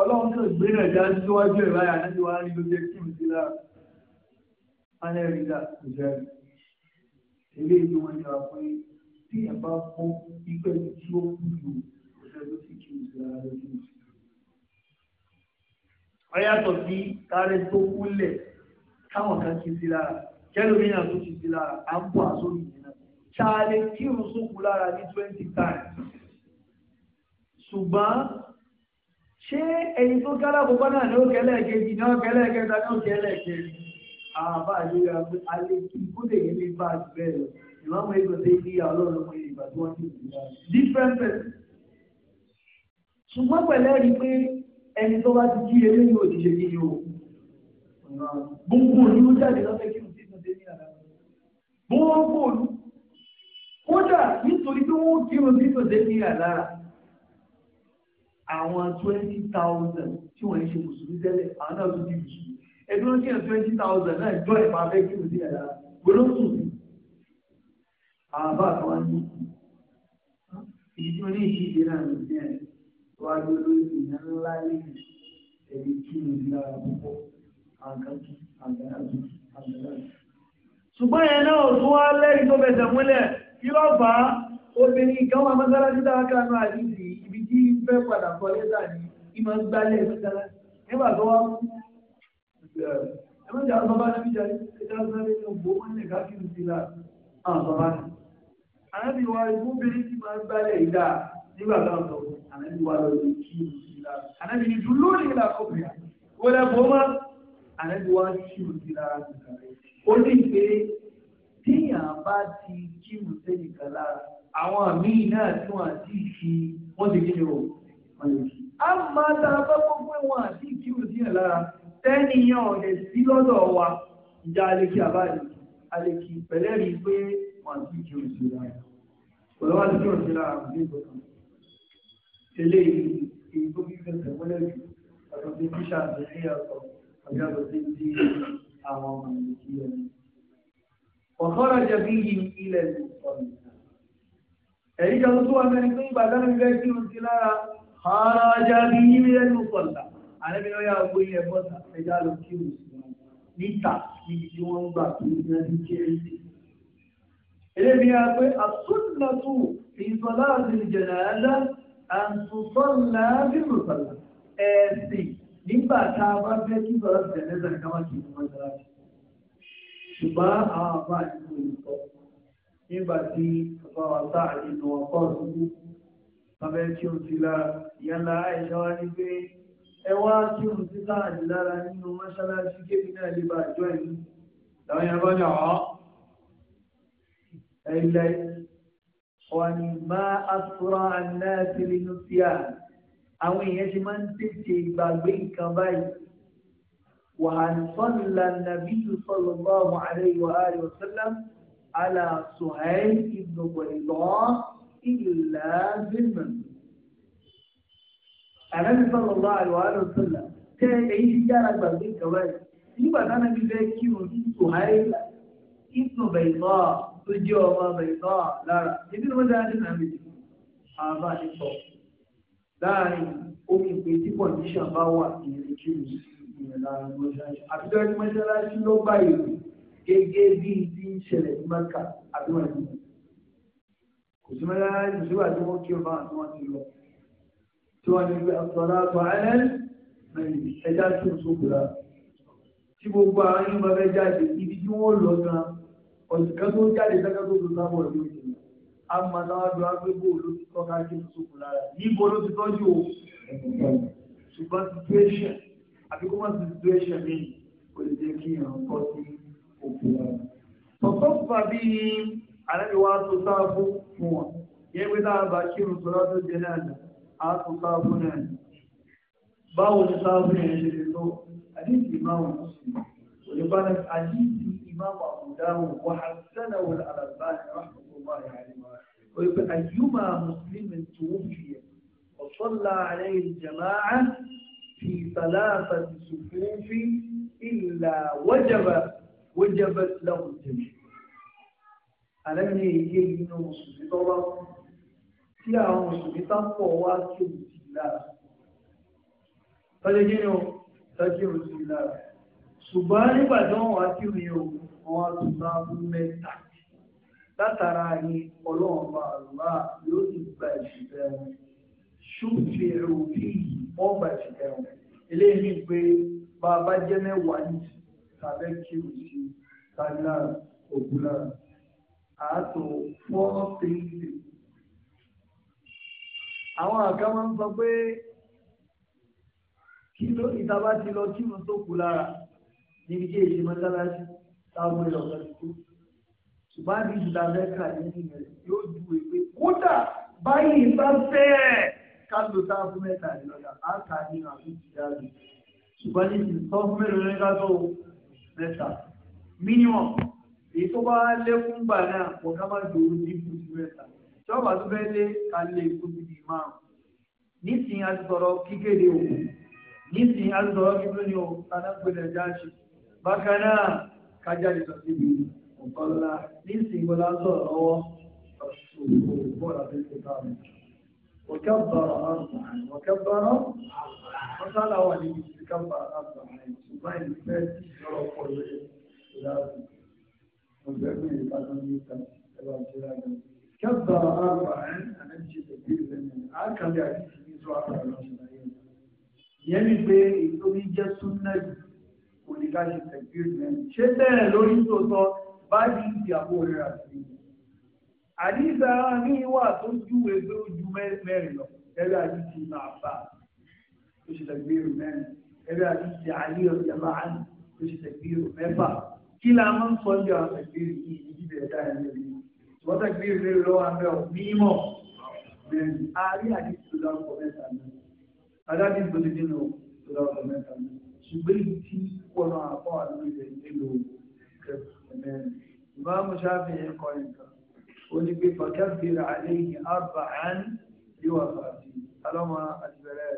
ọlọ́run tó gbé Nàìjíríà sí síwájú ẹ̀ báyìí àti wàá rí lóde kírun sí lára. Alẹ́ rí dà kò jẹ́ ilé ìlú wọn ni pé tí ẹ̀ bá fún ipe tí ó kú lò kò sẹ́ ọ̀yàtọ̀ sí kárẹ́ tó kúnlẹ̀ káwọn kan kí sí lára kẹlòmíràn tó kí sí lára à ń bọ̀ àsórí yìí náà ṣáàlẹ̀ kí irun sókù lára ní twenty times ṣùgbọ́n ṣé ẹni tó kẹ́lẹ́ àkókò náà ní ó kẹ́lẹ́ kejì náà kẹ́lẹ́ kẹta náà kẹ́lẹ́ kẹrin àbá àyíra pé alẹ́ kí kó lè yẹ lè bá a jù bẹ́ẹ̀ lọ ìmọ̀mọ̀ ẹgbẹ́ tó ní ọlọ́run mọ ìgbà tí wọ́n ti dì í different person ṣùgbọ́n pẹ̀lẹ́ rí pé ẹni tó bá ti kí eré yóò ti ṣe kí ni o gbogbo òní ló jáde lọ́fẹ́ kí n ti tún dé ní àná gbogbo òní kódà nítorí pé wọ́n kí n ti tún dé ní àná àwọn twenty thousand tí wọ́n ṣe mùsùlùmí tẹ́lẹ̀ àwọn náà tún di mùsùlùmí ẹgbẹ́ wọn kí n twenty thousand náà jọ ìpa abẹ́ kí n ti àná gbólóhùn mi àbá àtàwọn ní tí wọ́n ní ìṣe wá lórí ìyẹn ńlá yìí èyí kí ni lára púpọ̀ àǹkájú àǹkájú àǹkájú. ṣùgbọ́n yẹn náà ò tún wá lẹ́yìn tó bẹ̀sẹ̀ múlẹ̀ kí ló fà á obìnrin kan wà mọ́sálásí dára kanú àdìsí ibi tí ń fẹ́ padà kọ́ lẹ́tà ní ìmọ̀ ń gbálẹ̀ mọ́sálásí nígbà tó wá mú ẹ̀mọ́jà bàbá níbi jẹ́ ẹ̀dá sáré ní ọgbọ́ wọn lè káàkiri sí la àwọn bàbá náà. àyàbí wa ìfúnbìnrin ti máa ń gbálẹ̀ ìdá nígbà táwọn ànábì wà lórí kí ìlà ànábì ní dùn lórí ìlà kọfìyà wọlé bọ́mọ́ ànábì wà kí ìlà ó ní pé téèyàn bá ti kí ìsẹ́nìkan lára àwọn míì náà tí wọ́n ti fi wọ́n ti kí ni o wọ́n lè kí. a máa ta bá gbogbo wọn àti kí ìsẹ́nìkan lára tẹ́niyàn ọ̀dẹ̀ sí lọ́dọ̀ wa ìjà alẹ́kí àbáyé alẹ́kí pẹ̀lẹ́rìí pé wọ́n ti kí ìsẹ́nìkan lára. Olúwa ti kí ìsẹ́nìkan lára ní ìgbọ̀kan eléyìí èyí tó kíkẹ́ tẹ̀wọ́lẹ̀ jù ọ̀dọ̀ tí tíṣà ń tẹ̀lé ọ̀sọ̀ àbí ọ̀dọ̀ tí ti àwọn ọmọ ìlú kí ẹ̀ ní. ọ̀kọ́rọ̀ jẹ bí yìí ilẹ̀ ti sọ mi. ẹ̀yí kan tó wà mẹ́rin pé ìgbà dáná ìgbà kí n ti lára ọ̀rọ̀ jẹ bí yìí ilẹ̀ ti sọ mi. àlẹ́bí lọ́yà gbé ilẹ̀ bọ́ta ẹja lọ kí n sùn níta níbi tí wọ́n gbà tó ní ẹni àtúntọ́nà bíbùsọ̀lá ẹ̀sìn nígbà tá a bá fẹ́ kí bọ̀rọ̀ tẹ̀lé sàkà wá kí n máa dára jù ṣùgbọ́n àwọn àbá àdúgbò yìí sọ nígbà tí bàbá wa bá àdínú ọkọ̀ ọ̀dúnkù bàbá tí ó ti la ìyálà àìsàn wá ní pé ẹ tí ó ti láàdì lára nínú mọ́ṣáláṣí kébì náà lè bá àjọ ẹ̀yìn làwọn yẹn bá dà ọ́ ẹ̀yìn lẹ́yìn wani ma asura anasi linusia àwọn èèyàn ti máa ń tètè gbàgbé nǹkan báyìí wàhánsánlá nàbí sallallahu alayhi wa alihi wa sallam ala Suhail ibn Qaylah illa bilman. ànábi sallallahu alayhi wa alihi wa sallam tẹ èyí ti yára gbàgbé nǹkan báyìí nígbà tánábi fẹ́ kírun sí Suhail tó jẹ́ ọmọ àbẹ̀tọ́ lára ibi ni wọ́n dára ní nàá méjì àbá nìkọ́ láàrin òkè pé tí kọ̀ǹdíṣàn bá wà ìrìn kí ni ìrìn lára mọ́ṣáláṣí àbíjọ́ ẹni mọ́ṣáláṣí ló bá ìlú gẹ́gẹ́ bí ti ń ṣẹlẹ̀ ní mẹ́ka àbíwọ̀n ìlú kò sí mọ́ṣáláṣí ìṣúwà tí wọ́n kí ọba àti wọn ti lọ tí wọ́n ní pé àtọ̀lá àtọ̀ ẹja tó ń tí ọ̀sìnkan tó ń jáde sẹ́kẹ́ tó tó sábọ̀ ló ti mọ̀ a máa láwájú agbébò ló ti tọ́ káàkiri ìsòkò lára níbo ló ti tọ́jú o ṣùgbọ́n situation àbí kó má situation mi kò lè jẹ́ kí ìràn kọ́ sí òkú lára. tọ̀tọ̀ fà bí alẹ́bíwá tó sáàbù fún wọn yẹ pé tá a bá kírun sọ́dọ́ tó jẹ náà ni a tó sáàbù náà ni báwo ni sáàbù yẹn ṣe lè lọ àdéhùn ìmáàmù òṣèlú òṣèlú bá náà àdéhùn هداه وحسنه الألباني رحمة الله عليه ويقول أيما مسلم توفي وصلى عليه الجماعة في ثلاثة صفوف إلا وجب وجبت له الجميع ألم يجي من مسلمين الله tí àwọn mùsùlùmí tá ń pọ̀ wá kí o sì lára. Tọ́jú kí ni wọ́n á tún bá mú mẹ́ta látara ni ọlọ́run bá àlùbá yóò ti gba ìṣẹ̀lẹ̀ wọn ṣùgbọ́n èrò bíi wọ́n gba ìṣẹ̀lẹ̀ wọn eléyìí ni pé bá a bá jẹ́ mẹ́wàá yìí tàbẹ́ kírun tàbílà ògùnlà àátò fọ́ọ̀rọ̀ tèyíǹtì. àwọn àga máa ń sọ pé kí ló ìta bá ti lọ kírun tó kù lára níbi tí èyí mọ́ṣáláṣí. táwọn èèyàn lọ sí tó ṣùgbọ́n àbí ka lẹ́ka nínú rẹ̀ yóò ju èpè kódà báyìí bá bẹ́ẹ̀ ká tá a fún mẹ́ta ìlọ́yà á kà ní àbí ìjìlá rẹ̀ ṣùgbọ́n ní ti sọ fún mẹ́rin ká tó mẹ́ta mínímọ̀ èyí tó bá gbà náà ká má ní mẹ́ta fẹ́ lé ká lé márùn nísìnyí a ti sọ̀rọ̀ kíkéde nísìnyí a ti sọ̀rọ̀ kíkéde kájáde lọ síbi nǹkan ńlá ní ìsìn ìgbọ́lá sọ̀rọ̀ lọ́wọ́ ṣòwò bọ́ọ̀lù àti ìgbà mi. وكبر أربعا وكبر فقال ولي كبر أربعا سبحان الفاتح يرى كل كبر أربعا أنا أمشي تكبير من أكل يعني في سورة الرحمن يعني في إنه يجسد نجم oníkàṣe tẹ̀gbìrì mẹ́rin ṣé bẹ́ẹ̀ lórí tó sọ báyìí ìyàwó rẹ̀ àti ìyẹn. àdìsá ní wà tó júwe pé ó ju mẹ́rin lọ ẹgbẹ́ àdìsí máa bá ó ṣe tẹ̀gbìrì mẹ́rin ẹgbẹ́ àdìsí àlẹ́ ọ̀yà máa ń ó ṣe tẹ̀gbìrì mẹ́fà kí la máa ń sọ ní àwọn tẹ̀gbìrì yìí ìdílé ẹ̀dá ẹ̀ lórí wọ́n tẹ̀gbìrì mẹ́rin tó dáwọ́ tó mẹ́ta mẹ́rin. ṣùgbọ́n èyí tí wọ́n àpọ̀ àlùbẹ̀ nílò kẹfìmẹ́rin ìmáàmù ṣáfi yẹn kọ nǹkan ó ní pé fàkẹ́fìrì àléyìn àbà án yóò àfàdì alọ́mọ àtìbẹ̀rẹ̀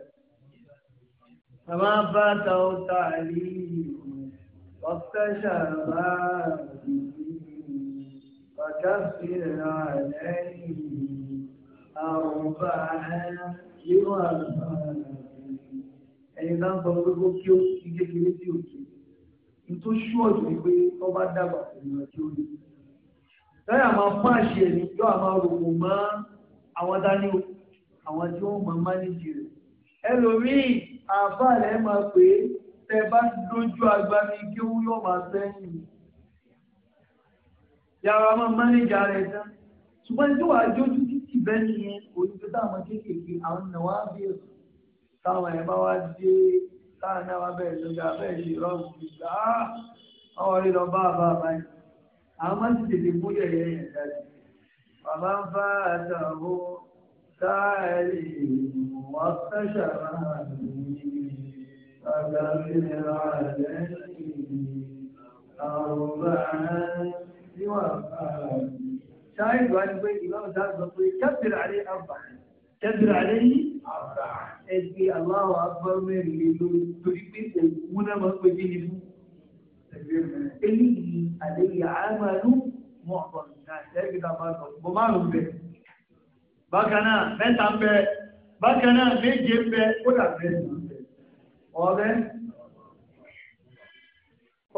bàbá bá ta ó ta àlè ọ̀sẹ̀ṣà bá fàkẹ́fìrì àléyìn àrùbà án yóò àfàdì. ẹni tá ń sọ ló gbogbo kí ó kí kékeré sí òkè ní tó ṣúọ̀jù ni pé tó bá dàgbà ènìyàn tí ó lè. lọ́yà máa fún àṣẹ ẹni yóò á máa mọ́ àwọn dání o àwọn tí wọ́n máa mánéjì rẹ̀. ẹlòmíì àbálẹ̀ máa pè é tẹ bá dojú agbami kí ó yọ̀ máa sẹ́yìn. yàrá máa mánéjì ara ẹ̀ tán ṣùgbọ́n tí wàá jójú títì bẹ́ẹ̀ nìyẹn òyìnbó táwọn kéékèèké àwọn náà wá bí ẹ̀sùn táwọn ẹ̀ bá wá dé táwọn náà wá bẹ̀rẹ̀ lóga bẹ́ẹ̀ lè rọrùn gbígbà á wọ́n rí lọ bá bá báyìí àwọn máa ń ti tètè mú yẹ̀yẹ́ yẹn jáde bàbá ń bá àtàwọn sáàrì wọ́n fẹ́ṣà máa ń bàbá fi ra rẹ̀ àwọn bá ṣáà ìlú ni pé ìlú ọ̀dà pé kẹ́bìrì àlẹ́ àbà kẹ́bìrì àlẹ́ yìí àbà ẹgbẹ́ aláwọ̀ agbọ́mẹ́rin lé lórí torí pé òkú náà máa ń pè kí ni fún. eléyìí àlejò àmàlú mọ̀ ọ̀pọ̀ nǹkan àtẹ́gbẹ́ ká máa sọ bó máa ń bẹ. bákan náà mẹ́ta ń bẹ bákan náà méje ń bẹ ó dà bẹ́ẹ̀ ń bẹ. ọ̀rẹ́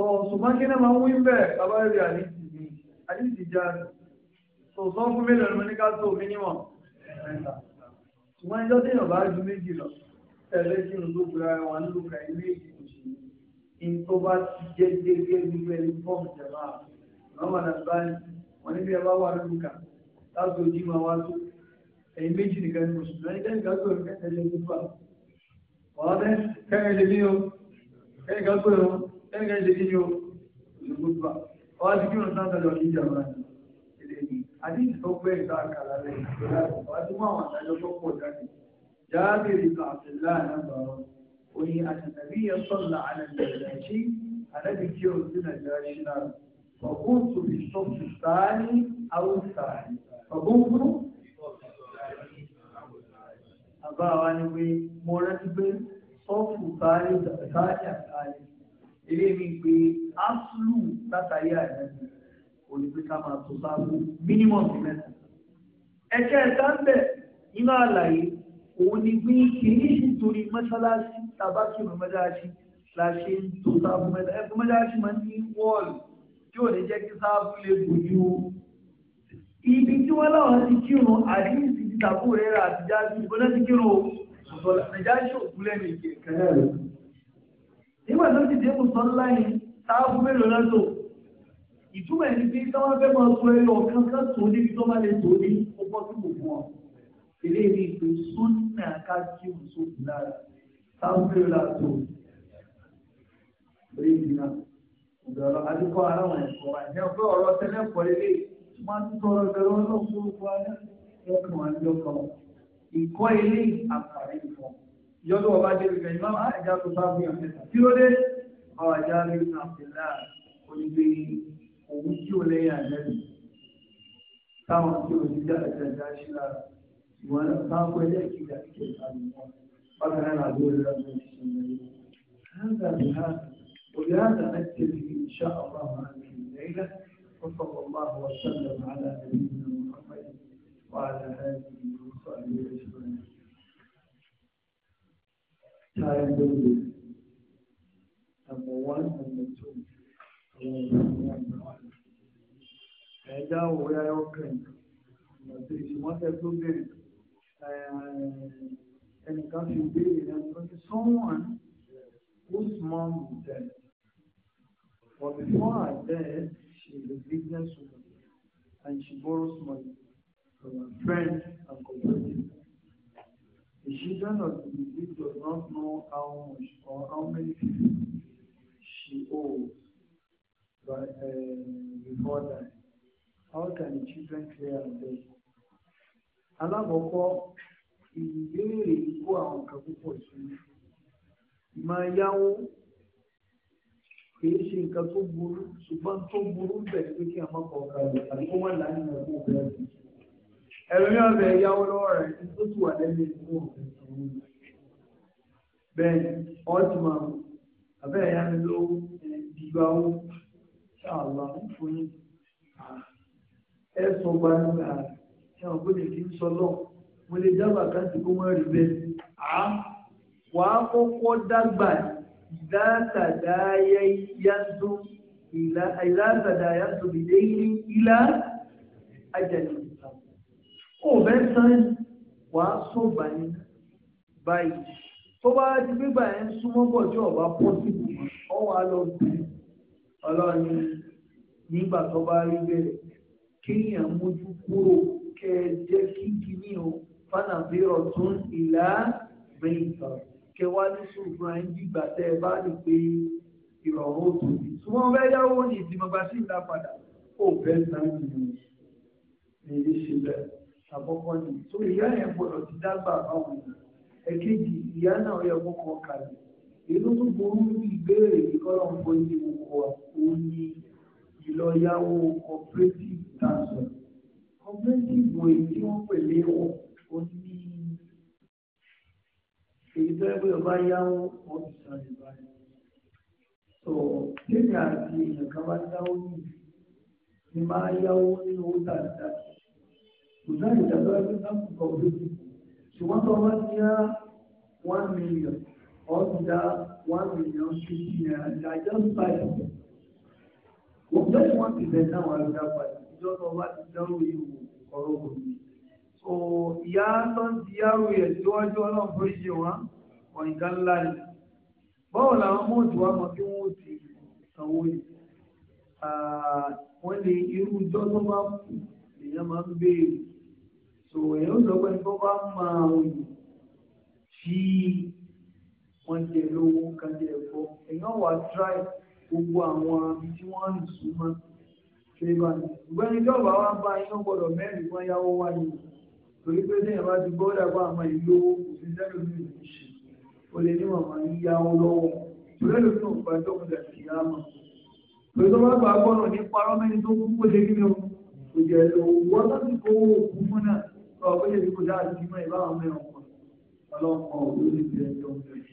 ọ̀ṣùgbọ́n kí náà máa ń wí bẹ́ẹ̀ bàbá rẹ̀ àdìsí mi àdìsí jáde. sọ̀sọ́ fún mélòó ni mo ní ká tó mi níwọ̀n mẹ́ta ṣùgbọ́n ẹjọ́ téèyàn bá ju méjì lọ tẹ̀lé kí n ló gbéra wọn ló ka ilé ìgbìmọ̀ ní tó bá ti jẹ́ gẹ́gẹ́ gbígbẹ́ ní fọ́ọ̀mù jẹ̀má àwọn àdàbà wọn níbi ẹ̀bá wà lóru kà láti ojú máa wá tó ẹ̀yìn méjì nìkan ní oṣù lẹ́yìn lẹ́yìn ká gbèrò kẹ́kẹ́ lé ní fà wọ́n dẹ́ kẹ́rin lè ní o kẹ́rin ká gbèrò kẹ́rin ká ní o lè gbogbo wọ́n á ti kí àdéhùn tó gbé ìgbà àkàlà rẹ̀ ìgbéra ìgbà tó mú àwọn àdájọ́ tó pọ̀ jáde jáde ìgbà àbẹ̀lá àgbàrọ̀ òní àtàtàbí yẹn sọ̀lá àlẹ́lẹ́lẹ́sí àlẹ́bí kí o sí nàìjíríà ṣílá ọ̀gbọ́n tó fi sọ́ọ̀tù sáání àwùsà ọ̀gbọ́n fún àbá wa ni pé mo rántí pé sọ́ọ̀tù sáání sáání àtàlẹ́ ilé mi pé áṣùlù látàrí àdájọ́ olùgbéká máa tó sáàbù minimum ti mẹ́ta. ẹ̀kẹ́ ẹ̀ka ń bẹ̀ nínú àlàyé òun ni gbé kìíní nítorí mọ́ṣáláṣí tàbákì mọ́ṣáláṣí la ṣe ń tó sáàbù mẹ́ta ẹ̀kọ́ mọ́ṣáláṣí máa ń ní wọ́ọ̀lù tí ò ní jẹ́ kí sáàbù lè gbòjú. ibi tí wọ́n láwọn ti kírun àdínísì ti tàbú rẹ̀ rà àtijọ́ àti ìbọn ti kírun àtijọ́ òkúlẹ̀ nìkẹ́ kẹ́lẹ́ rẹ̀. nígbà tó ti dé mùsọ̀lá yìí sáàbù mélòó lọ́dọ̀ ìtumọ̀ ẹni pé táwọn fẹ́ máa sọ ẹyọ kankan tó níbi tó bá lè tó ní ọgbọ́ tí kò fún ọ. Èlé mi pé sọ́nà ká kí òun sókè lára táwọn fẹ́ rà tó. Lórí ìdíná, ọ̀dọ̀rọ̀ adúkọ́ aráwọ̀ ẹ̀kọ́ wa ní ọgbẹ́ ọ̀rọ̀ tẹ́lẹ̀ pọ̀ lélẹ̀ máa ń tọrọ ìdọ̀rọ̀ ọlọ́kùnrùkù alẹ́ lọ́kàn wá lọ́kàn. Ìkọ́ ilé àkàrí ìfọ̀. Yọ́dọ̀ ọba débi bẹ̀rẹ̀ máa máa òun tí ò lẹ́yìn àlẹ́bí táwọn tí ò ní dáadáa ṣe la ìwọ̀n báńkò ẹlẹ́kìlá ìjọba nìyẹn bákan náà làbó ìlànà ìṣẹ̀lẹ̀ yìí. هذا بهذا وبهذا نكتفي إن شاء الله هذه الليلة وصلى الله وسلم على نبينا محمد وعلى آله وصحبه أجمعين. Time number one, number two. ẹ̀dá òwe ọkàn ọ̀sẹ̀ ìṣùmọ́tẹ̀ tó bẹ̀rẹ̀ ẹnìkan fi béèrè náà tó ní someone mom is dead but before her death she is a business woman and she borrows money from her and cooperative. The children of the deceased does not know how much or how many people she owes but, uh, eh, before that. How can children clear and pay? Alákọ̀ọ́kọ́ ìbéèrè kó àwọn nǹkan púpọ̀ sí i. Máa yáwó kìí ṣe nǹkan tó burú ṣùgbọ́n tó burú bẹ̀ pé kí a má kọ̀ ọ̀ka rẹ̀ àti kó má láàyè rẹ̀ kó bẹ̀rẹ̀ sí. Ẹ̀rí ọ̀bẹ yáwó lọ́wọ́ rẹ̀ ní tó ti wà lẹ́yìn ìlú òfin tòun. Bẹ́ẹ̀ni, ọ̀tí máa mú ìgbà owó ṣáà lọ́wọ́ fún yín ẹ sọ gbanúgbà ẹ wọn gbọ́dọ̀ kí n sọ lọ mo lè dábàá káàtì kó má rí bẹ́ẹ̀ à wà á kọ́kọ́ dàgbà ìdátàdáyé yàtò ìlàtàdáyé tó bìdé ilá ajẹlẹ ìta kò bẹ sàn wà á sọ gbani báyìí tó bá ti gbégbà yẹn súnmọ́ bọ̀ tí ọba pọ̀ sí ìgbìmọ̀ ọwọ́ á bí ọlọ́ọ̀ni nígbà tó bá rí bẹ́ẹ̀ kéèyàn mójú kúrò kẹ́ ẹ jẹ́ kí kíní o fánàbírọ̀ tún ìlà mẹ́ta kẹ́ wá ní sùúrù ẹ̀ ń dìgbà tẹ́ ẹ bá lè pé ìrọ̀rùn òtò ní. ṣùgbọ́n bẹ́ẹ̀ yáwó ní ìdìmọ̀gbà sí ìlà padà ó bẹ́ẹ̀ sáà nìyẹn ní ilé ṣe bẹ́ẹ̀ àkọ́kọ́ ni tó ìyá yẹn gbọ́dọ̀ ti dágbà báwọn yìí ẹ̀kejì ìyá náà yẹ kó kalẹ̀ èyí tó tún ború ìbéèrè ìkọ́lọ́ ìlọ́yàwó cooperative council cooperative wo èyí tí wọ́n pè lé wọn ó ní èyí tó yẹ pé ọba yáwó wọn ti sàn ìgbà yẹn so kéde àti èèyàn kan bá dáwó ní ni máa yáwó ní owó dáadáa kò sáà ìdájọ́ ẹgbẹ́ sáàpù cooperative ṣùgbọ́n tó wọ́n ti yá one million ọ̀dùn dá one million fifty naira ìdájọ́ five. Just want to say now I'll tell you, just what to tell you, Korobo. So, ìyá tó ń di yàrá yẹ síwájú ọlọ́run fún ìṣe wọn, ọ̀yìnká ńlá ni. Báwo làwọn mọ́ọ̀tì wa mọ̀ kí wọ́n ti sanwó yìí? Wọ́n ní irú ijọ́ tó bá kù èèyàn máa ń béèrè. So, èèyàn sọ pé tó bá máa wòye tí wọ́n jẹ lówó kájẹ ẹ̀fọ́, èèyàn wà tíráì gbogbo àwọn ibi tí wọ́n ń sùn mọ́ ṣèlú àná ṣùgbọ́n ní ìjọba wa bá yín gbọ́dọ̀ mẹ́rin wọn yáwó wáyé torí pé ní ìyàbá ti gbọ́dọ̀ bá àwọn ìlú owó kò sí sẹ́lẹ̀ ní ìlú ṣe o lè ní màmá yín yáwó lọ́wọ́ ìrẹ́ ló ní òǹkà dọ́kítà sí yáàmà pé tó bá gbà gbọ́dọ̀ ní parọ́ mẹ́rin tó kú kó ṣe kí ni o kò jẹ́ lọ wọ́n tó ti kówó òkú fún náà lọ́wọ́ pé ṣe kò dáa sí mọ́ ìbáwọn mẹ́rin ọkọ̀ ọlọ́kọ̀ òkú ti jẹ́ ìjọba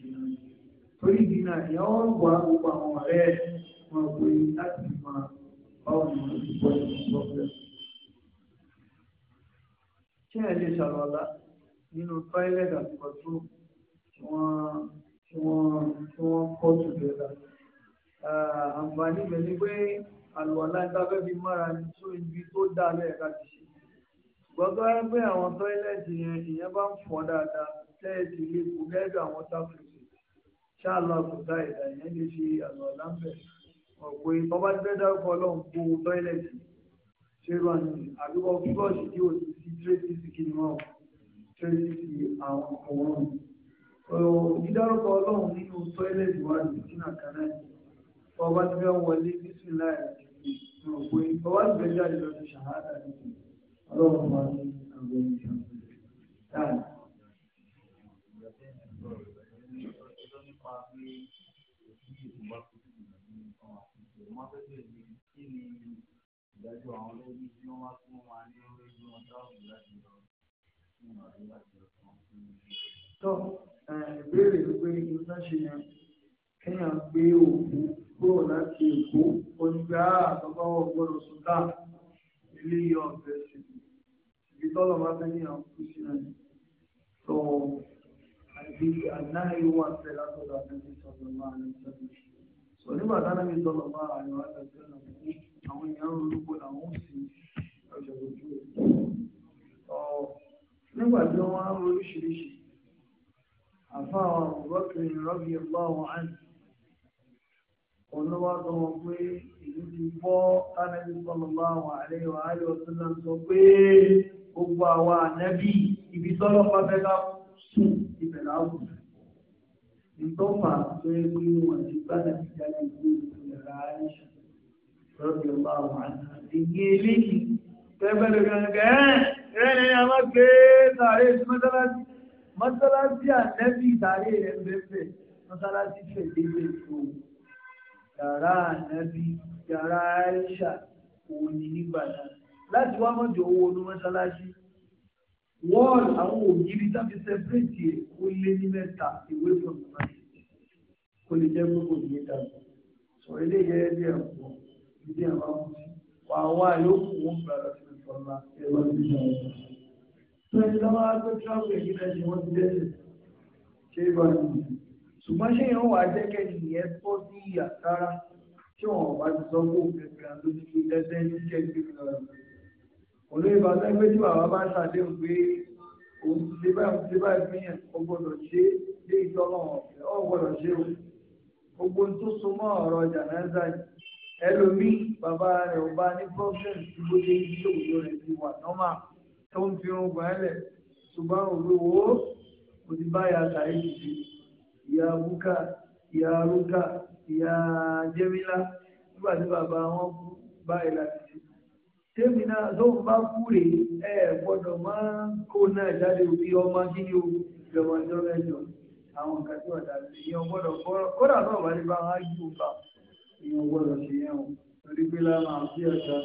oríṣi náà ni ọ́ wà gbogbo àwọn ọ̀rẹ́ wọn pé láti máa báwọn ọmọ ti bọ́ ní ìgbọ́fẹ́. ṣé ẹ lè ṣàlọ́lá nínú toilet àti bathroom tí wọ́n tí wọ́n tí wọ́n kọ́ tùgẹ́dà àǹfààní rẹ̀ ni pé àlùwàlá ìgbàfẹ́ fi mára ní tó ibi tó dá lẹ́ẹ̀ka ti ṣe gbọ́dọ̀ ẹ pé àwọn tọ́ílẹ̀tì yẹn ìyẹn bá ń fọ́ dáadáa tẹ́ẹ̀tì lè kú lẹ́ẹ̀dọ̀ àwọn táfìlì ṣáàlọ́ àkùdá ìdá ìyẹn lè ṣe àlọ́ láńbẹ̀ ọ̀pẹ bọ́bá ti fẹ́ dárúkọ ọlọ́run kó o tọ́ílẹ̀tì ṣerú àná àdúgbò fúlọ́ọ̀ṣì tí o ti sí tírẹ́tì sí kí ni wọ́n tírẹ́tì sí àwọn òórùn. ìdárúkọ ọlọ́run nínú tọ́ílẹ̀tì wa ní sínú àkàrà yìí bọ́bá ti fẹ́ wọlé bísíláì ọ̀pẹ bọ́bá ti jáde lọ sí ṣàhádà ọlọ́run wa ní àgbẹ̀ ìṣàkóso. nípa pé òfin ìgbìmọ̀ tuntun ìgbìmọ̀ ní ọ̀hún àtúnṣe wọn fẹ́ bẹ̀rẹ̀ ní kí ni ìdájọ́ àwọn lẹ́yìn tí wọ́n wá fún wa ní orí tó ìbéèrè ṣe yẹn kéèyàn gbé òkú kúrò láti èkó onígbà àtọ́gbọ́wọ́ gbọ́dọ̀ sùdá ilé yọ̀ ọ̀bẹ sí ibi tọ́lọ̀ bá fẹ́ ní àwọn kùsì náà به النهي وانت لا تدع النبي صلى الله عليه وسلم ونبع كان النبي صلى الله عليه وسلم àwọn èèyàn olùkọ́ làwọn sì ọjọ́ ojú ọ̀ nígbà tí wọ́n á oríṣiríṣi àfa ọ̀rọ̀kiri rọ́bì ọgbà wọn á ní olówó sọ wọn pé èyí ti bọ́ tánàbí sọlọ́lá àwọn àlẹ́ ìwà ayọ̀ tó náà sọ pé gbogbo àwọn ànábì ibi tọ́lọ́pàá fẹ́ ká kú sùn ibẹ̀ láwùjọ ìtọ́fà tó yẹ pé wọ́n ti gbádà ti jáde ìlú ìlera àìsàn lọ́bí ọba àwọn àná ìgbé eléyìí tẹ́gbẹ́rẹ́ gàǹgẹ́ ẹ̀ ẹ̀ a máa gbé sàárè mọ́sálásí mọ́sálásí àtẹ́bí ìtàrí rẹ̀ bẹ́ẹ̀ mọ́sálásí fèdè fèdè o yàrá ànábì yàrá àìsàn òun ní nígbà náà láti wá mọ́jọ owó ní mọ́sálásí wọ́n àwọn ògiri tàbí sẹ́pẹ̀tì ó lé ní mẹ́ta ìwé fún ọ̀nà kó lè jẹ́ gbogbo ìyẹn dàgbà sọ eléyẹ ẹbí ẹ̀kọ́ ìdí àwọn amúsí wà wá yòókù wọn gbà láti fi fọlá ẹ̀rọ ìdí àwọn ọmọ sọ ẹni lọ́wọ́ agbẹ́ tíráfù èyí náà ṣe wọ́n ti dẹ́sẹ̀ ṣé ibà nìyí ṣùgbọ́n ṣé ìyẹn wà jẹ́kẹ́ nìyẹn tó sí ìyà olóyè bá sáré pé tí bàbá bá ṣàdéhùn pé òun ti ṣe báyìí ti báyìí fi hàn ó gbọdọ̀ ṣe dé ìtọ́lọ̀ ọ̀fẹ́ ó gbọdọ̀ ṣe o gbogbo tó so mọ́ ọ̀rọ̀ jàǹdà ẹlòmíì bàbá rẹ̀ ò bá ní problem tí bó ṣe yí òwúrọ̀ rẹ̀ ti wà nọ́mà tó ń fi irun gbọ́n lẹ̀ ṣùgbọ́n òwúrọ̀ wo kò ti bá ya sàyè ṣe ìyá búkà ìyá rúkà ìyá jẹ́mílá nígbà tí bàbá wọn báyìí láti ṣe tèmi náà lóun bá kúrè ẹ gbọ́dọ̀ máa kó náà jáde bí ọmọ kí ni o ìjọba ìjọba ẹjọ àwọn nǹkan tí wọ́n dàbí èèyàn gbọ́dọ̀ kódà náà wà nípa àwọn ájú ọba èèyàn gbọ́dọ̀ ṣe yẹn o torí pé lára àti ọ̀sà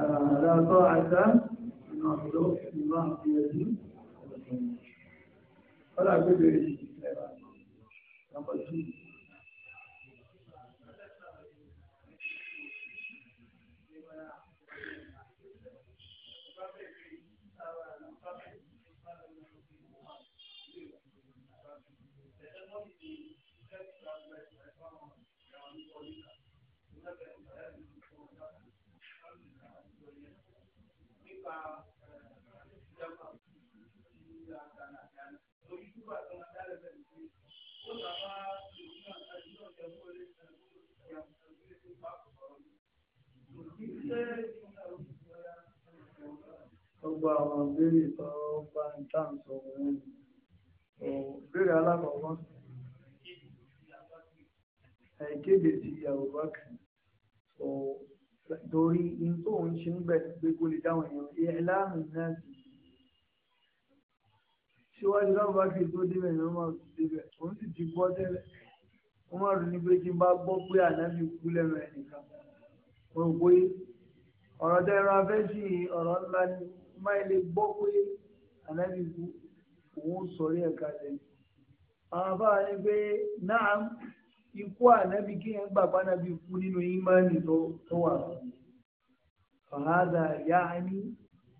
àdàtọ̀ àṣà ìnà àbúrò ìlú àti ẹ̀dí kódà gbé bèrè àti ọmọ gbogbo àwọn ìbéèrè tó bá ń tà ń sọ wọn ni ìbéèrè alákọ̀ọ́kọ́ ìkéde ti yàwó bákan torí in tó ń ṣe níbẹ̀ pé kó lè dáhùn èèyàn ẹ̀ láàmú náà sì síwájú lábàá kì í tó débẹ̀ ní wọ́n máa tó débẹ̀ òun sì ti gbọ́ tẹ́lẹ̀ wọ́n máa rò ní pé kí n bá gbọ́ pé ànábì kú lẹ́nu ẹnìkan mo rò pé ọ̀rọ̀ tẹ́lẹ̀ abẹ́ sí ni máa lè ikú ànábì kí yẹn gbàgbọ́ ànábì kú nínú ìmánì tó wà. فهذا يعني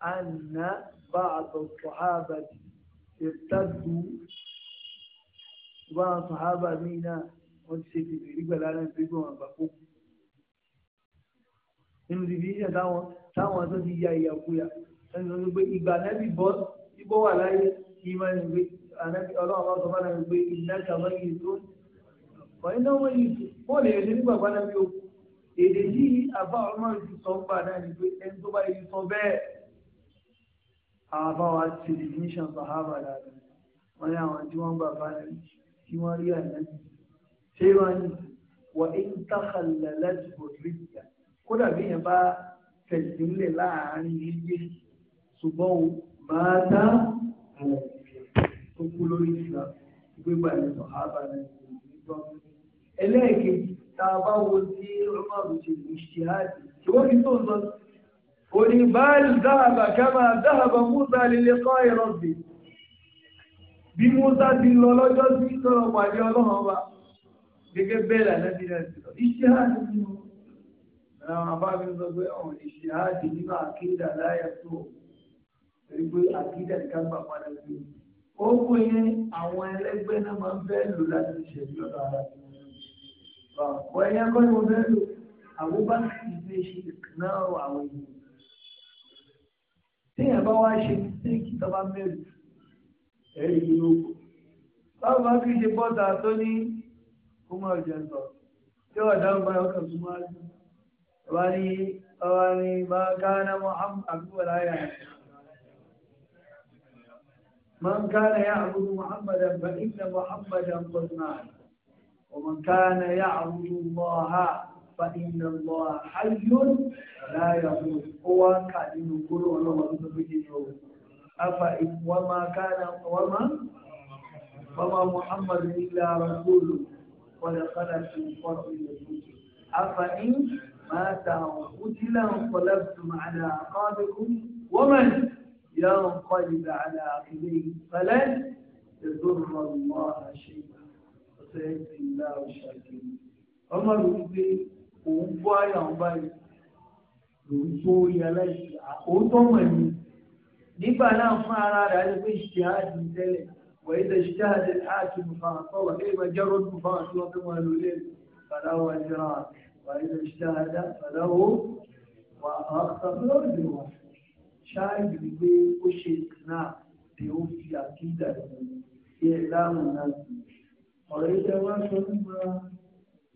أن بعض الصحابة ارتدوا بعض الصحابة منا wọ́n ti ṣe bèbèrè gbẹ̀lá náà pé bí wọ́n àgbàpọ̀. nínú ti fi ṣe táwọn táwọn tó ti ya ìyàkuyà ẹni tó ti pé ìgbà nẹ́bí bọ́ ibó wà láyé ìmọ̀ ẹ̀ pé ọlọ́run bá sọ fún ẹ̀ pé ìnáṣà mọ́yì tó ń wọ́n iná wọ́n yìí bọ́ọ̀lù èdè nígbà bá náà bí o èdè yìí àbá ọlọ́run ti sọ ń gbà náà ni pé ẹni tó bá yìí sọ bẹ́ẹ̀ àbá wa ti di mission sahaba dáadáa wọ́n ní àwọn tí wọ́n gbà náà tí wọ́n rí àná ṣé wọ́n ní wà ń tàkàlà láti bọ̀ lórí kódà bí yẹn bá fẹ̀sí ńlẹ̀ láàárín ilé ṣùgbọ́n o máa dá àwọn ìfẹ́ kú lórí ìfẹ́ gbégbà ní sọ̀hábà náà ní ìgbà wọn ẹlẹ́ẹ̀kejì tá a bá wo tí ọmọọ̀rù ṣe lè ṣe àdì ṣùgbọ́n kí tó ń sọ òní báyìí dáhàbà kámà dáhàbà Musa lílé kọ́ ìrọ̀bì bí Musa ti lọ lọ́jọ́ sí sọ̀rọ̀ pàdé ọlọ́run ọba gẹ́gẹ́ bẹ́ẹ̀ lànàbí rẹ̀ sọ̀rọ̀ ìṣe àdì nínú àwọn abáfi sọ pé ọ̀hún ìṣe àdì nínú àkídà láyà tó rí àkídà nìkan padà sí ó kó yẹn àwọn ẹlẹgbẹ́ náà máa ń fẹ́ lò láti ṣẹ̀dí ọ̀dọ̀ Ọ̀yẹ́ kọ́ ni mo fẹ́ lò. Àwọn bá ti fi ṣe ìkànnà àwọn ènìyàn. Téèyàn bá wá ṣe mistake tó bá mẹ́rin. Ẹ̀rí ni ó kù. Báwo bá kí ṣe bọ́ta tó ní kó máa jẹ sọ? Ṣé ọ̀dà ń bá ọkàn tó máa lù? Ọba ní ọba ní máa gánà Mọ́hàmù àbúrò láyà. من كان يعبد محمدا فإن محمدا ومن كان يعبد الله فإن الله حي لا يموت هو كان يقول الله أفإن وما كان وما وما محمد إلا رسول ولا خلت من قرن أفإن مات أو قتل انقلبتم على أعقابكم ومن ينقلب على عقبيه فلن يضر الله شيئا ọ̀sẹ̀ ìlà ọ̀ṣàkè ọmọ lòun gbé òun bọ́ àyà òun báyìí lòun bó yẹ aláìsí àkótọ́ mọ̀ ni nígbà náà fún ara rẹ̀ á lè pé ìṣe àádìí tẹ́lẹ̀ wọ́n ti ṣe àádìí àti mùfàmù fọwọ́ kí ìgbà jẹ́rọ́ mùfàmù tí wọ́n fi wọn lò lé fàdáwọ́ àjẹrà ó ṣe náà tí ó fi àkídà sí ẹ̀ láwọn náà sí ọ̀rọ̀ yìí tẹ wá sọ nípa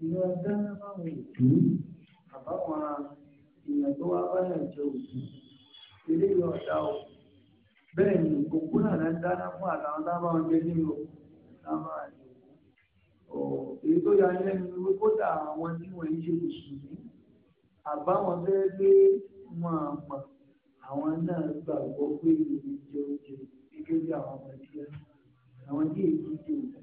ìlú ọjà báwọn ètò àbáwọn èèyàn tó wá báyà jẹ òkú ilé ìlú ọjà o bẹ́ẹ̀ ni òkú náà lẹ́ dáná fún àtàwọn táwọn jẹ nínú táwọn àjẹ òkú èyí tó yà lẹ́nu ni kódà àwọn tí wọ́n ń ṣe mùsùlùmí àbáwọn bẹ́ẹ̀ gbé wọn àmọ́ àwọn náà gbàgbọ́ pé ìlú ìjẹ oúnjẹ gẹ́gẹ́ bí àwọn ọmọ ẹgbẹ́ àwọn tí èyí ti jẹ òkú.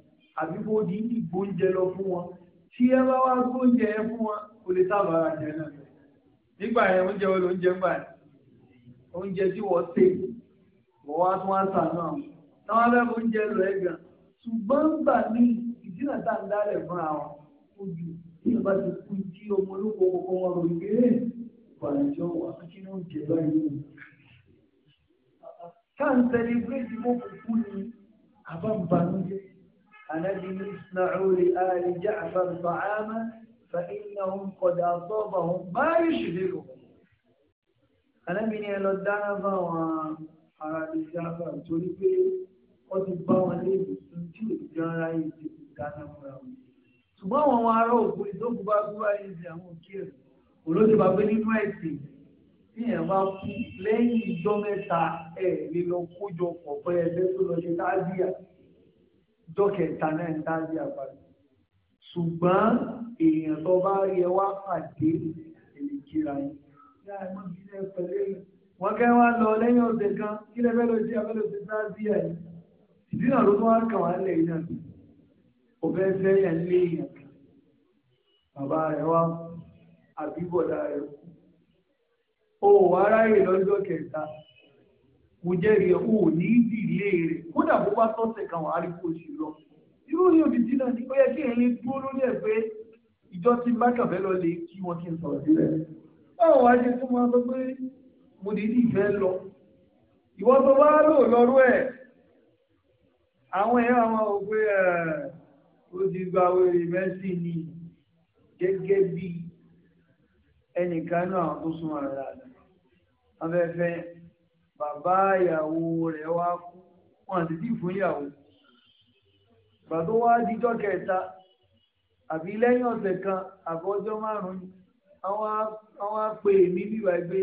àbí kó di ìbò oúnjẹ lọ fún wọn tí ẹ bá wá gbóúnjẹ ẹ fún wọn kò lè sábà ra jẹ náà nígbà yẹn oúnjẹ wo ló ń jẹ ń gbà yẹn oúnjẹ tí wọ́n tè wọ́n wá tún wá tà náà táwọn abẹ́rẹ́ oúnjẹ lọ ẹ̀ gan ṣùgbọ́n gbà ní ìdílé tá ń dálẹ̀ fún àwọn ojú tí wọ́n bá ti kú tí ọmọ olóko kọ̀ọ̀kan wọn rò wípé ìbànújọ́ wà kí ni oúnjẹ báyìí wò. ká ń tẹlifíréjì mọ́kùnkùn ni àbá ń banújẹ́. أنجم اصنعوا لآل جعفر طعاما فإنهم قد أصابهم ما يشبههم أنا من ẹ lọ dáná bá wọn ará lè jábà torí pé wọ́n ti bá wọn léèdè fún tí òjò ara yìí ti kù dáná fúnra wọn. Ṣùgbọ́n àwọn ará òkú ìdókòó bá gbúra yìí di àwọn òkè ẹ̀ olóde bá gbé nínú ẹ̀sìn tí ẹ̀ bá kú lẹ́yìn ìjọ mẹ́ta ẹ̀ lè lọ kójọ ẹgbẹ́ tó lọ ṣe tábíyà dọ́kẹ̀ta náà ń dájú àbáyé ṣùgbọ́n èèyàn tó bá rí ẹ wá pàdé èlè kíra yìí yáa mọ bí ẹ pẹ̀lú ẹ wọn kẹ wá lọ lẹ́yìn ọ̀sẹ̀ kan kí lẹ fẹ́ lọ sí abẹlẹ ọ̀sẹ̀ náà sí ẹ ìdí náà ló tún wá kàn wá lẹ́yìn náà kò fẹ́ fẹ́ yẹn lé èèyàn kan bàbá rẹ wá àbíbọ̀dá rẹ kú o wà ráyè lọ́jọ́ kẹta mo jẹ́rìí ilé rẹ̀ kódà bó bá tọ́sẹ̀ kan wàá rí kó o ṣe lọ. irú yóò di dínà ní ó yẹ kí èyí dúró lórí ẹ̀ pé ìjọ tí mákàfẹ́ lọ lè kí wọn kí n sọ̀rọ̀ sílẹ̀. báwo wàá ṣe fún wọn sọ pé mo lè ní ìfẹ́ lọ. ìwọ tó bá lò lọ́rú ẹ̀ àwọn èèyàn àwọn òwe ẹ̀ ó ti gba wèrè mẹ́sì ni gẹ́gẹ́ bí ẹnìkan náà àwọn tó súnmọ́ ara rẹ̀ abẹ́fẹ́ bàbá ìyàwó rẹ̀ wá wọn àti tí fún ìyàwó ìgbà tó wá díjọ́ kẹta àbí lẹ́yìn ọ̀sẹ̀ kan àbọ̀jọ́ márùn-ún àwọn apè mí bíwá pé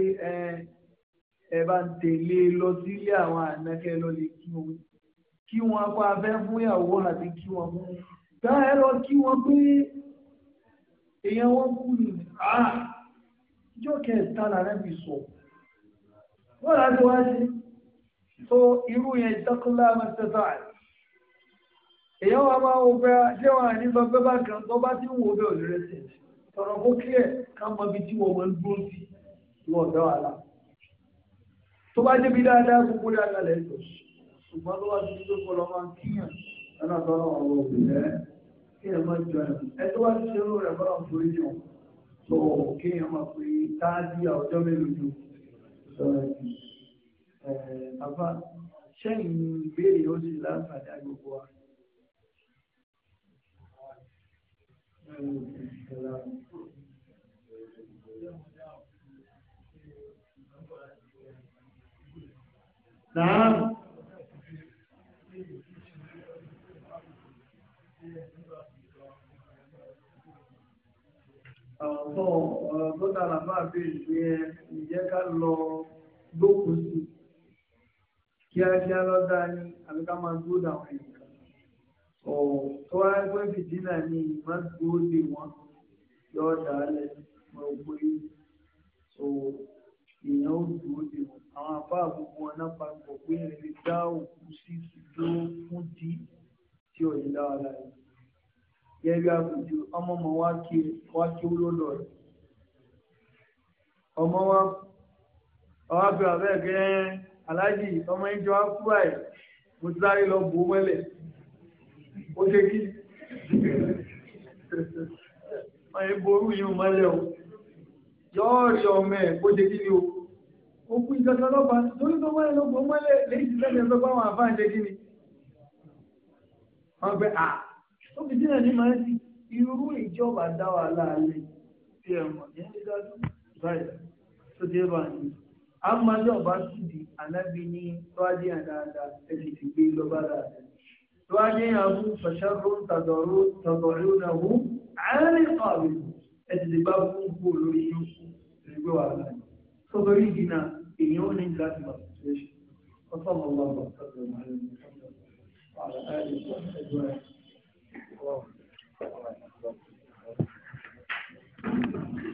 ẹ bá ń tẹ̀lé e lọ sílé àwọn ànákẹ́ lọ lè kí wọn kí wọn apá afẹ́ fún ìyàwó àti kí wọn mú gbá ẹ lọ kí wọn pé èèyàn wọn kú ni ìjọ́ ah! kẹta làrá mi sọ wọn láti so irú yẹn ìtọ́kùnlá mẹ́tẹ́tọ́ àti èyàn wa máa wo bẹ́ẹ̀ ṣé wọn àní lọ bẹ́ẹ̀ bá kan tó bá ti ń wo bẹ́ẹ̀ òlérè sí tọ̀rọ̀ kó kílẹ̀ ká mọ ibi tí wọ́n máa ń dúró sí ìwọ̀n ọ̀dọ́ àlà tó bá débi dáadáa gbogbo dáadáa lẹ́yìn tó ṣùgbọ́n tó bá ti ń dúró lọ máa ń kíyàn lọ́nà tó náà wọ́n wọ́n bẹ̀rẹ̀ kíyàn máa jọ ẹ tó bá ti ṣe irú rẹ̀ bọ́lá fún ìjọ tó kíyàn máa pè é táàdì àwùjọ mélòó bàbá eh, sẹ́yìn ìbéèrè ó sì láǹfààní àgbègbè wa. Naam. Àwọn ọ̀pọ̀ ọ̀rọ̀ tó lọ lókun sí i kíákíá lọ́dà ni àbí ká máa dúró dà wọ́n yìí ọ̀ tó wá pé fìdínà ni ìmọ̀ dúró dè wọ́n yọ ọ̀dà alẹ́ mọ̀ ògbó yìí so èèyàn ó dúró dè wọ́n àwọn àbá àgbogbo wọn náà papọ̀ pé èèyàn lè dá òkú sí ìdúró fún di tí ò ní dáwà lára yìí gẹ́gẹ́ bí àpèjú ọmọ ọmọ wa kí wá kí ó lọ́dọ̀ rẹ̀ ọmọ wa ọwọ́ àbẹ̀ àbẹ̀ gẹ́gẹ́ aláàjì ọmọ ìjọ ápúrà ẹ̀ mo ti sáré lọ bò mọ́lẹ̀ ó ṣe kí ọmọ ìború yìí mọ́lẹ̀ o yọ́ọ̀rì ọmọ ẹ̀ ó ṣe kí ni o òkú ìjọba ọlọ́pàá lórí tó mọ́lẹ̀ lọ bò mọ́lẹ̀ lẹ́yìn tí lẹ́yìn tó bá wọn àfáà ṣe kí ni wọ́n gbé à ó fi dínà ní màá sí irú ìjọba dá wàhálà alẹ́ tí ẹ̀ mọ̀ ní ẹni dájú báyìí tó dé bá a nìyí amadu ọba sùdì alábi ní tọ́jú yàn dáadáa ẹ̀sìn ti gbé e lọ́ba dáadáa tọ́jú yàn mú fàṣàrò tàdọ̀rọ̀ tàdọ̀rọ̀ náà wù àárín ọ̀rẹ́ ẹ̀sìn ti bá fún kú lórí yín ẹgbẹ́ wa rẹ̀ sọ́dọ̀ yìí èèyàn ò ní láti bá ṣẹṣẹ ọ̀sán ọ̀gbọ̀n ọ̀gbọ̀n tàbí ọ̀gbọ̀n ọ̀gbọ̀n ọ̀gbọ̀n ọ̀gbọ̀n ọ̀gbọ̀n